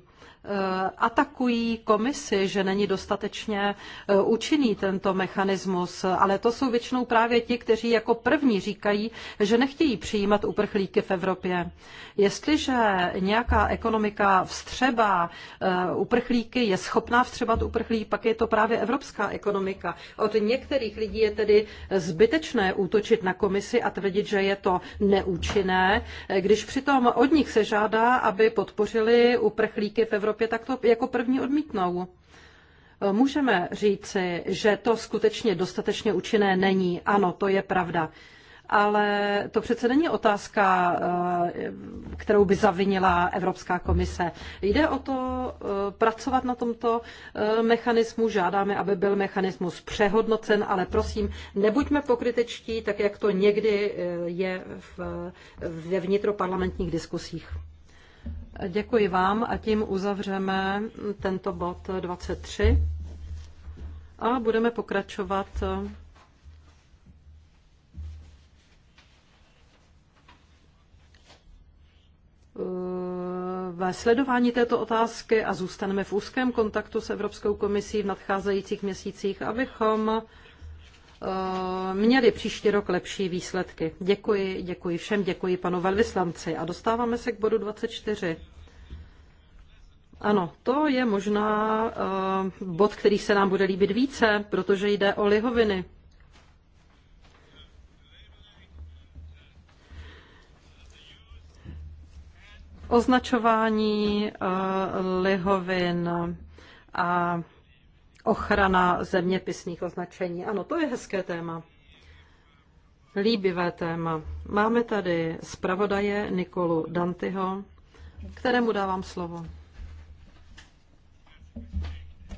Eh, atakují komisi, že není dostatečně eh, účinný tento mechanismus, ale to jsou většinou právě ti, kteří jako první říkají, že nechtějí přijímat uprchlíky v Evropě. Jestliže nějaká ekonomika vstřebá eh, uprchlíky, je schopná vstřebat uprchlíky, pak je to právě evropská ekonomika. Od některých lidí je tedy zbytečné útočit na komisi a tvrdit, že je to neúčinné, když přitom od nich se žádá, aby podpořili uprchlíky v Evropě Evropě, tak to jako první odmítnou. Eh, můžeme říci, že to skutečně dostatečně účinné není. Ano, to je pravda. Ale to přece není otázka, eh, kterou by zavinila Evropská komise. Jde o to eh, pracovat na tomto mechanismu. Žádáme, aby byl mechanismus přehodnocen, ale prosím, nebuďme pokrytečtí, tak jak to někdy je ve vnitroparlamentních diskusích. Děkuji vám a tím uzavřeme tento bod 23 a budeme pokračovat eh, ve sledování této otázky a zůstaneme v úzkém kontaktu s Evropskou komisí v nadcházejících měsících, abychom Eh, měli příští rok lepší výsledky. Děkuji, děkuji všem, děkuji panu velvyslanci. A dostáváme se k bodu 24. Ano, to je možná uh, bod, který se nám bude líbit více, protože jde o lihoviny. Označování uh, lihovin a ochrana zeměpisných označení. Ano, to je hezké téma. Líbivé téma. Máme tady zpravodaje Nikolu Dantyho, kterému dávám slovo.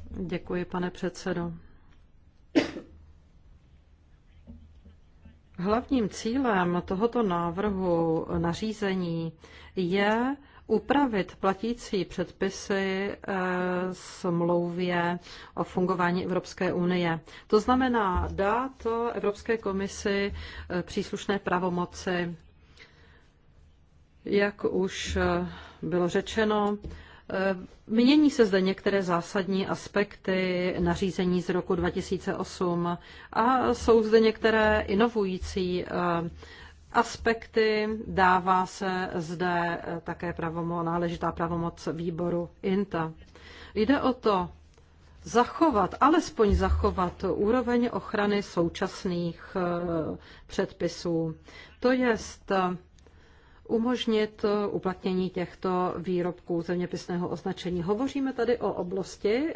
Děkuji, pane předsedo. Hlavním cílem tohoto návrhu nařízení je upravit platící předpisy eh, smlouvě o fungování Evropské unie. To znamená dát Evropské komisi eh, příslušné pravomoci. Jak už eh, bylo řečeno, Mění se zde některé zásadní aspekty nařízení z roku 2008 a jsou zde některé inovující aspekty. Dává se zde eh, také pravomo, náležitá pravomoc výboru INTA. Jde o to zachovat, alespoň zachovat úroveň ochrany současných eh, předpisů. To jest eh, umožnit eh, uplatnění těchto výrobků zeměpisného označení. Hovoříme tady o oblasti eh,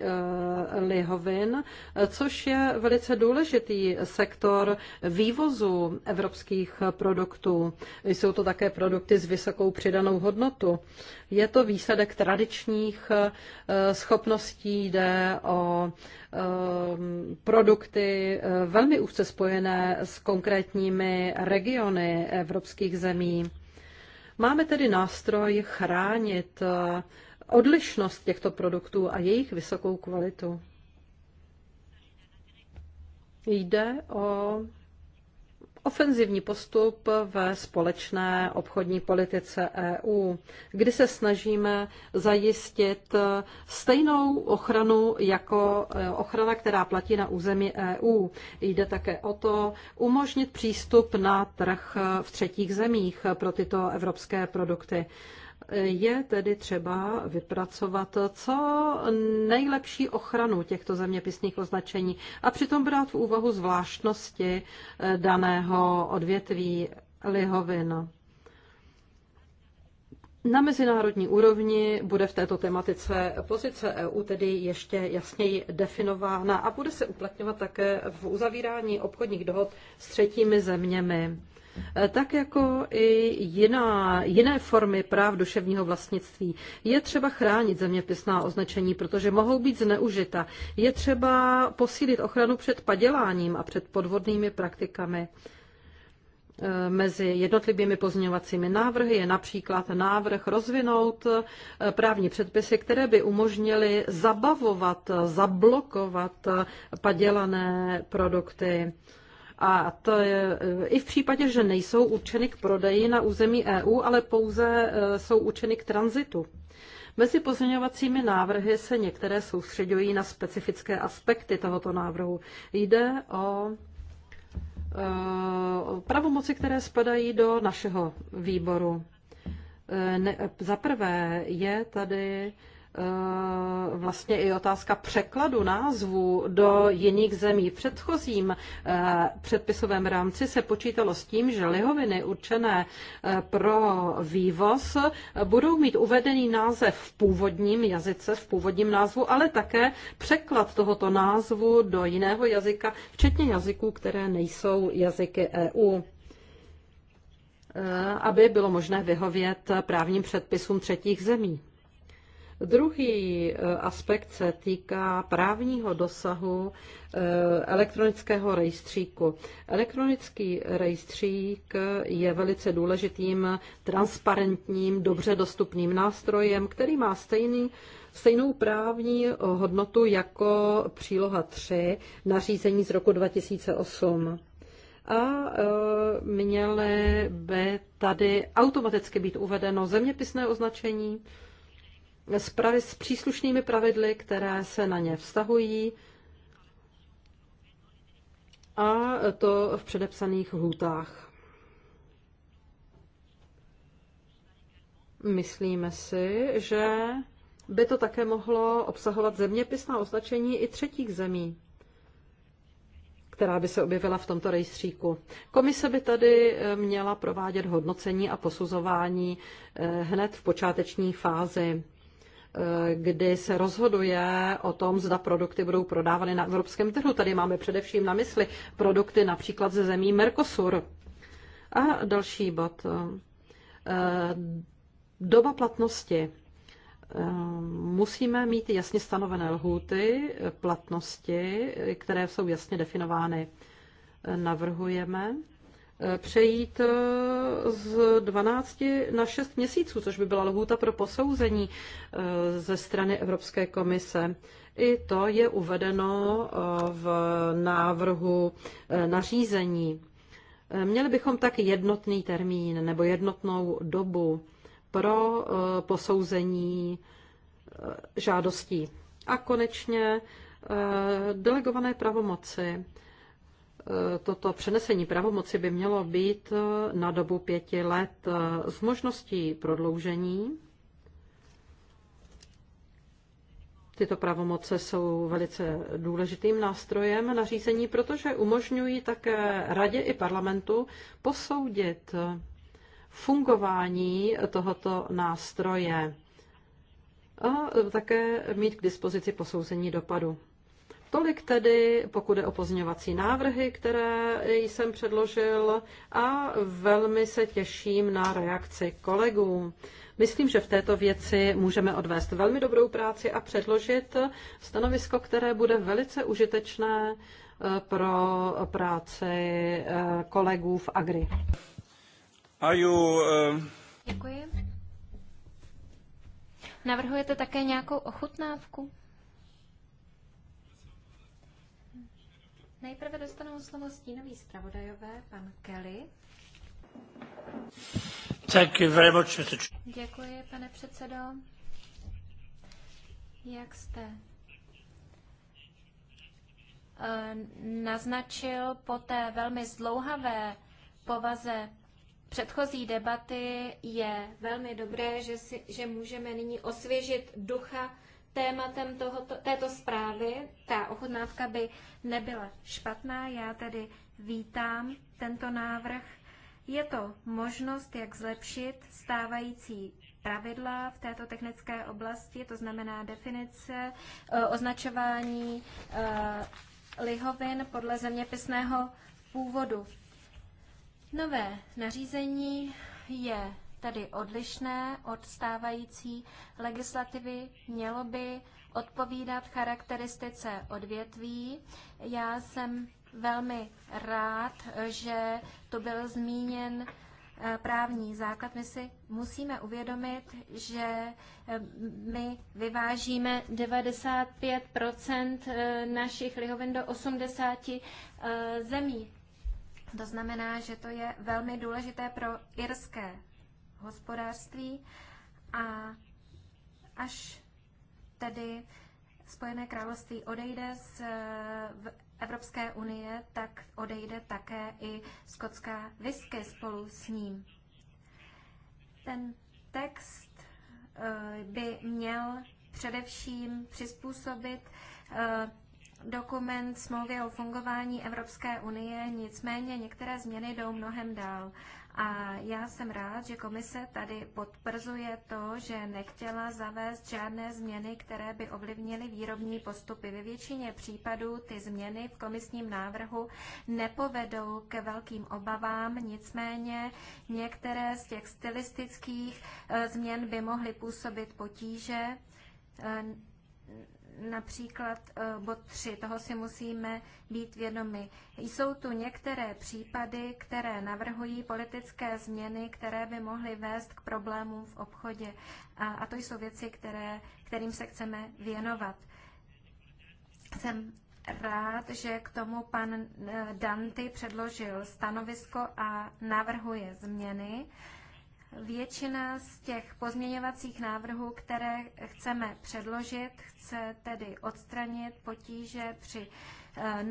lihovin, eh, což je velice důležitý sektor vývozu evropských produktů. Jsou to také produkty s vysokou přidanou hodnotu. Je to výsledek tradičních schopností, jde o produkty velmi úzce spojené s konkrétními regiony evropských zemí. Máme tedy nástroj chránit eh, odlišnost těchto produktů a jejich vysokou kvalitu. Jde o ofenzivní postup ve společné obchodní politice EU, kdy se snažíme zajistit stejnou ochranu jako e, ochrana, která platí na území EU. Jde také o to umožnit přístup na trh v třetích zemích pro tyto evropské produkty je tedy třeba vypracovat co nejlepší ochranu těchto zeměpisných označení a přitom brát v úvahu zvláštnosti eh, daného odvětví lihovin. Na mezinárodní úrovni bude v této tematice pozice EU tedy ještě jasněji definována a bude se uplatňovat také v uzavírání obchodních dohod s třetími zeměmi. Eh, tak jako i jiná, jiné formy práv duševního vlastnictví. Je třeba chránit zeměpisná označení, protože mohou být zneužita. Je třeba posílit ochranu před paděláním a před podvodnými praktikami. Eh, mezi jednotlivými pozměňovacími návrhy je například návrh rozvinout eh, právní předpisy, které by umožnily zabavovat, zablokovat padělané produkty. A to je e, i v případě, že nejsou určeny k prodeji na území EU, ale pouze e, jsou určeny k tranzitu. Mezi pozměňovacími návrhy se některé soustředují na specifické aspekty tohoto návrhu. Jde o e, pravomoci, které spadají do našeho výboru. Za prvé je tady Eh, vlastně i otázka překladu názvu do jiných zemí. V předchozím eh, předpisovém rámci se počítalo s tím, že lihoviny určené eh, pro vývoz budou mít uvedený název v původním jazyce, v původním názvu, ale také překlad tohoto názvu do jiného jazyka, včetně jazyků, které nejsou jazyky EU aby bylo možné vyhovět právním předpisům třetích zemí. Druhý eh, aspekt se týká právního dosahu eh, elektronického rejstříku. Elektronický rejstřík je velice důležitým, transparentním, dobře dostupným nástrojem, který má stejný stejnou právní hodnotu jako příloha 3 nařízení z roku 2008. A eh, měly by tady automaticky být uvedeno zeměpisné označení, s, pravi, s příslušnými pravidly, které se na ně vztahují a to v předepsaných hůtách. Myslíme si, že by to také mohlo obsahovat zeměpisná označení i třetích zemí, která by se objevila v tomto rejstříku. Komise by tady eh, měla provádět hodnocení a posuzování eh, hned v počáteční fázi Eh, kdy se rozhoduje o tom, zda produkty budou prodávány na evropském trhu. Tady máme především na mysli produkty například ze zemí Mercosur. A další bod. Eh, doba platnosti. Eh, musíme mít jasně stanovené lhůty platnosti, které jsou jasně definovány. Navrhujeme, přejít eh, z 12 na 6 měsíců, což by byla lhůta pro posouzení eh, ze strany Evropské komise. I to je uvedeno eh, v návrhu nařízení. Měli bychom tak jednotný termín nebo jednotnou dobu pro posouzení žádostí. A konečně delegované pravomoci. E, toto přenesení pravomoci by mělo být e, na dobu pěti let e, s možností prodloužení. Tyto pravomoce jsou velice důležitým nástrojem nařízení, protože umožňují také radě i parlamentu posoudit fungování tohoto nástroje a také mít k dispozici posouzení dopadu. Tolik tedy, pokud je o pozměňovací návrhy, které jsem předložil a velmi se těším na reakci kolegů. Myslím, že v této věci můžeme odvést velmi dobrou práci a předložit stanovisko, které bude velice užitečné eh, pro práci eh, kolegů v Agri. Are you, uh... Děkuji. Navrhujete také nějakou ochutnávku? Nejprve dostanou slovo stínový zpravodajové, pan Kelly. Thank you very much, Mr. Děkuji, pane předsedo. Jak jste eh, naznačil po té velmi zdlouhavé povaze předchozí debaty je velmi dobré, že, si, že můžeme nyní osvěžit ducha tématem tohoto, této zprávy. Ta ochutnávka by nebyla špatná, já tedy vítám tento návrh. Je to možnost, jak zlepšit stávající pravidla v této technické oblasti, to znamená definice, eh, označování eh, lihovin podle zeměpisného původu. Nové nařízení je tedy odlišné od stávající legislativy, mělo by odpovídat charakteristice odvětví. Já jsem velmi rád, že to byl zmíněn eh, právní základ. My si musíme uvědomit, že eh, my vyvážíme 95 eh, našich lihovin do 80 zemí. To znamená, že to je velmi důležité pro irské hospodářství a až tedy Spojené království odejde z eh, Evropské unie, tak odejde také i skotská whisky spolu s ním. Ten text eh, by měl především přizpůsobit eh, dokument smlouvy o fungování Evropské unie, nicméně některé změny jdou mnohem dál. A já jsem rád, že komise tady potvrzuje to, že nechtěla zavést žádné změny, které by ovlivnily výrobní postupy. Ve většině případů ty změny v komisním návrhu nepovedou ke velkým obavám, nicméně některé z těch stylistických eh, změn by mohly působit potíže eh, například e, bod 3, toho si musíme být vědomi. Jsou tu některé případy, které navrhují politické změny, které by mohly vést k problémům v obchodě. A, a to jsou věci, které, kterým se chceme věnovat. Jsem rád, že k tomu pan e, Danty předložil stanovisko a navrhuje změny. Většina z těch pozměňovacích návrhů, které chceme předložit, chce tedy odstranit potíže při eh,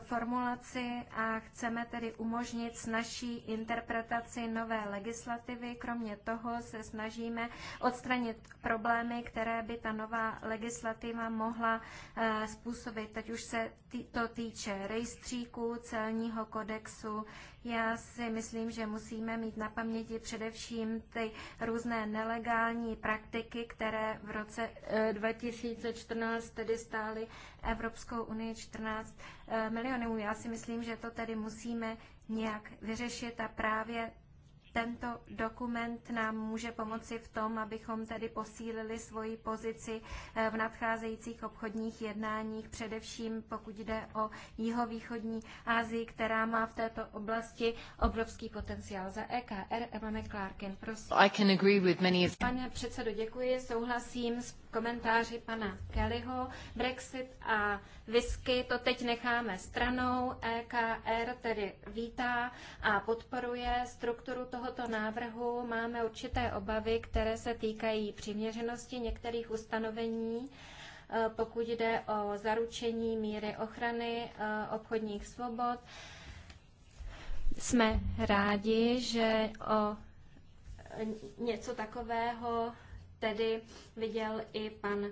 formulaci a chceme tedy umožnit naší interpretaci nové legislativy. Kromě toho se snažíme odstranit problémy, které by ta nová legislativa mohla eh, způsobit. Teď už se to týče rejstříků, celního kodexu já si myslím, že musíme mít na paměti především ty různé nelegální praktiky, které v roce 2014 eh, tedy stály Evropskou unii 14 eh, milionů. Já si myslím, že to tedy musíme nějak vyřešit a právě tento dokument nám může pomoci v tom, abychom tedy posílili svoji pozici eh, v nadcházejících obchodních jednáních, především pokud jde o jihovýchodní Asii, která má v této oblasti obrovský potenciál. Za EKR Evane McClarkin, prosím. I can agree with many of... Pane předsedo, děkuji, souhlasím s komentáři pana Kellyho. Brexit a whisky to teď necháme stranou. EKR tedy vítá a podporuje strukturu tohoto návrhu. Máme určité obavy, které se týkají přiměřenosti některých ustanovení e, pokud jde o zaručení míry ochrany e, obchodních svobod. Jsme rádi, že o něco takového tedy viděl i pan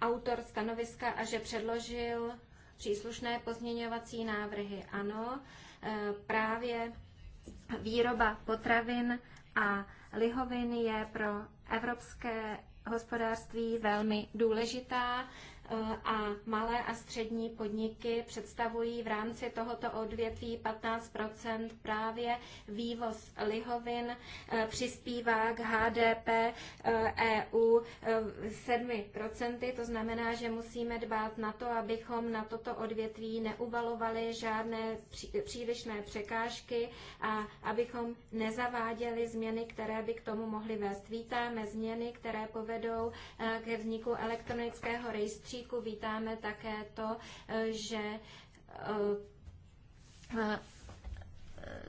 autor stanoviska a že předložil příslušné pozměňovací návrhy. Ano, eh, právě výroba potravin a lihovin je pro evropské hospodářství velmi důležitá. Eh, a malé a střední podniky představují v rámci tohoto odvětví 15 právě vývoz lihovin eh, přispívá k HDP EU 7 to znamená, že musíme dbát na to, abychom na toto odvětví neuvalovali žádné přílišné překážky a abychom nezaváděli změny, které by k tomu mohly vést. Vítáme změny, které povedou eh, ke vzniku elektronického rejstříku rejstříku. Vítáme také to, eh, že eh, eh,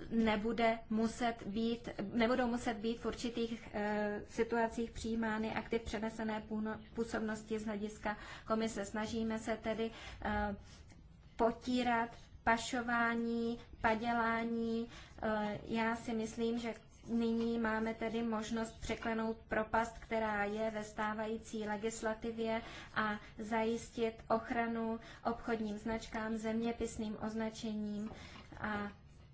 nebude muset být, nebudou muset být v určitých e, situacích přijímány akty přenesené působnosti z hlediska komise. Snažíme se tedy e, potírat pašování, padělání. E, já si myslím, že Nyní máme tedy možnost překlenout propast, která je ve stávající legislativě a zajistit ochranu obchodním značkám, zeměpisným označením a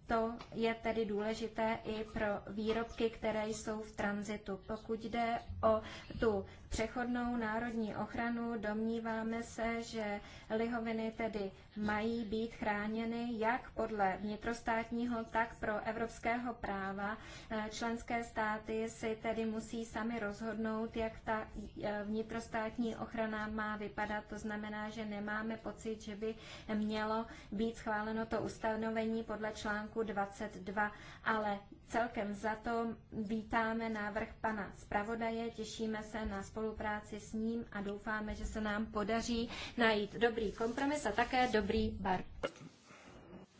to je tedy důležité i pro výrobky, které jsou v tranzitu. Pokud jde o tu přechodnou národní ochranu. Domníváme se, že lihoviny tedy mají být chráněny jak podle vnitrostátního, tak pro evropského práva. Eh, členské státy si tedy musí sami rozhodnout, jak ta eh, vnitrostátní ochrana má vypadat. To znamená, že nemáme pocit, že by mělo být schváleno to ustanovení podle článku 22, ale Celkem za to vítáme návrh pana zpravodaje, těšíme se na spolupráci s ním a doufáme, že se nám podaří najít dobrý kompromis a také dobrý bar.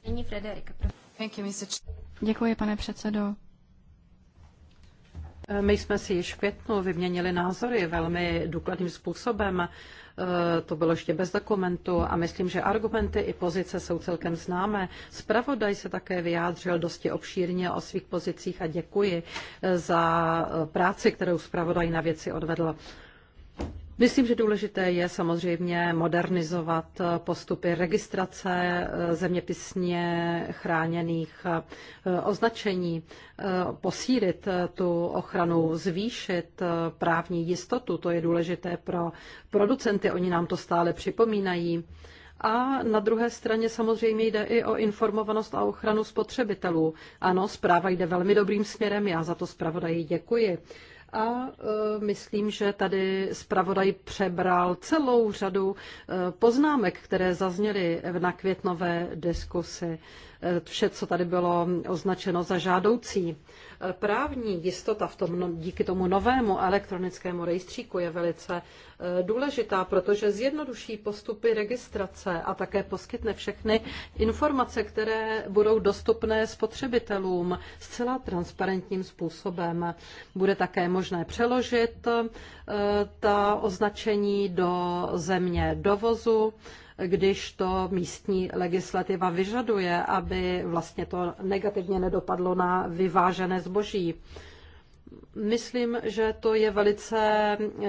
Nyní Frederik. Děkuji, pane předsedo. My jsme si již v květnu vyměnili názory velmi důkladným způsobem. E, to bylo ještě bez dokumentu a myslím, že argumenty i pozice jsou celkem známé. Spravodaj se také vyjádřil dosti obšírně o svých pozicích a děkuji e, za e, práci, kterou spravodaj na věci odvedl. Myslím, že důležité je samozřejmě modernizovat postupy registrace eh, zeměpisně chráněných eh, označení, eh, posílit tu ochranu, zvýšit právní jistotu. To je důležité pro producenty, oni nám to stále připomínají. A na druhé straně samozřejmě jde i o informovanost a ochranu spotřebitelů. Ano, zpráva jde velmi dobrým směrem, já za to zpravodaji děkuji a e, myslím, že tady zpravodaj přebral celou řadu e, poznámek, které zazněly na květnové diskusi. Eh, vše, co tady bylo označeno za žádoucí. Eh, právní jistota v tom, no, díky tomu novému elektronickému rejstříku je velice eh, důležitá, protože zjednoduší postupy registrace a také poskytne všechny informace, které budou dostupné spotřebitelům zcela transparentním způsobem. Bude také možné přeložit ta označení do země dovozu, když to místní legislativa vyžaduje, aby vlastně to negativně nedopadlo na vyvážené zboží. Myslím, že to je velice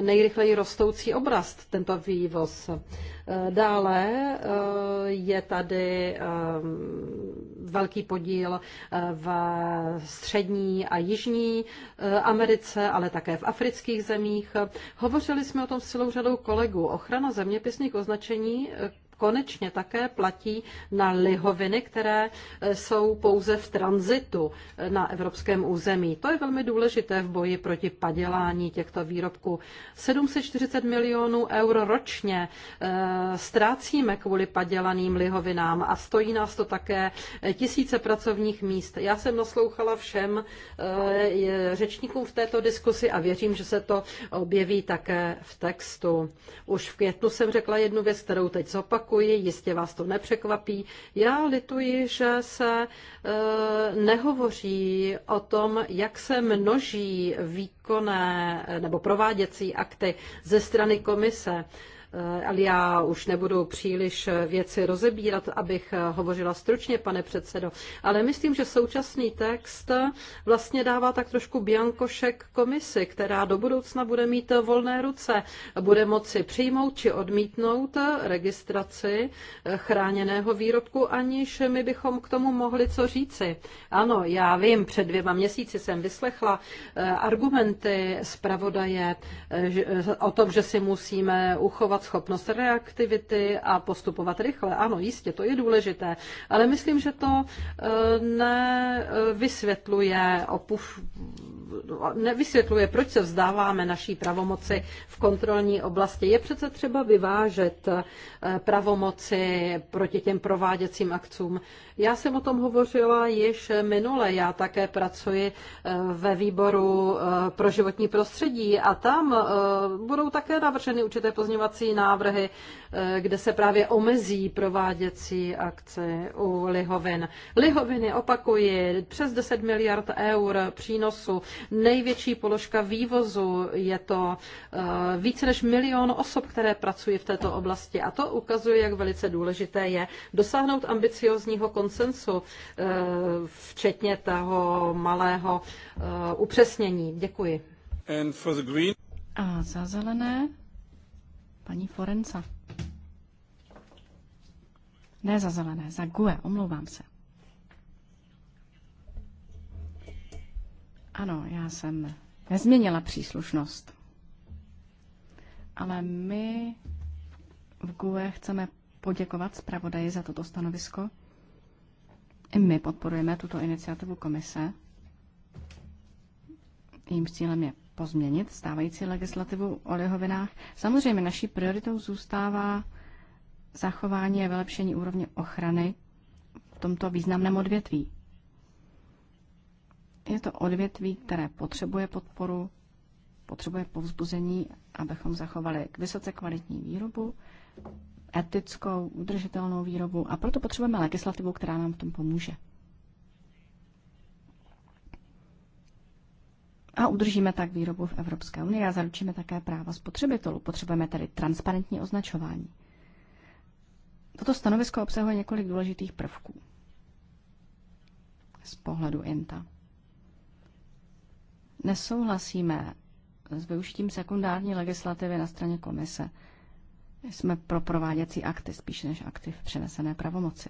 nejrychleji rostoucí obraz tento vývoz. Eh, dále eh, je tady eh, velký podíl v střední a jižní Americe, ale také v afrických zemích. Hovořili jsme o tom s celou řadou kolegů. Ochrana zeměpisných označení konečně také platí na lihoviny, které e, jsou pouze v tranzitu e, na evropském území. To je velmi důležité v boji proti padělání těchto výrobků. 740 milionů euro ročně e, ztrácíme kvůli padělaným lihovinám a stojí nás to také tisíce pracovních míst. Já jsem naslouchala všem řečníkům v této diskusi a věřím, že se to objeví také v textu. Už v květnu jsem řekla jednu věc, kterou teď zopakuju opakuji, jistě vás to nepřekvapí. Já lituji, že se e, nehovoří o tom, jak se množí výkonné nebo prováděcí akty ze strany komise. Eh, ale já už nebudu příliš eh, věci rozebírat, abych eh, hovořila stručně, pane předsedo, ale myslím, že současný text vlastně dává tak trošku biankošek komisi, která do budoucna bude mít volné ruce, bude moci přijmout či odmítnout registraci chráněného výrobku, aniž my bychom k tomu mohli co říci. Ano, já vím, před dvěma měsíci jsem vyslechla argumenty zpravodaje o tom, že si musíme uchovat zvyšovat schopnost reaktivity a postupovat rychle. Ano, jistě, to je důležité, ale myslím, že to eh, nevysvětluje, opuš... nevysvětluje proč se vzdáváme naší pravomoci v kontrolní oblasti. Je přece třeba vyvážet eh, pravomoci proti těm prováděcím akcům. Já jsem o tom hovořila již minule. Já také pracuji eh, ve výboru pro životní prostředí a tam budou také navrženy určité pozměňovací návrhy, eh, kde se právě omezí prováděcí akce u lihovin. Lihoviny, opakuji, přes 10 miliard eur přínosu, největší položka vývozu, je to eh, více než milion osob, které pracují v této oblasti. A to ukazuje, jak velice důležité je dosáhnout ambiciozního konsensu, eh, včetně toho malého upřesnění. Děkuji. A za zelené Paní Forenca. Ne za zelené, za GUE, omlouvám se. Ano, já jsem nezměnila příslušnost. Ale my v GUE chceme poděkovat zpravodaji za toto stanovisko. I my podporujeme tuto iniciativu komise. Jím cílem je pozměnit stávající legislativu o lihovinách. Samozřejmě naší prioritou zůstává zachování a vylepšení úrovně ochrany v tomto významném odvětví. Je to odvětví, které potřebuje podporu, potřebuje povzbuzení, abychom zachovali k vysoce kvalitní výrobu, etickou, udržitelnou výrobu a proto potřebujeme legislativu, která nám v tom pomůže. a udržíme tak výrobu v Evropské unii a zaručíme také práva spotřebitelů. Potřebujeme tedy transparentní označování. Toto stanovisko obsahuje několik důležitých prvků z pohledu INTA. Nesouhlasíme s využitím sekundární legislativy na straně komise. Jsme pro prováděcí akty spíš než akty v přenesené pravomoci.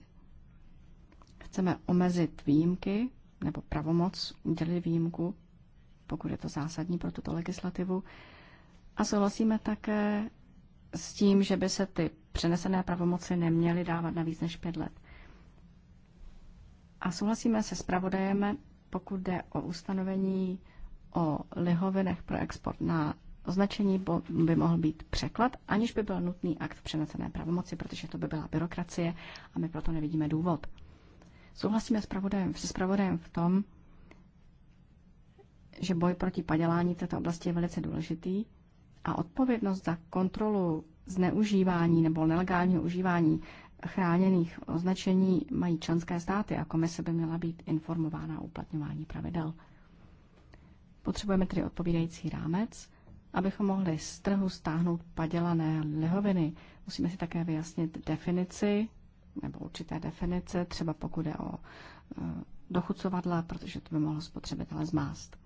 Chceme omezit výjimky nebo pravomoc udělit výjimku pokud je to zásadní pro tuto legislativu. A souhlasíme také s tím, že by se ty přenesené pravomoci neměly dávat na víc než pět let. A souhlasíme se zpravodajeme, pokud jde o ustanovení o lihovinech pro export na označení by mohl být překlad, aniž by byl nutný akt přenesené pravomoci, protože to by byla byrokracie a my proto nevidíme důvod. Souhlasíme se spravodajem v tom, že boj proti padělání v této oblasti je velice důležitý a odpovědnost za kontrolu zneužívání nebo nelegálního užívání chráněných označení mají členské státy a komise by měla být informována o uplatňování pravidel. Potřebujeme tedy odpovídající rámec, abychom mohli z trhu stáhnout padělané lihoviny. Musíme si také vyjasnit definici nebo určité definice, třeba pokud je o e, dochucovadla, protože to by mohlo spotřebitele zmást.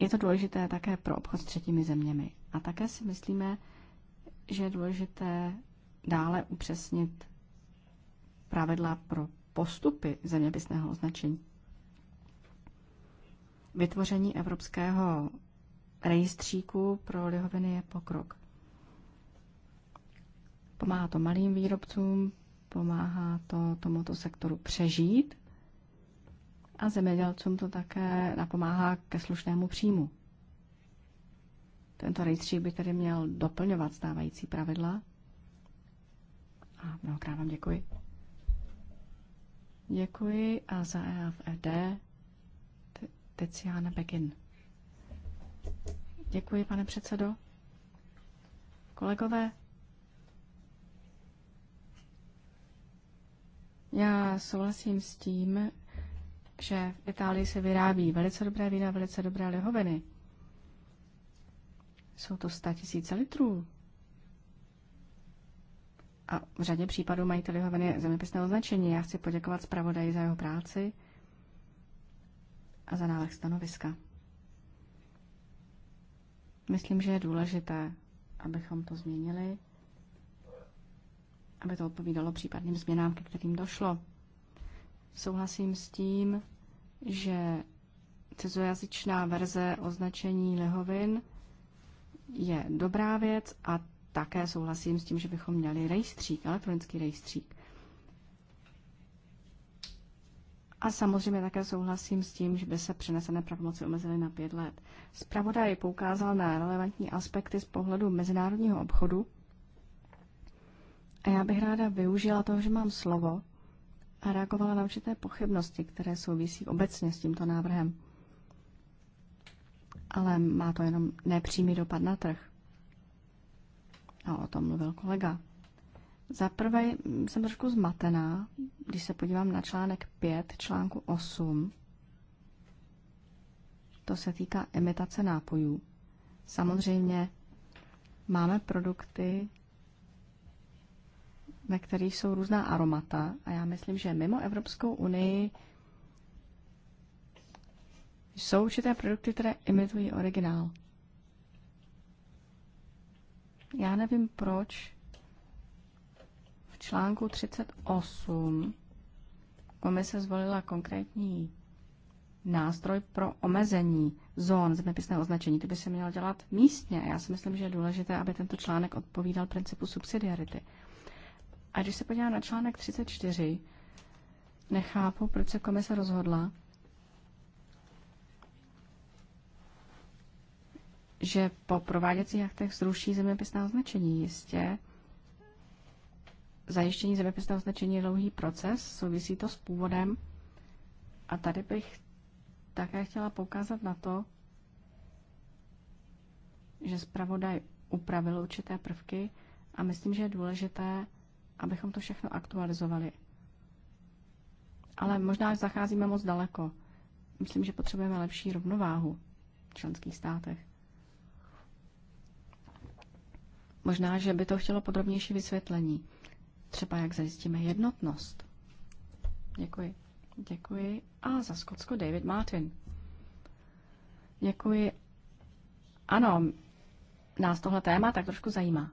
Je to důležité také pro obchod s třetími zeměmi. A také si myslíme, že je důležité dále upřesnit pravidla pro postupy zeměpisného označení. Vytvoření evropského rejstříku pro lihoviny je pokrok. Pomáhá to malým výrobcům, pomáhá to tomuto sektoru přežít a zemědělcům to také napomáhá ke slušnému příjmu. Tento rejstřík by tedy měl doplňovat stávající pravidla. A mnohokrát vám děkuji. Děkuji a za EFED Teciana Begin. Děkuji, pane předsedo. Kolegové, já souhlasím s tím, že v Itálii se vyrábí velice dobré vína, velice dobré lihoviny. Jsou to 100 tisíce litrů. A v řadě případů mají ty lihoviny zeměpisné označení. Já chci poděkovat zpravodaji za jeho práci a za návrh stanoviska. Myslím, že je důležité, abychom to změnili, aby to odpovídalo případným změnám, ke kterým došlo. Souhlasím s tím, že cizojazyčná verze označení lihovin je dobrá věc a také souhlasím s tím, že bychom měli rejstřík, elektronický rejstřík. A samozřejmě také souhlasím s tím, že by se přenesené pravomoci omezily na pět let. Spravodaj poukázal na relevantní aspekty z pohledu mezinárodního obchodu a já bych ráda využila toho, že mám slovo a reagovala na určité pochybnosti, které souvisí obecně s tímto návrhem. Ale má to jenom nepřímý dopad na trh. A o tom mluvil kolega. Za prvé jsem trošku zmatená, když se podívám na článek 5, článku 8. To se týká imitace nápojů. Samozřejmě máme produkty, ve kterých jsou různá aromata a já myslím, že mimo Evropskou unii jsou určité produkty, které imitují originál. Já nevím proč v článku 38 komise zvolila konkrétní nástroj pro omezení zón zeměpisného označení. To by se mělo dělat místně. Já si myslím, že je důležité, aby tento článek odpovídal principu subsidiarity. A když se podívám na článek 34, nechápu, proč se komise rozhodla, že po prováděcích aktech zruší zeměpisná označení. Jistě zajištění zeměpisného označení je dlouhý proces, souvisí to s původem. A tady bych také chtěla poukázat na to, že zpravodaj upravil určité prvky a myslím, že je důležité, abychom to všechno aktualizovali. Ale možná zacházíme moc daleko. Myslím, že potřebujeme lepší rovnováhu v členských státech. Možná, že by to chtělo podrobnější vysvětlení. Třeba jak zajistíme jednotnost. Děkuji. Děkuji. A za Skotsko David Martin. Děkuji. Ano, nás tohle téma tak trošku zajímá.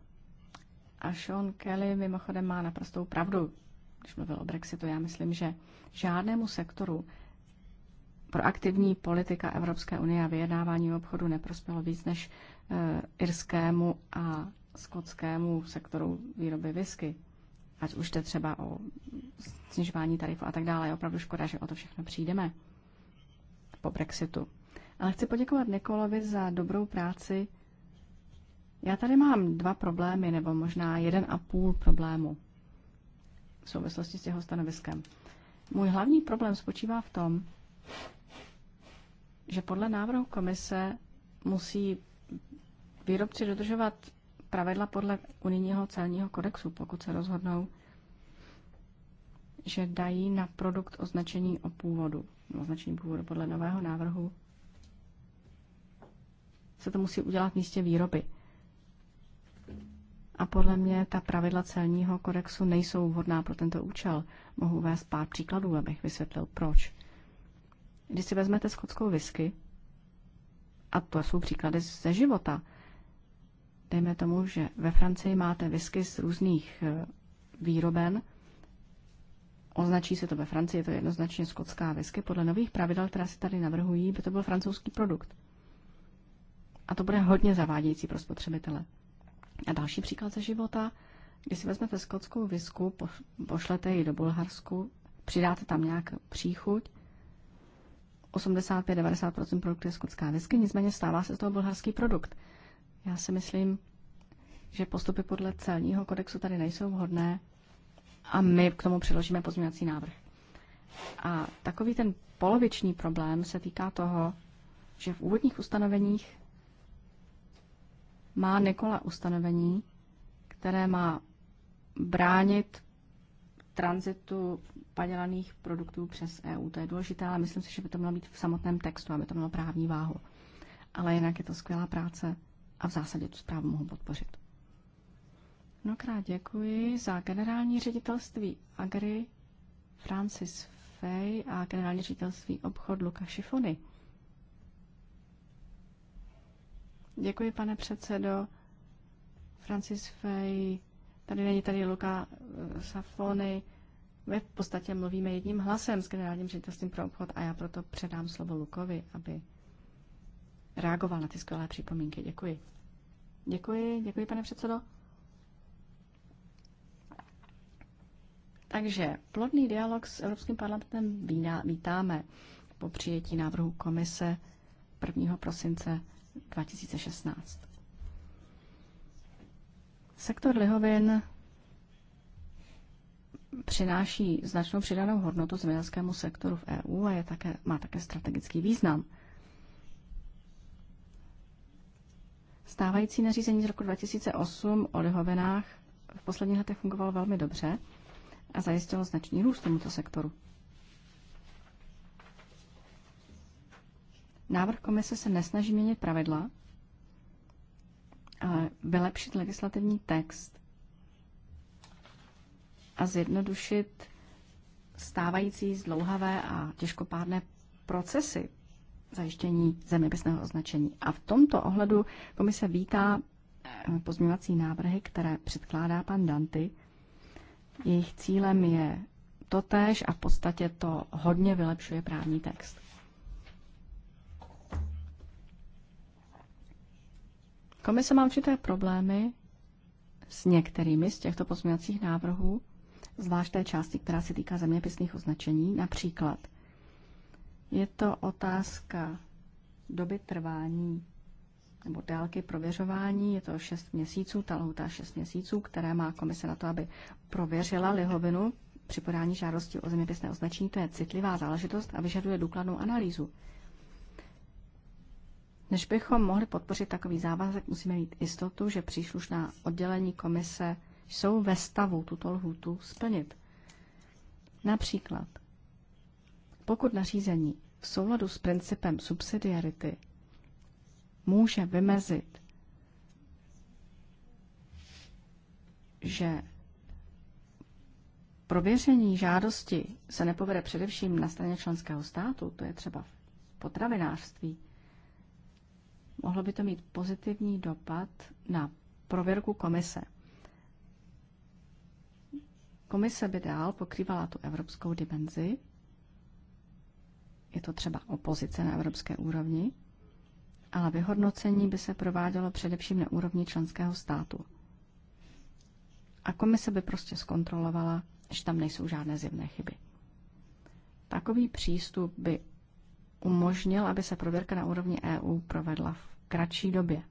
A Sean Kelly mimochodem má naprostou pravdu, když mluvil o Brexitu. Já myslím, že žádnému sektoru proaktivní politika Evropské unie a vyjednávání obchodu neprospělo víc než e, irskému a skotskému sektoru výroby whisky. Ať už jde třeba o snižování tarifu a tak dále. Je opravdu škoda, že o to všechno přijdeme po Brexitu. Ale chci poděkovat Nikolovi za dobrou práci já tady mám dva problémy, nebo možná jeden a půl problému v souvislosti s jeho stanoviskem. Můj hlavní problém spočívá v tom, že podle návrhu komise musí výrobci dodržovat pravidla podle unijního celního kodexu, pokud se rozhodnou, že dají na produkt označení o původu. Označení původu podle nového návrhu se to musí udělat v místě výroby. A podle mě ta pravidla celního kodexu nejsou vhodná pro tento účel. Mohu vést pár příkladů, abych vysvětlil proč. Když si vezmete skotskou whisky, a to jsou příklady ze života, dejme tomu, že ve Francii máte whisky z různých eh, výroben, označí se to ve Francii, je to jednoznačně skotská whisky, podle nových pravidel, která se tady navrhují, by to byl francouzský produkt. A to bude hodně zavádějící pro spotřebitele. A další příklad ze života, když si vezmete skotskou visku, pošlete ji do Bulharsku, přidáte tam nějak příchuť, 85-90% produktu je skotská visky, nicméně stává se z toho bulharský produkt. Já si myslím, že postupy podle celního kodexu tady nejsou vhodné a my k tomu přiložíme pozměňovací návrh. A takový ten poloviční problém se týká toho, že v úvodních ustanoveních má Nikola ustanovení, které má bránit tranzitu padělaných produktů přes EU. To je důležité, ale myslím si, že by to mělo být v samotném textu, aby to mělo právní váhu. Ale jinak je to skvělá práce a v zásadě tu zprávu mohu podpořit. Mnohokrát děkuji za generální ředitelství Agri Francis Fay a generální ředitelství obchod Luka Šifony. Děkuji, pane předsedo. Francis Fej, tady není tady Luka eh, Safony. My v podstatě mluvíme jedním hlasem s generálním ředitelstvím pro obchod a já proto předám slovo Lukovi, aby reagoval na ty skvělé připomínky. Děkuji. Děkuji, děkuji, pane předsedo. Takže plodný dialog s Evropským parlamentem vítáme po přijetí návrhu komise 1. prosince 2016. Sektor lihovin přináší značnou přidanou hodnotu zemědělskému sektoru v EU a je také, má také strategický význam. Stávající nařízení z roku 2008 o lihovinách v posledních letech fungovalo velmi dobře a zajistilo značný růst tomuto sektoru. Návrh komise se nesnaží měnit pravidla, ale vylepšit legislativní text a zjednodušit stávající zdlouhavé a těžkopádné procesy zajištění zeměpisného označení. A v tomto ohledu komise vítá eh, pozměňovací návrhy, které předkládá pan Danty. Jejich cílem je totéž a v podstatě to hodně vylepšuje právní text. Komise má určité problémy s některými z těchto pozměňovacích návrhů, zvlášť té části, která se týká zeměpisných označení. Například je to otázka doby trvání nebo délky prověřování, je to 6 měsíců, ta lhůta 6 měsíců, které má komise na to, aby prověřila lihovinu při podání žádosti o zeměpisné označení. To je citlivá záležitost a vyžaduje důkladnou analýzu. Než bychom mohli podpořit takový závazek, musíme mít jistotu, že příslušná oddělení komise jsou ve stavu tuto lhůtu splnit. Například, pokud nařízení v souladu s principem subsidiarity může vymezit, že prověření žádosti se nepovede především na straně členského státu, to je třeba v potravinářství, mohlo by to mít pozitivní dopad na prověrku komise. Komise by dál pokrývala tu evropskou dimenzi, je to třeba opozice na evropské úrovni, ale vyhodnocení by se provádělo především na úrovni členského státu. A komise by prostě zkontrolovala, že tam nejsou žádné zjevné chyby. Takový přístup by umožnil, aby se prověrka na úrovni EU provedla v kratší době.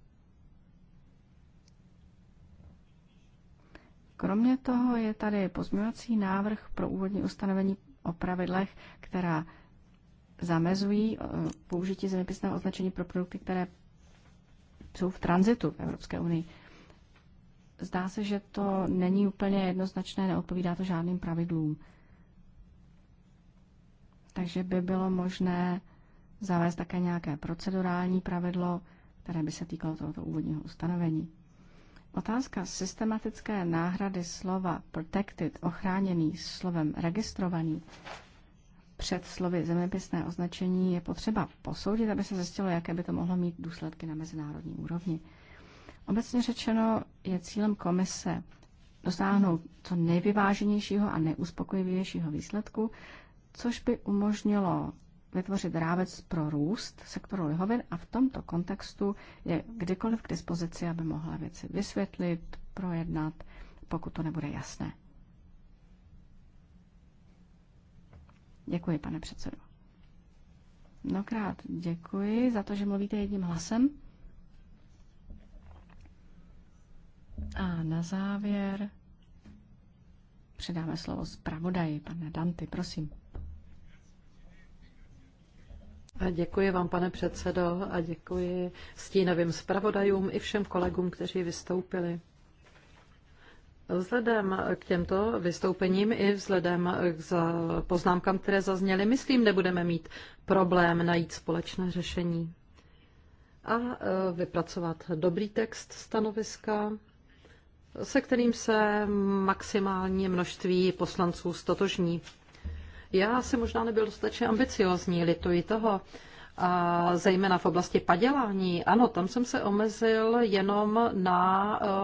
Kromě toho je tady pozměňovací návrh pro úvodní ustanovení o pravidlech, která zamezují eh, použití zeměpisného označení pro produkty, které jsou v tranzitu v Evropské unii. Zdá se, že to není úplně jednoznačné, neodpovídá to žádným pravidlům. Takže by bylo možné zavést také nějaké procedurální pravidlo, které by se týkalo tohoto úvodního ustanovení. Otázka systematické náhrady slova protected, ochráněný slovem registrovaný, před slovy zeměpisné označení je potřeba posoudit, aby se zjistilo, jaké by to mohlo mít důsledky na mezinárodní úrovni. Obecně řečeno je cílem komise dosáhnout co nejvyváženějšího a neuspokojivějšího výsledku, což by umožnilo vytvořit rámec pro růst sektoru lihovin a v tomto kontextu je kdykoliv k dispozici, aby mohla věci vysvětlit, projednat, pokud to nebude jasné. Děkuji, pane předsedo. Mnohokrát děkuji za to, že mluvíte jedním hlasem. A na závěr předáme slovo zpravodaji, pane Danty, prosím. A děkuji vám, pane předsedo, a děkuji stínovým zpravodajům i všem kolegům, kteří vystoupili. Vzhledem k těmto vystoupením i vzhledem k poznámkám, které zazněly, myslím, nebudeme mít problém najít společné řešení a e, vypracovat dobrý text stanoviska, se kterým se maximální množství poslanců stotožní. Já jsem možná nebyl dostatečně ambiciozní, lituji toho. A zejména v oblasti padělání, ano, tam jsem se omezil jenom na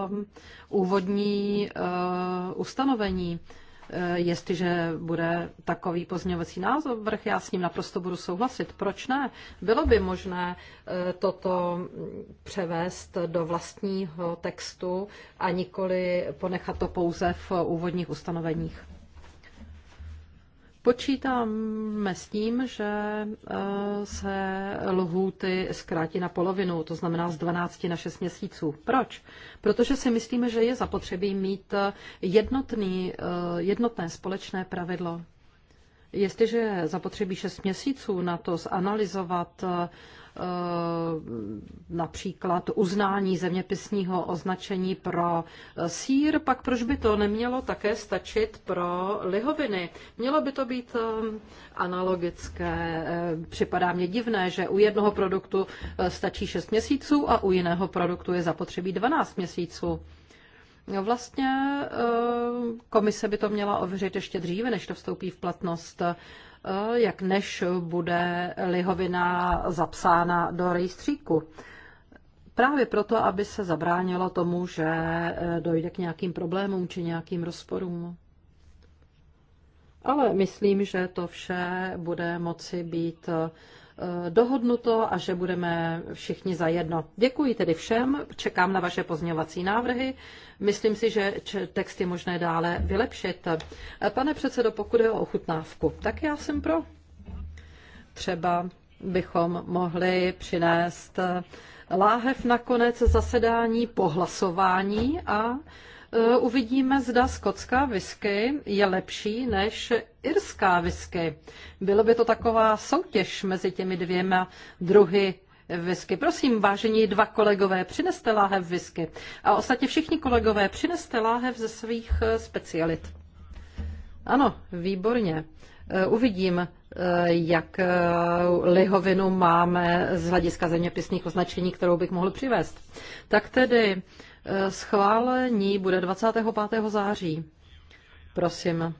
um, úvodní uh, ustanovení. Uh, jestliže bude takový pozměňovací návrh, já s ním naprosto budu souhlasit. Proč ne? Bylo by možné uh, toto převést do vlastního textu a nikoli ponechat to pouze v úvodních ustanoveních. Počítáme s tím, že eh, se lhůty zkrátí na polovinu, to znamená z 12 na 6 měsíců. Proč? Protože si myslíme, že je zapotřebí mít eh, jednotný, eh, jednotné společné pravidlo. Jestliže zapotřebí 6 měsíců na to zanalizovat Eh, například uznání zeměpisního označení pro eh, sír, pak proč by to nemělo také stačit pro lihoviny? Mělo by to být eh, analogické. Připadá mě divné, že u jednoho produktu stačí 6 měsíců a u jiného produktu je zapotřebí 12 měsíců. No, vlastně komise by to měla ověřit ještě dříve, než to vstoupí v platnost. E, jak než bude lihovina zapsána do rejstříku. Právě proto, aby se zabránilo tomu, že e, dojde k nějakým problémům či nějakým rozporům. Ale myslím, že to vše bude moci být Eh, dohodnuto a že budeme všichni zajedno. Děkuji tedy všem, čekám na vaše pozměňovací návrhy. Myslím si, že text je možné dále vylepšit. Eh, pane předsedo, pokud je o ochutnávku, tak já jsem pro. Třeba bychom mohli přinést eh, láhev na konec zasedání po hlasování a Eh, uvidíme, zda skotská whisky je lepší než irská whisky. Bylo by to taková soutěž mezi těmi dvěma druhy whisky. Prosím, vážení dva kolegové, přineste láhev whisky. A ostatně všichni kolegové, přineste láhev ze svých eh, specialit. Ano, výborně. Eh, uvidím, jak lihovinu máme z hlediska zeměpisných označení, kterou bych mohl přivést. Tak tedy Schválení bude 25. září. Prosím,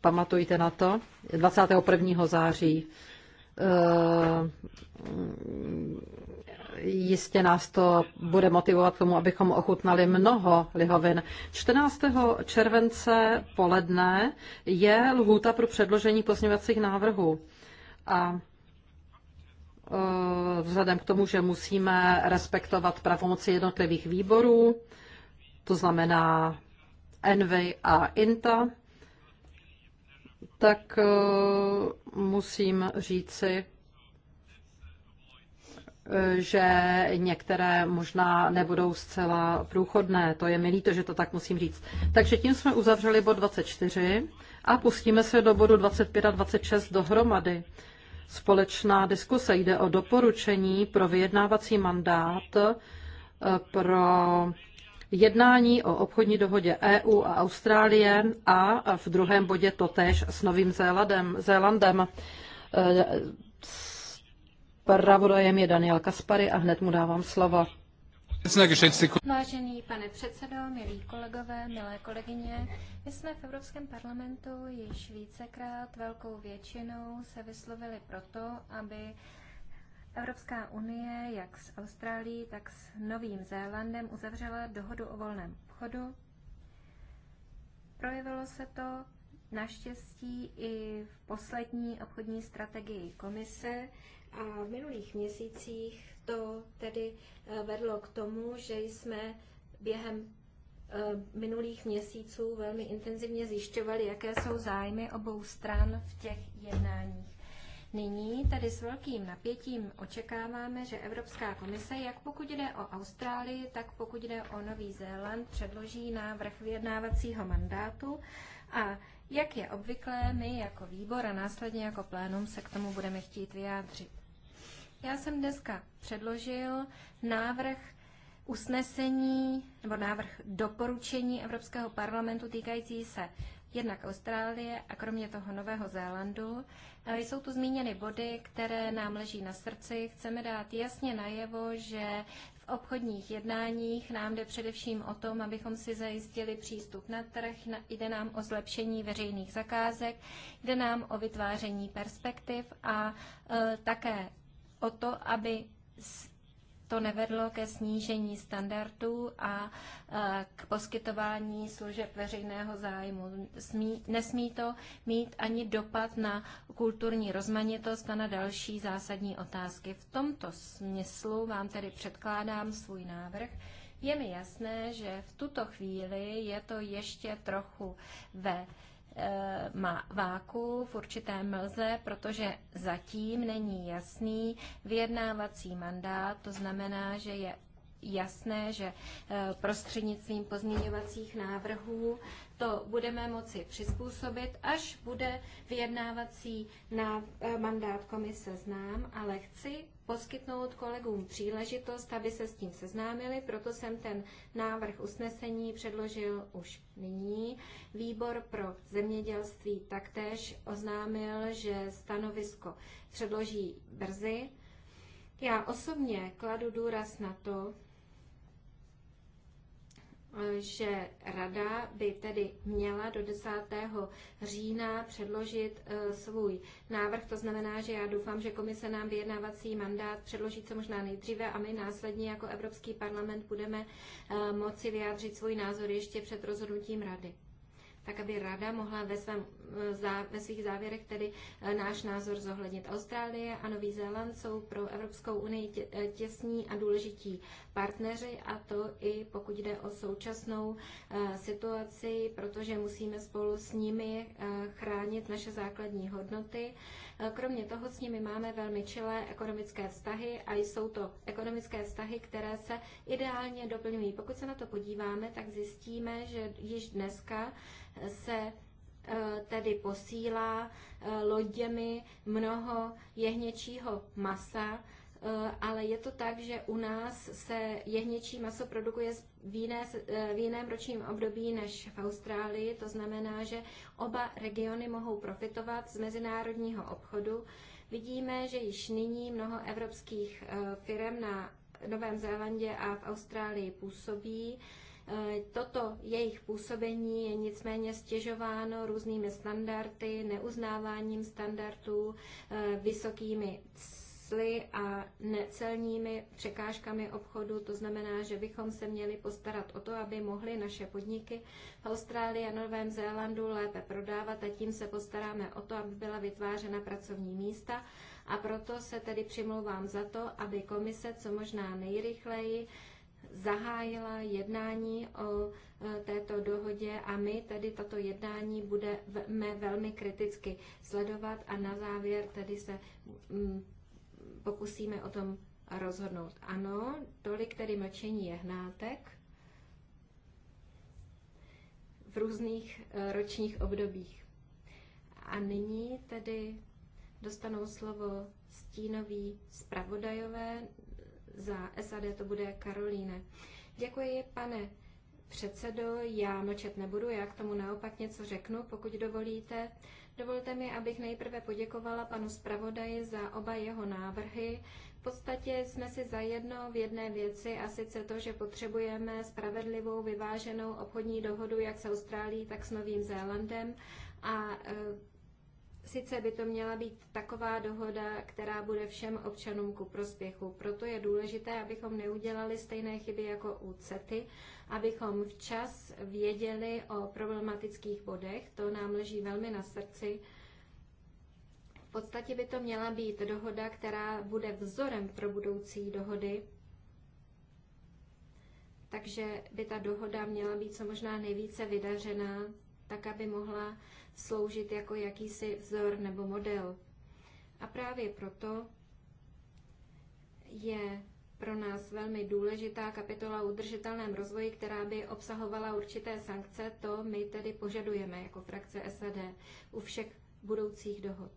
pamatujte na to. 21. září. Eh, jistě nás to bude motivovat k tomu, abychom ochutnali mnoho lihovin. 14. července poledne je lhůta pro předložení pozměňovacích návrhů. A Eh, vzhledem k tomu, že musíme respektovat pravomoci jednotlivých výborů, to znamená Envy a INTA, tak eh, musím říci, eh, že některé možná nebudou zcela průchodné. To je milý, to, že to tak musím říct. Takže tím jsme uzavřeli bod 24 a pustíme se do bodu 25 a 26 dohromady společná diskuse. Jde o doporučení pro vyjednávací mandát eh, pro jednání o obchodní dohodě EU a Austrálie a v druhém bodě totéž s Novým Zélandem. Eh, Zélandem. Pravodajem je Daniel Kaspary a hned mu dávám slovo. Vážený pane předsedo, milí kolegové, milé kolegyně, my jsme v Evropském parlamentu již vícekrát velkou většinou se vyslovili proto, aby Evropská unie jak s Austrálií, tak s Novým Zélandem uzavřela dohodu o volném obchodu. Projevilo se to naštěstí i v poslední obchodní strategii komise, a v minulých měsících to tedy eh, vedlo k tomu, že jsme během eh, minulých měsíců velmi intenzivně zjišťovali, jaké jsou zájmy obou stran v těch jednáních. Nyní tedy s velkým napětím očekáváme, že Evropská komise, jak pokud jde o Austrálii, tak pokud jde o Nový Zéland, předloží návrh vyjednávacího mandátu a jak je obvyklé, my jako výbor a následně jako plénum se k tomu budeme chtít vyjádřit. Já jsem dneska předložil návrh usnesení nebo návrh doporučení Evropského parlamentu týkající se jednak Austrálie a kromě toho Nového Zélandu. Jsou tu zmíněny body, které nám leží na srdci. Chceme dát jasně najevo, že v obchodních jednáních nám jde především o tom, abychom si zajistili přístup na trh, jde nám o zlepšení veřejných zakázek, jde nám o vytváření perspektiv a e, také o to, aby to nevedlo ke snížení standardů a k poskytování služeb veřejného zájmu. nesmí to mít ani dopad na kulturní rozmanitost a na další zásadní otázky. V tomto smyslu vám tedy předkládám svůj návrh. Je mi jasné, že v tuto chvíli je to ještě trochu ve Eh, má váku v určité mlze, protože zatím není jasný vyjednávací mandát, to znamená, že je jasné, že eh, prostřednictvím pozměňovacích návrhů to budeme moci přizpůsobit, až bude vyjednávací eh, mandát komise znám, ale chci poskytnout kolegům příležitost, aby se s tím seznámili, proto jsem ten návrh usnesení předložil už nyní. Výbor pro zemědělství taktéž oznámil, že stanovisko předloží brzy. Já osobně kladu důraz na to, že rada by tedy měla do 10. října předložit e, svůj návrh. To znamená, že já doufám, že komise nám vyjednávací mandát předloží co možná nejdříve a my následně jako Evropský parlament budeme e, moci vyjádřit svůj názor ještě před rozhodnutím rady tak aby rada mohla ve, svém, eh, ve svých závěrech tedy eh, náš názor zohlednit. Austrálie a Nový Zéland jsou pro Evropskou unii eh, těsní a důležití partneři a to i pokud jde o současnou situaci, protože musíme spolu s nimi chránit naše základní hodnoty E, kromě toho s nimi máme velmi čilé ekonomické vztahy a jsou to ekonomické vztahy, které se ideálně doplňují. Pokud se na to podíváme, tak zjistíme, že již dneska se e, tedy posílá e, loděmi mnoho jehněčího masa Eh, ale je to tak, že u nás se jehněčí maso produkuje v, jiné, eh, v jiném ročním období než v Austrálii. To znamená, že oba regiony mohou profitovat z mezinárodního obchodu. Vidíme, že již nyní mnoho evropských eh, firm na Novém Zélandě a v Austrálii působí. Toto jejich působení je nicméně stěžováno různými standardy, neuznáváním standardů, vysokými cly a necelními překážkami obchodu. To znamená, že bychom se měli postarat o to, aby mohly naše podniky v Austrálii a Novém Zélandu lépe prodávat a tím se postaráme o to, aby byla vytvářena pracovní místa. A proto se tedy přimlouvám za to, aby komise co možná nejrychleji zahájila jednání o e, této dohodě a my tedy tato jednání budeme velmi kriticky sledovat a na závěr tedy se pokusíme o tom rozhodnout. Ano, tolik tedy mlčení jehnátek v různých eh, ročních obdobích. A nyní tedy dostanou slovo stínový zpravodajové. Za SAD to bude Karolíne. Děkuji, pane předsedo. Já mlčet nebudu, já k tomu naopak něco řeknu, pokud dovolíte. Dovolte mi, abych nejprve poděkovala panu zpravodaji za oba jeho návrhy. V podstatě jsme si zajedno v jedné věci, a sice to, že potřebujeme spravedlivou, vyváženou obchodní dohodu jak s Austrálií, tak s Novým Zélandem. A e, Sice by to měla být taková dohoda, která bude všem občanům ku prospěchu. Proto je důležité, abychom neudělali stejné chyby jako u CETY, abychom včas věděli o problematických bodech. To nám leží velmi na srdci. V podstatě by to měla být dohoda, která bude vzorem pro budoucí dohody. Takže by ta dohoda měla být co možná nejvíce vydařená, tak aby mohla sloužit jako jakýsi vzor nebo model. A právě proto je pro nás velmi důležitá kapitola o udržitelném rozvoji, která by obsahovala určité sankce, to my tedy požadujeme jako frakce SAD u všech budoucích dohod.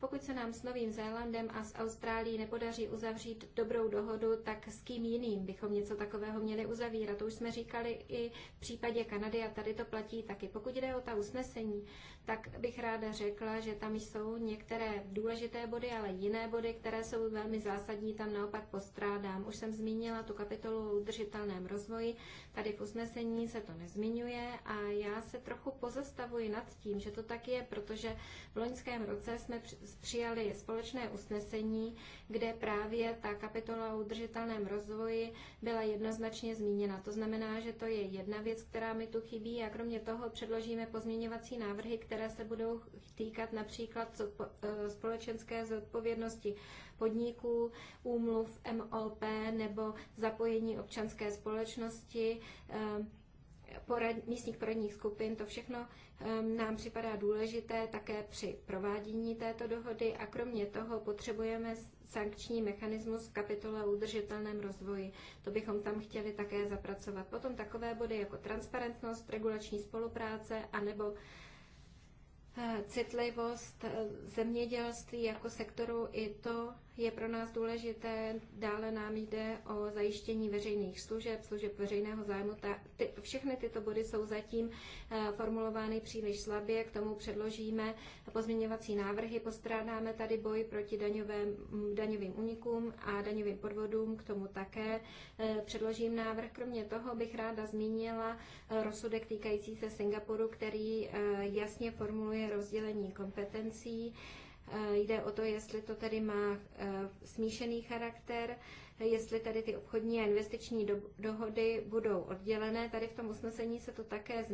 Pokud se nám s Novým Zélandem a s Austrálií nepodaří uzavřít dobrou dohodu, tak s kým jiným bychom něco takového měli uzavírat. To už jsme říkali i v případě Kanady a tady to platí taky. Pokud jde o ta usnesení, tak bych ráda řekla, že tam jsou některé důležité body, ale jiné body, které jsou velmi zásadní, tam naopak postrádám. Už jsem zmínila tu kapitolu o udržitelném rozvoji, tady v usnesení se to nezmiňuje a já se trochu pozastavuji nad tím, že to tak je, protože v loňském roce jsme přijali společné usnesení, kde právě ta kapitola o udržitelném rozvoji byla jednoznačně zmíněna. To znamená, že to je jedna věc, která mi tu chybí a kromě toho předložíme pozměňovací návrhy, které se budou týkat například eh, společenské zodpovědnosti podniků, úmluv MOP nebo zapojení občanské společnosti, eh, porad, místních poradních skupin, to všechno eh, nám připadá důležité také při provádění této dohody a kromě toho potřebujeme sankční mechanismus v kapitole o udržitelném rozvoji. To bychom tam chtěli také zapracovat. Potom takové body jako transparentnost, regulační spolupráce anebo Eh, citlivost eh, zemědělství jako sektoru i to je pro nás důležité, dále nám jde o zajištění veřejných služeb, služeb veřejného zájmu. Ta, ty, všechny tyto body jsou zatím e, formulovány příliš slabě, k tomu předložíme pozměňovací návrhy, postrádáme tady boj proti daňovém, mm, daňovým unikům a daňovým podvodům, k tomu také e, předložím návrh. Kromě toho bych ráda zmínila eh, rozsudek týkající se Singapuru, který e, jasně formuluje rozdělení kompetencí. E, Eh, jde o to, jestli to tedy má eh, smíšený charakter, jestli tady ty obchodní a investiční dohody budou oddělené. Tady v tom usnesení se to také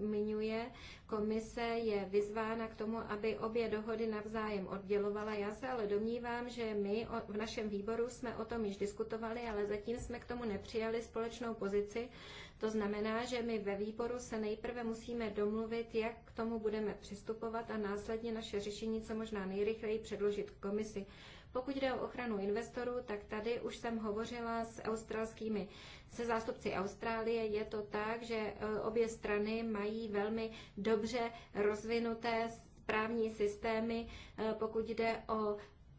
zmiňuje. Komise je vyzvána k tomu, aby obě dohody navzájem oddělovala. Já se ale domnívám, že my v našem výboru jsme o tom již diskutovali, ale zatím jsme k tomu nepřijali společnou pozici. To znamená, že my ve výboru se nejprve musíme domluvit, jak k tomu budeme přistupovat a následně naše řešení co možná nejrychleji předložit k komisi. Pokud jde o ochranu investorů, tak tady už jsem hovořila s australskými, se zástupci Austrálie. Je to tak, že e, obě strany mají velmi dobře rozvinuté právní systémy, e, pokud jde o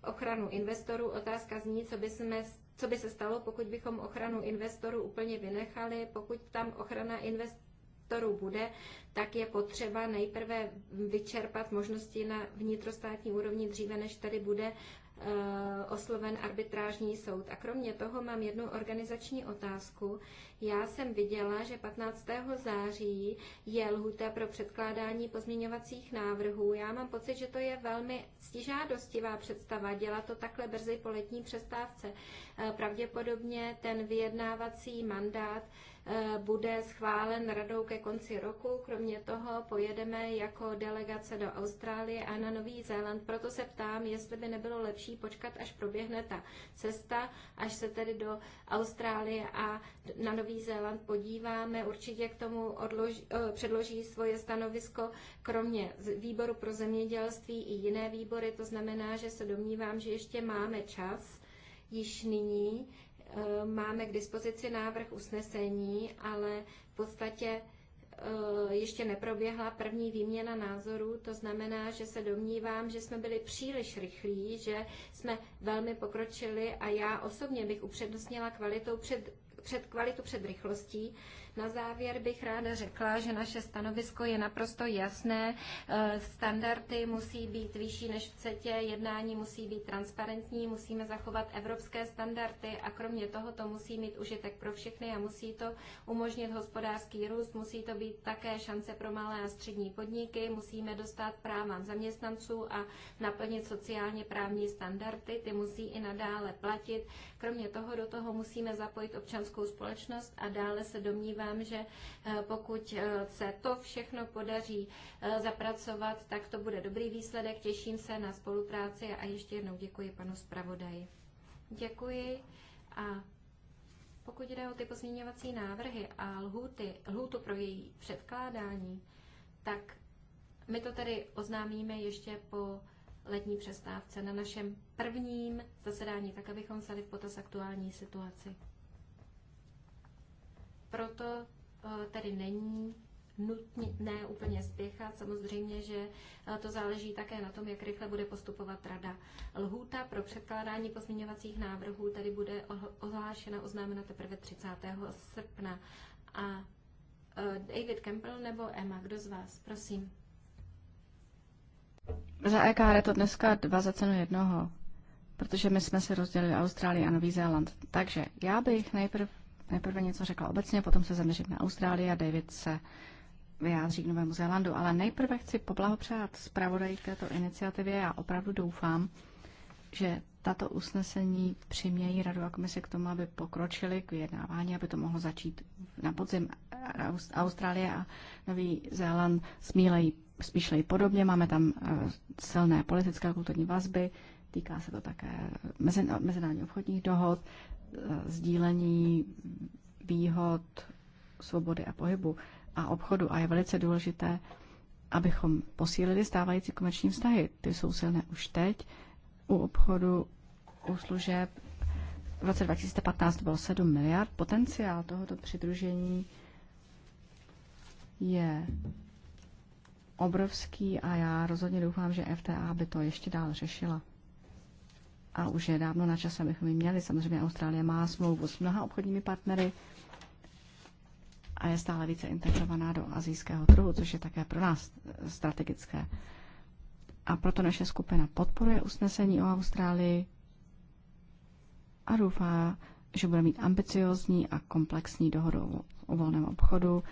ochranu investorů. Otázka zní, co by jsme s co by se stalo, pokud bychom ochranu investorů úplně vynechali, pokud tam ochrana investorů bude, tak je potřeba nejprve vyčerpat možnosti na vnitrostátní úrovni dříve, než tady bude Eh, osloven arbitrážní soud. A kromě toho mám jednu organizační otázku. Já jsem viděla, že 15. září je lhuta pro předkládání pozměňovacích návrhů. Já mám pocit, že to je velmi stižádostivá představa dělat to takhle brzy po letní přestávce. Eh, pravděpodobně ten vyjednávací mandát Eh, bude schválen radou ke konci roku. Kromě toho pojedeme jako delegace do Austrálie a na Nový Zéland. Proto se ptám, jestli by nebylo lepší počkat, až proběhne ta cesta, až se tedy do Austrálie a na Nový Zéland podíváme. Určitě k tomu odloží, eh, předloží svoje stanovisko, kromě výboru pro zemědělství i jiné výbory. To znamená, že se domnívám, že ještě máme čas již nyní Eh, máme k dispozici návrh usnesení, ale v podstatě eh, ještě neproběhla první výměna názorů, to znamená, že se domnívám, že jsme byli příliš rychlí, že jsme velmi pokročili a já osobně bych upřednostnila kvalitu před, před kvalitu před rychlostí. Na závěr bych ráda řekla, že naše stanovisko je naprosto jasné. E, standardy musí být vyšší než v CETě, jednání musí být transparentní, musíme zachovat evropské standardy a kromě toho to musí mít užitek pro všechny a musí to umožnit hospodářský růst, musí to být také šance pro malé a střední podniky, musíme dostat práva zaměstnanců a naplnit sociálně právní standardy, ty musí i nadále platit Kromě toho do toho musíme zapojit občanskou společnost a dále se domnívám, že eh, pokud eh, se to všechno podaří eh, zapracovat, tak to bude dobrý výsledek. Těším se na spolupráci a ještě jednou děkuji panu zpravodaji. Děkuji a pokud jde o ty pozměňovací návrhy a lhůty, lhůtu pro její předkládání, tak my to tady oznámíme ještě po letní přestávce, na našem prvním zasedání, tak abychom vzali v potaz aktuální situaci. Proto eh, tedy není nutně, ne úplně spěchat. Samozřejmě, že eh, to záleží také na tom, jak rychle bude postupovat rada. Lhůta pro předkládání pozměňovacích návrhů tady bude ohlášena, oznámena teprve 30. srpna. A eh, David Campbell nebo Emma, kdo z vás? Prosím. Za EKR je to dneska dva za cenu jednoho, protože my jsme si rozdělili Austrálii a Nový Zéland. Takže já bych nejprv, nejprve něco řekla obecně, potom se zaměřím na Austrálii a David se vyjádří k Novému Zélandu. Ale nejprve chci poblahopřát zpravodaji k této iniciativě. Já opravdu doufám, že tato usnesení přimějí radu a komise k tomu, aby pokročili k vyjednávání, aby to mohlo začít na podzim. Austrálie a Nový Zéland smílejí spíše podobně. Máme tam eh, silné politické a kulturní vazby, týká se to také mezinárodních obchodních dohod, eh, sdílení výhod, svobody a pohybu a obchodu. A je velice důležité, abychom posílili stávající komerční vztahy. Ty jsou silné už teď u obchodu, u služeb. V roce 2015 bylo 7 miliard. Potenciál tohoto přidružení je obrovský a já rozhodně doufám, že FTA by to ještě dál řešila. A už je dávno na čase, abychom ji měli. Samozřejmě Austrálie má smlouvu s mnoha obchodními partnery a je stále více integrovaná do azijského trhu, což je také pro nás strategické. A proto naše skupina podporuje usnesení o Austrálii a doufá, že bude mít ambiciozní a komplexní dohodu o volném obchodu,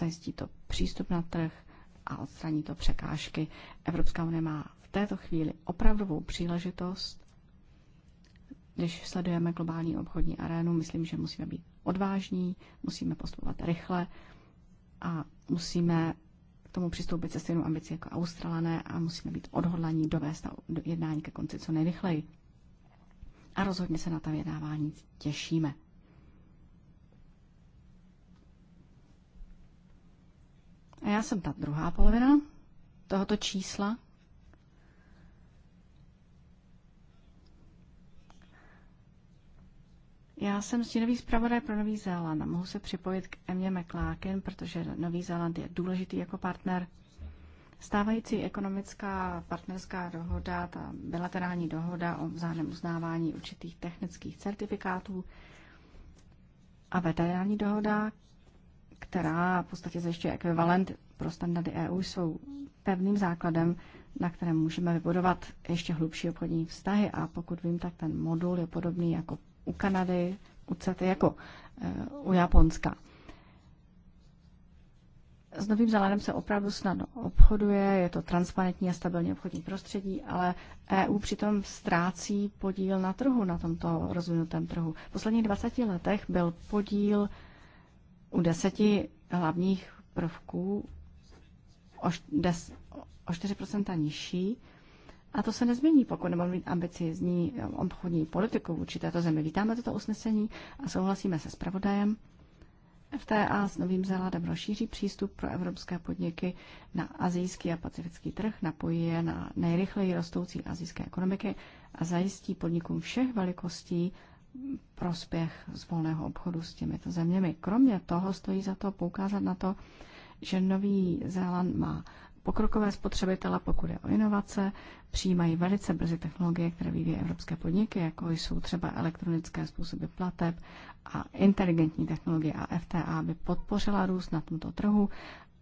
zajistí to přístup na trh a odstraní to překážky. Evropská unie má v této chvíli opravdovou příležitost. Když sledujeme globální obchodní arénu, myslím, že musíme být odvážní, musíme postupovat rychle a musíme k tomu přistoupit se stejnou ambicí jako Australané a musíme být odhodlaní dovést na jednání ke konci co nejrychleji. A rozhodně se na ta vyjednávání těšíme. A já jsem ta druhá polovina tohoto čísla. Já jsem stínový zpravodaj pro Nový Zéland a mohu se připojit k Emě McLáken, protože Nový Zéland je důležitý jako partner. Stávající ekonomická partnerská dohoda, ta bilaterální dohoda o vzájemném uznávání určitých technických certifikátů a veterinární dohoda, která v podstatě zajišťuje ekvivalent pro standardy EU, jsou pevným základem, na kterém můžeme vybudovat ještě hlubší obchodní vztahy. A pokud vím, tak ten modul je podobný jako u Kanady, u CETY, jako eh, u Japonska. S Novým Zelandem se opravdu snadno obchoduje, je to transparentní a stabilní obchodní prostředí, ale EU přitom ztrácí podíl na trhu, na tomto rozvinutém trhu. V posledních 20 letech byl podíl u deseti hlavních prvků o, des, o 4% nižší. A to se nezmění, pokud nebudeme mít ambiciozní eh, obchodní politiku vůči této zemi. Vítáme toto usnesení a souhlasíme se zpravodajem. FTA s Novým Zélandem rozšíří přístup pro evropské podniky na azijský a pacifický trh, napojí je na nejrychleji rostoucí azijské ekonomiky a zajistí podnikům všech velikostí prospěch z volného obchodu s těmito zeměmi. Kromě toho stojí za to poukázat na to, že Nový Zéland má pokrokové spotřebitele, pokud je o inovace, přijímají velice brzy technologie, které vyvíjí evropské podniky, jako jsou třeba elektronické způsoby plateb a inteligentní technologie a FTA by podpořila růst na tomto trhu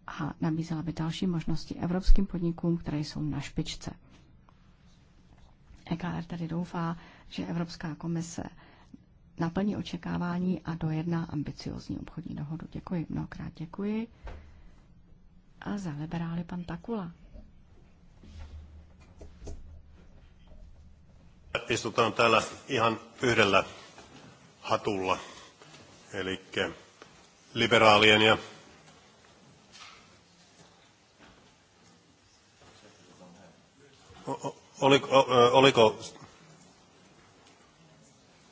a nabízela by další možnosti evropským podnikům, které jsou na špičce. EKR tedy doufá, že Evropská komise naplní očekávání a dojedná ambiciozní obchodní dohodu. Děkuji, mnohokrát děkuji. A za liberály pan Takula. Istutaan täällä ihan yhdellä hatulla, eli liberaalien ja Oliko, oliko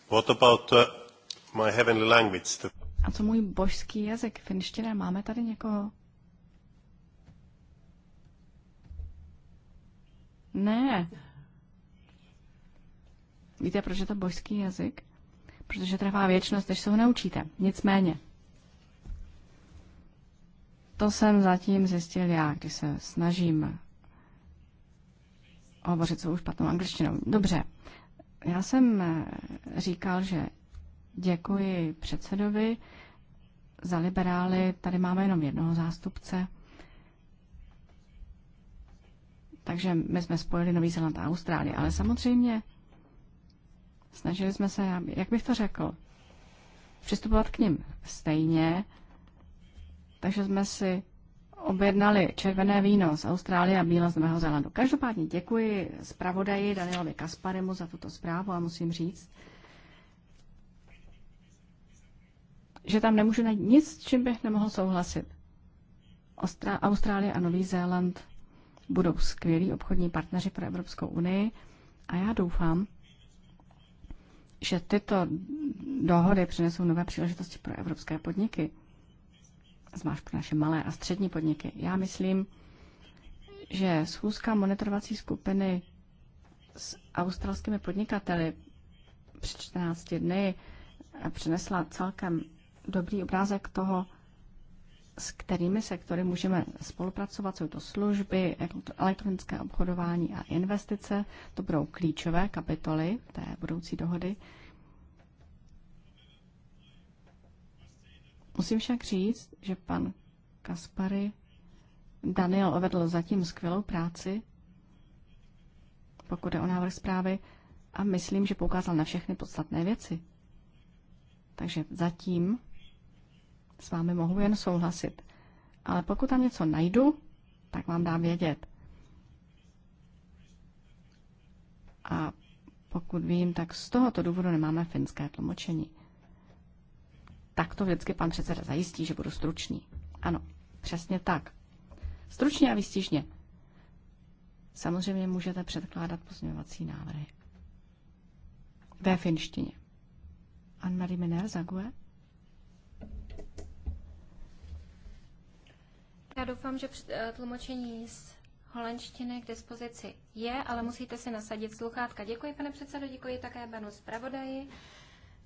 What about uh, my heavenly language? A co můj božský jazyk, finština? Máme tady někoho? Ne. Víte, proč je to božský jazyk? Protože trvá věčnost, než se ho naučíte. Nicméně. To jsem zatím zjistil já, když se snažím hovořit svou špatnou angličtinou. Dobře, já jsem eh, říkal, že děkuji předsedovi. Za liberály tady máme jenom jednoho zástupce. Takže my jsme spojili Nový Zeland a Austrálii. Ale samozřejmě snažili jsme se, jak bych to řekl, přistupovat k ním stejně. Takže jsme si objednali červené víno z Austrálie a bílé z Nového Zélandu. Každopádně děkuji zpravodaji Danielovi Kasparemu za tuto zprávu a musím říct, že tam nemůžu najít nic, s čím bych nemohl souhlasit. Austrálie a Nový Zéland budou skvělí obchodní partneři pro Evropskou unii a já doufám, že tyto dohody přinesou nové příležitosti pro evropské podniky zvlášť pro naše malé a střední podniky. Já myslím, že schůzka monitorovací skupiny s australskými podnikateli před 14 dny přinesla celkem dobrý obrázek toho, s kterými sektory můžeme spolupracovat. Jsou to služby, elektronické obchodování a investice. To budou klíčové kapitoly té budoucí dohody. Musím však říct, že pan Kaspary Daniel ovedl zatím skvělou práci, pokud je o návrh zprávy, a myslím, že poukázal na všechny podstatné věci. Takže zatím s vámi mohu jen souhlasit. Ale pokud tam něco najdu, tak vám dám vědět. A pokud vím, tak z tohoto důvodu nemáme finské tlumočení. Tak to vždycky pan předseda zajistí, že budu stručný. Ano, přesně tak. Stručně a vystižně. Samozřejmě můžete předkládat pozměňovací návrhy. Ve finštině. Anne-Marie Miner, Zague? Já doufám, že eh, tlumočení z holandštiny k dispozici je, ale musíte si nasadit sluchátka. Děkuji, pane předsedo, děkuji také panu zpravodaji.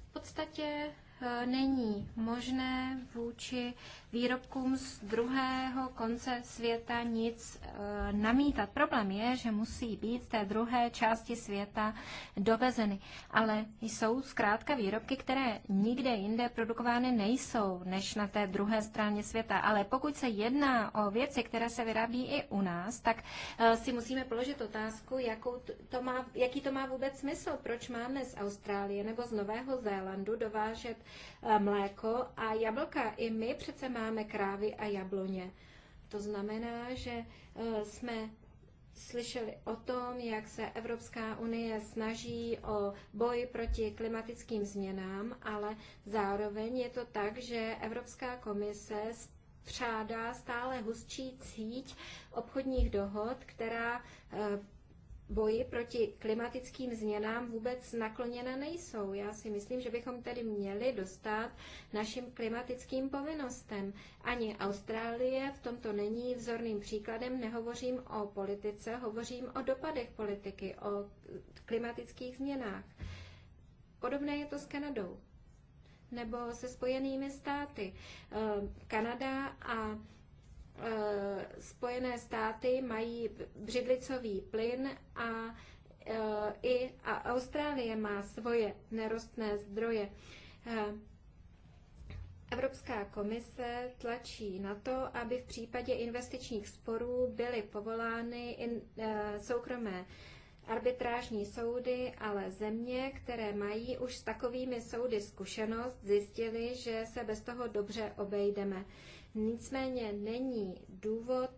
V podstatě E, není možné vůči výrobkům z druhého konce světa nic e, namítat. Problém je, že musí být té druhé části světa dovezeny. Ale jsou zkrátka výrobky, které nikde jinde produkovány nejsou, než na té druhé straně světa. Ale pokud se jedná o věci, které se vyrábí i u nás, tak e, si musíme položit otázku, jakou to má, jaký to má vůbec smysl, proč máme z Austrálie nebo z Nového Zélandu dovážet Eh, mléko a jablka. I my přece máme krávy a jabloně. To znamená, že eh, jsme slyšeli o tom, jak se Evropská unie snaží o boj proti klimatickým změnám, ale zároveň je to tak, že Evropská komise přádá stále hustší cíť obchodních dohod, která eh, boji proti klimatickým změnám vůbec nakloněna nejsou. Já si myslím, že bychom tedy měli dostat našim klimatickým povinnostem. Ani Austrálie v tomto není vzorným příkladem. Nehovořím o politice, hovořím o dopadech politiky, o klimatických změnách. Podobné je to s Kanadou nebo se Spojenými státy. Ehm, Kanada a Eh, Spojené státy mají břidlicový plyn a eh, i a Austrálie má svoje nerostné zdroje. Eh, Evropská komise tlačí na to, aby v případě investičních sporů byly povolány soukromé arbitrážní soudy, ale země, které mají už s takovými soudy zkušenost, zjistily, že se bez toho dobře obejdeme. Nicméně není důvod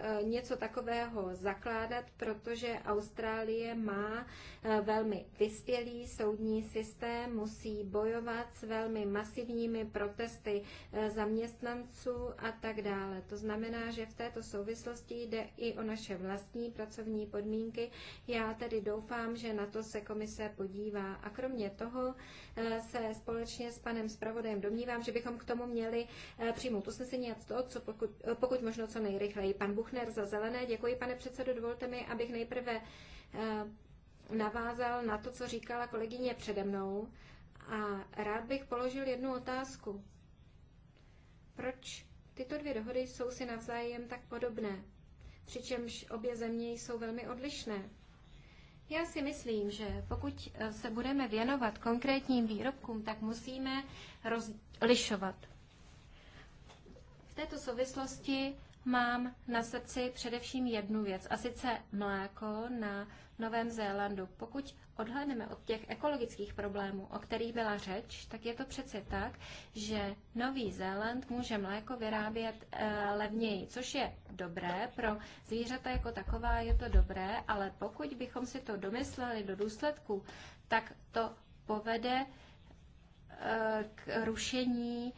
Eh, něco takového zakládat, protože Austrálie má eh, velmi vyspělý soudní systém, musí bojovat s velmi masivními protesty eh, zaměstnanců a tak dále. To znamená, že v této souvislosti jde i o naše vlastní pracovní podmínky. Já tedy doufám, že na to se komise podívá. A kromě toho se společně s panem zpravodajem domnívám, že bychom k tomu měli přijmout usnesení a to, co pokud, pokud možno co nejrychleji. Pan Buch Buchner za zelené. Děkuji, pane předsedo. Dovolte mi, abych nejprve eh, navázal na to, co říkala kolegyně přede mnou a rád bych položil jednu otázku. Proč tyto dvě dohody jsou si navzájem tak podobné, přičemž obě země jsou velmi odlišné? Já si myslím, že pokud eh, se budeme věnovat konkrétním výrobkům, tak musíme rozlišovat. V této souvislosti mám na srdci především jednu věc, a sice mléko na Novém Zélandu. Pokud odhlédneme od těch ekologických problémů, o kterých byla řeč, tak je to přece tak, že Nový Zéland může mléko vyrábět e, levněji, což je dobré pro zvířata jako taková, je to dobré, ale pokud bychom si to domysleli do důsledku, tak to povede e, k rušení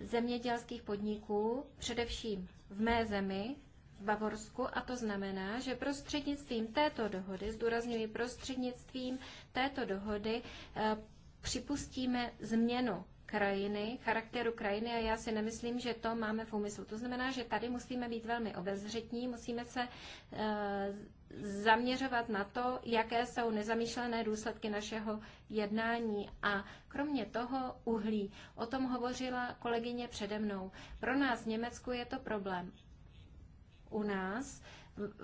zemědělských podniků, především v mé zemi, v Bavorsku, a to znamená, že prostřednictvím této dohody, zdůrazňuji prostřednictvím této dohody, eh, připustíme změnu krajiny, charakteru krajiny a já si nemyslím, že to máme v úmyslu. To znamená, že tady musíme být velmi obezřetní, musíme se eh, zaměřovat na to, jaké jsou nezamýšlené důsledky našeho jednání. A kromě toho uhlí. O tom hovořila kolegyně přede mnou. Pro nás v Německu je to problém. U nás,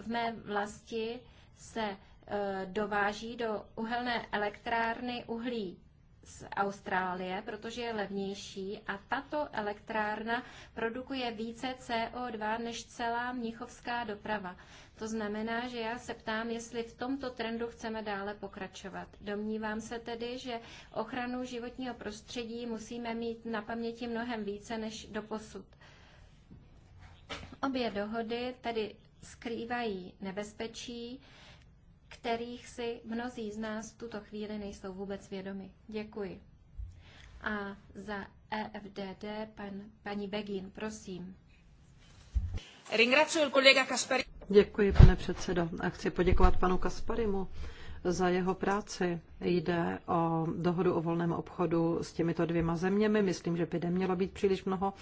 v mé vlasti, se eh, dováží do uhelné elektrárny uhlí z Austrálie, protože je levnější a tato elektrárna produkuje více CO2 než celá mnichovská doprava. To znamená, že já se ptám, jestli v tomto trendu chceme dále pokračovat. Domnívám se tedy, že ochranu životního prostředí musíme mít na paměti mnohem více než do posud. Obě dohody tedy skrývají nebezpečí, kterých si mnozí z nás v tuto chvíli nejsou vůbec vědomi. Děkuji. A za EFDD pan, paní Begin, prosím. Děkuji, pane předsedo. A chci poděkovat panu Kasparimu za jeho práci. Jde o dohodu o volném obchodu s těmito dvěma zeměmi. Myslím, že by nemělo být příliš mnoho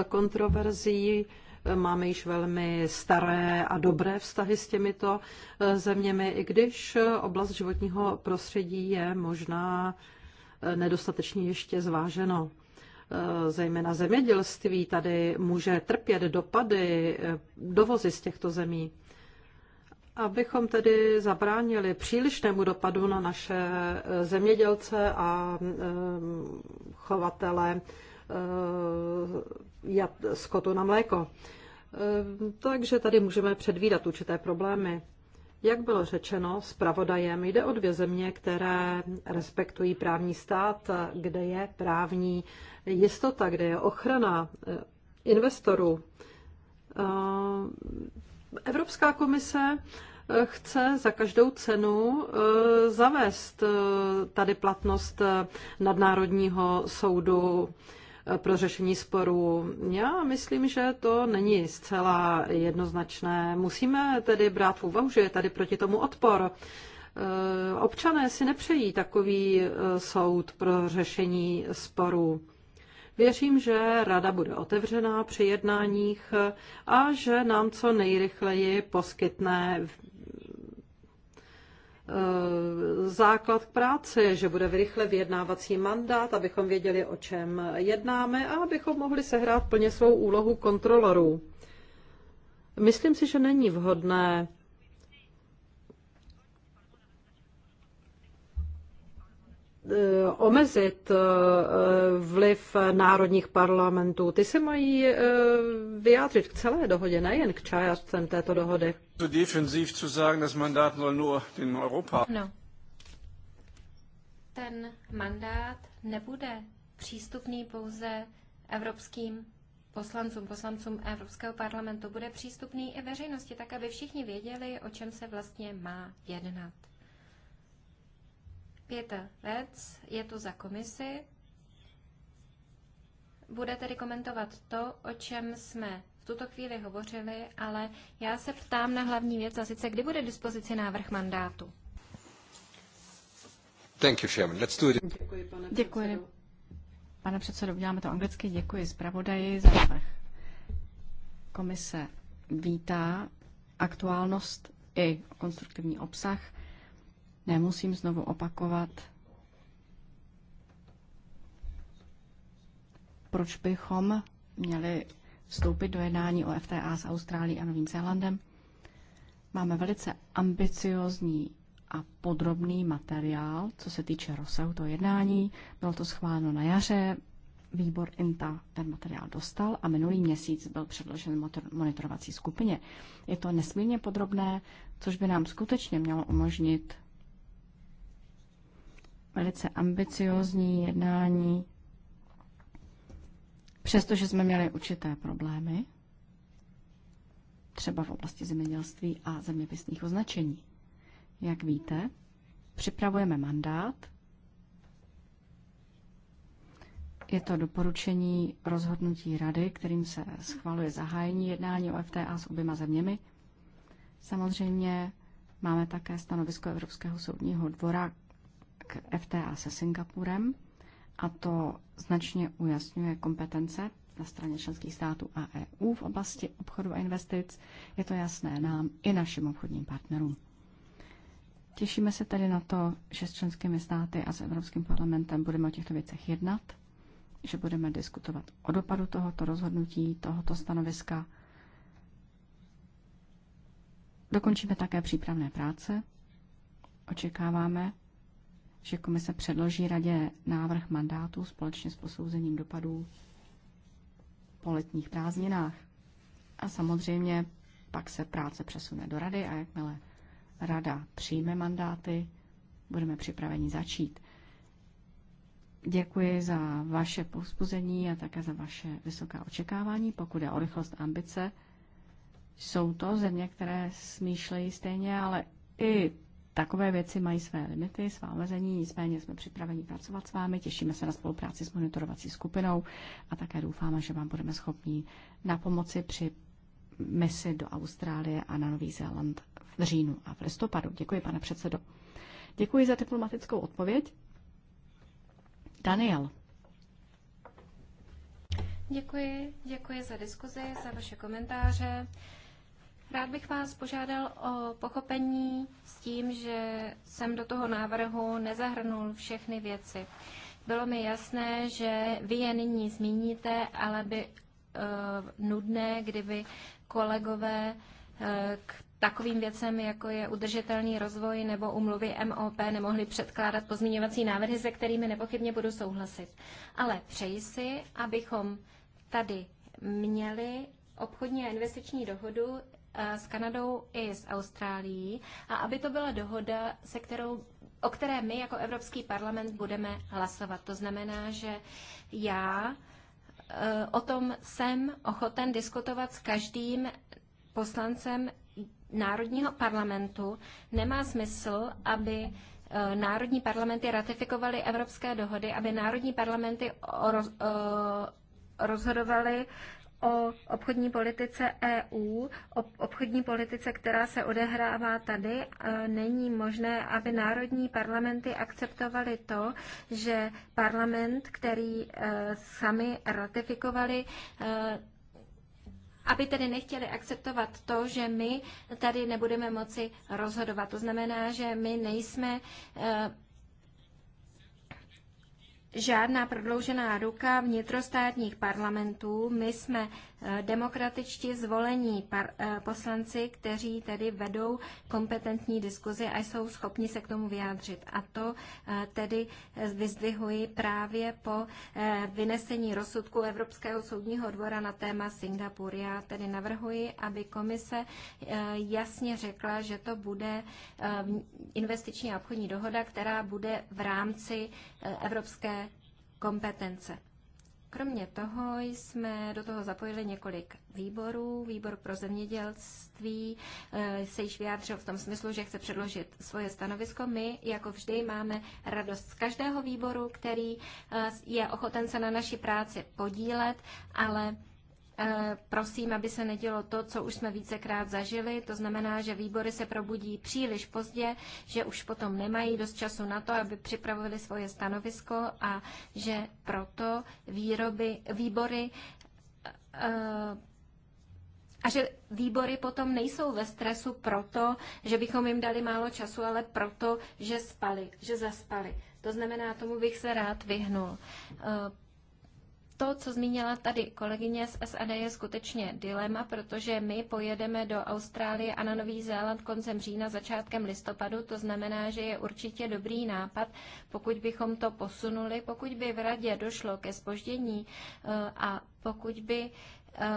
eh, kontroverzí. Máme již velmi staré a dobré vztahy s těmito eh, zeměmi, i když eh, oblast životního prostředí je možná eh, nedostatečně ještě zváženo. Zejména zemědělství tady může trpět dopady dovozy z těchto zemí. Abychom tedy zabránili přílišnému dopadu na naše zemědělce a chovatele skotu na mléko. Ehm, takže tady můžeme předvídat určité problémy. Jak bylo řečeno, pravodajem jde o dvě země, které respektují právní stát, kde je právní jistota, kde je ochrana eh, investorů. Ehm, Evropská komise eh, chce za každou cenu eh, zavést tady platnost nadnárodního soudu pro řešení sporů. Já myslím, že to není zcela jednoznačné. Musíme tedy brát v úvahu, že je tady proti tomu odpor. E, občané si nepřejí takový e, soud pro řešení sporů. Věřím, že rada bude otevřená při jednáních a že nám co nejrychleji poskytne Eh, základ k práci, že bude rychle vyjednávací mandát, abychom věděli, o čem jednáme a abychom mohli sehrát plně svou úlohu kontrolorů. Myslím si, že není vhodné Eh, omezit eh, vliv národních parlamentů. Ty se mají eh, vyjádřit k celé dohodě, nejen k částem této dohody. No. Ten mandát nebude přístupný pouze evropským poslancům, poslancům Evropského parlamentu, bude přístupný i veřejnosti, tak aby všichni věděli, o čem se vlastně má jednat. Pěta Věc je tu za komisi. Bude tedy komentovat to, o čem jsme v tuto chvíli hovořili, ale já se ptám na hlavní věc, a sice kdy bude dispozici návrh mandátu. Thank you, Chairman. Let's do it. Děkuji, pane Děkuji. Předsedo. Pane předsedo, uděláme to anglicky. Děkuji zpravodaji za návrh. Komise vítá aktuálnost i konstruktivní obsah Nemusím znovu opakovat, proč bychom měli vstoupit do jednání o FTA s Austrálií a Novým Zélandem. Máme velice ambiciozní a podrobný materiál, co se týče rozsahu toho jednání. Bylo to schváleno na jaře, výbor INTA ten materiál dostal a minulý měsíc byl předložen monitorovací skupině. Je to nesmírně podrobné, což by nám skutečně mělo umožnit velice ambiciózní jednání, přestože jsme měli určité problémy, třeba v oblasti zemědělství a zeměpisných označení. Jak víte, připravujeme mandát. Je to doporučení rozhodnutí rady, kterým se schvaluje zahájení jednání o FTA s oběma zeměmi. Samozřejmě máme také stanovisko Evropského soudního dvora k FTA se Singapurem a to značně ujasňuje kompetence na straně členských států a EU v oblasti obchodu a investic. Je to jasné nám i našim obchodním partnerům. Těšíme se tedy na to, že s členskými státy a s Evropským parlamentem budeme o těchto věcech jednat, že budeme diskutovat o dopadu tohoto rozhodnutí, tohoto stanoviska. Dokončíme také přípravné práce. Očekáváme, že komise předloží radě návrh mandátu společně s posouzením dopadů po letních prázdninách. A samozřejmě pak se práce přesune do rady a jakmile rada přijme mandáty, budeme připraveni začít. Děkuji za vaše povzbuzení a také za vaše vysoká očekávání. Pokud je o rychlost a ambice, jsou to země, které smýšlejí stejně, ale i Takové věci mají své limity, svá omezení, nicméně jsme připraveni pracovat s vámi, těšíme se na spolupráci s monitorovací skupinou a také doufáme, že vám budeme schopni na pomoci při misi do Austrálie a na Nový Zéland v říjnu a v listopadu. Děkuji, pane předsedo. Děkuji za diplomatickou odpověď. Daniel. Děkuji, děkuji za diskuzi, za vaše komentáře. Rád bych vás požádal o pochopení s tím, že jsem do toho návrhu nezahrnul všechny věci. Bylo mi jasné, že vy je nyní zmíníte, ale by e, nudné, kdyby kolegové e, k takovým věcem, jako je udržitelný rozvoj nebo umluvy MOP, nemohli předkládat pozměňovací návrhy, se kterými nepochybně budu souhlasit. Ale přeji si, abychom tady měli obchodní a investiční dohodu Eh, s Kanadou i s Austrálií a aby to byla dohoda, se kterou, o které my jako Evropský parlament budeme hlasovat. To znamená, že já eh, o tom jsem ochoten diskutovat s každým poslancem Národního parlamentu. Nemá smysl, aby eh, národní parlamenty ratifikovaly evropské dohody, aby národní parlamenty rozhodovaly o obchodní politice EU, o obchodní politice, která se odehrává tady, není možné, aby národní parlamenty akceptovaly to, že parlament, který e, sami ratifikovali, e, aby tedy nechtěli akceptovat to, že my tady nebudeme moci rozhodovat. To znamená, že my nejsme e, žádná prodloužená ruka vnitrostátních parlamentů. My jsme Eh, demokratičtí zvolení eh, poslanci, kteří tedy vedou kompetentní diskuzi a jsou schopni se k tomu vyjádřit. A to eh, tedy vyzdvihuji právě po vynesení rozsudku Evropského soudního dvora na téma Singapur. Já tedy navrhuji, aby komise jasně řekla, že to bude investiční a obchodní dohoda, která bude v rámci evropské kompetence. Kromě toho jsme do toho zapojili několik výborů. Výbor pro zemědělství eh, se již vyjádřil v tom smyslu, že chce předložit svoje stanovisko. My, jako vždy, máme radost z každého výboru, který eh, je ochoten se na naší práci podílet, ale Eh, prosím, aby se nedělo to, co už jsme vícekrát zažili, to znamená, že výbory se probudí příliš pozdě, že už potom nemají dost času na to, aby připravili svoje stanovisko a že proto výroby, výbory eh, a že výbory potom nejsou ve stresu proto, že bychom jim dali málo času, ale proto, že spali, že zaspali. To znamená, tomu bych se rád vyhnul. Eh, to, co zmínila tady kolegyně z SAD, je skutečně dilema, protože my pojedeme do Austrálie a na Nový Zéland koncem října, začátkem listopadu. To znamená, že je určitě dobrý nápad, pokud bychom to posunuli, pokud by v radě došlo ke spoždění eh, a pokud by eh,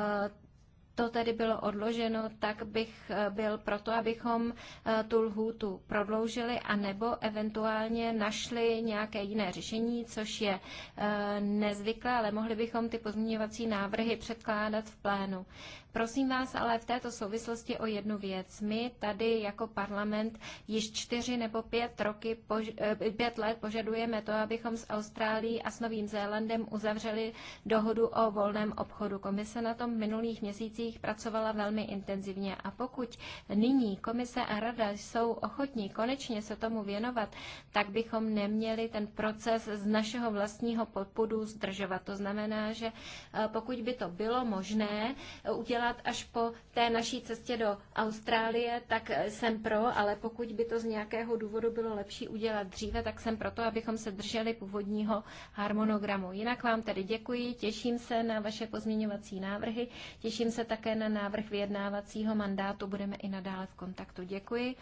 to tedy bylo odloženo, tak bych eh, byl proto, abychom eh, tu lhůtu prodloužili a nebo eventuálně našli nějaké jiné řešení, což je eh, nezvyklé, ale mohli bychom ty pozměňovací návrhy předkládat v plénu. Prosím vás ale v této souvislosti o jednu věc. My tady jako parlament již čtyři nebo pět, roky, eh, pět let požadujeme to, abychom s Austrálií a s Novým Zélandem uzavřeli dohodu o volném obchodu. Komise na tom v minulých měsících pracovala velmi intenzivně a pokud nyní komise a rada jsou ochotní konečně se tomu věnovat, tak bychom neměli ten proces z našeho vlastního podpodu zdržovat. To znamená, že eh, pokud by to bylo možné eh, udělat dělat až po té naší cestě do Austrálie, tak eh, jsem pro, ale pokud by to z nějakého důvodu bylo lepší udělat dříve, tak jsem pro to, abychom se drželi původního harmonogramu. Jinak vám tedy děkuji, těším se na vaše pozměňovací návrhy, těším se také na návrh vyjednávacího mandátu, budeme i nadále v kontaktu. Děkuji.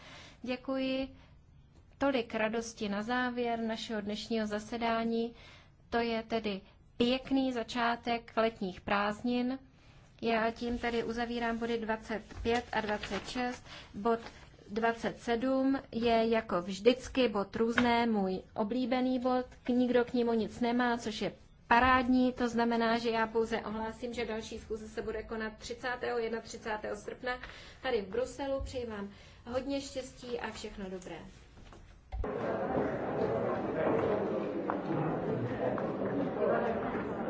Děkuji. Tolik radosti na závěr našeho dnešního zasedání. To je tedy pěkný začátek letních prázdnin. Já tím tady uzavírám body 25 a 26. Bod 27 je jako vždycky bod různé, můj oblíbený bod, nikdo k němu nic nemá, což je parádní, to znamená, že já pouze ohlásím, že další schůze se bude konat 30. 31. 30. srpna tady v Bruselu. Přeji vám hodně štěstí a všechno dobré.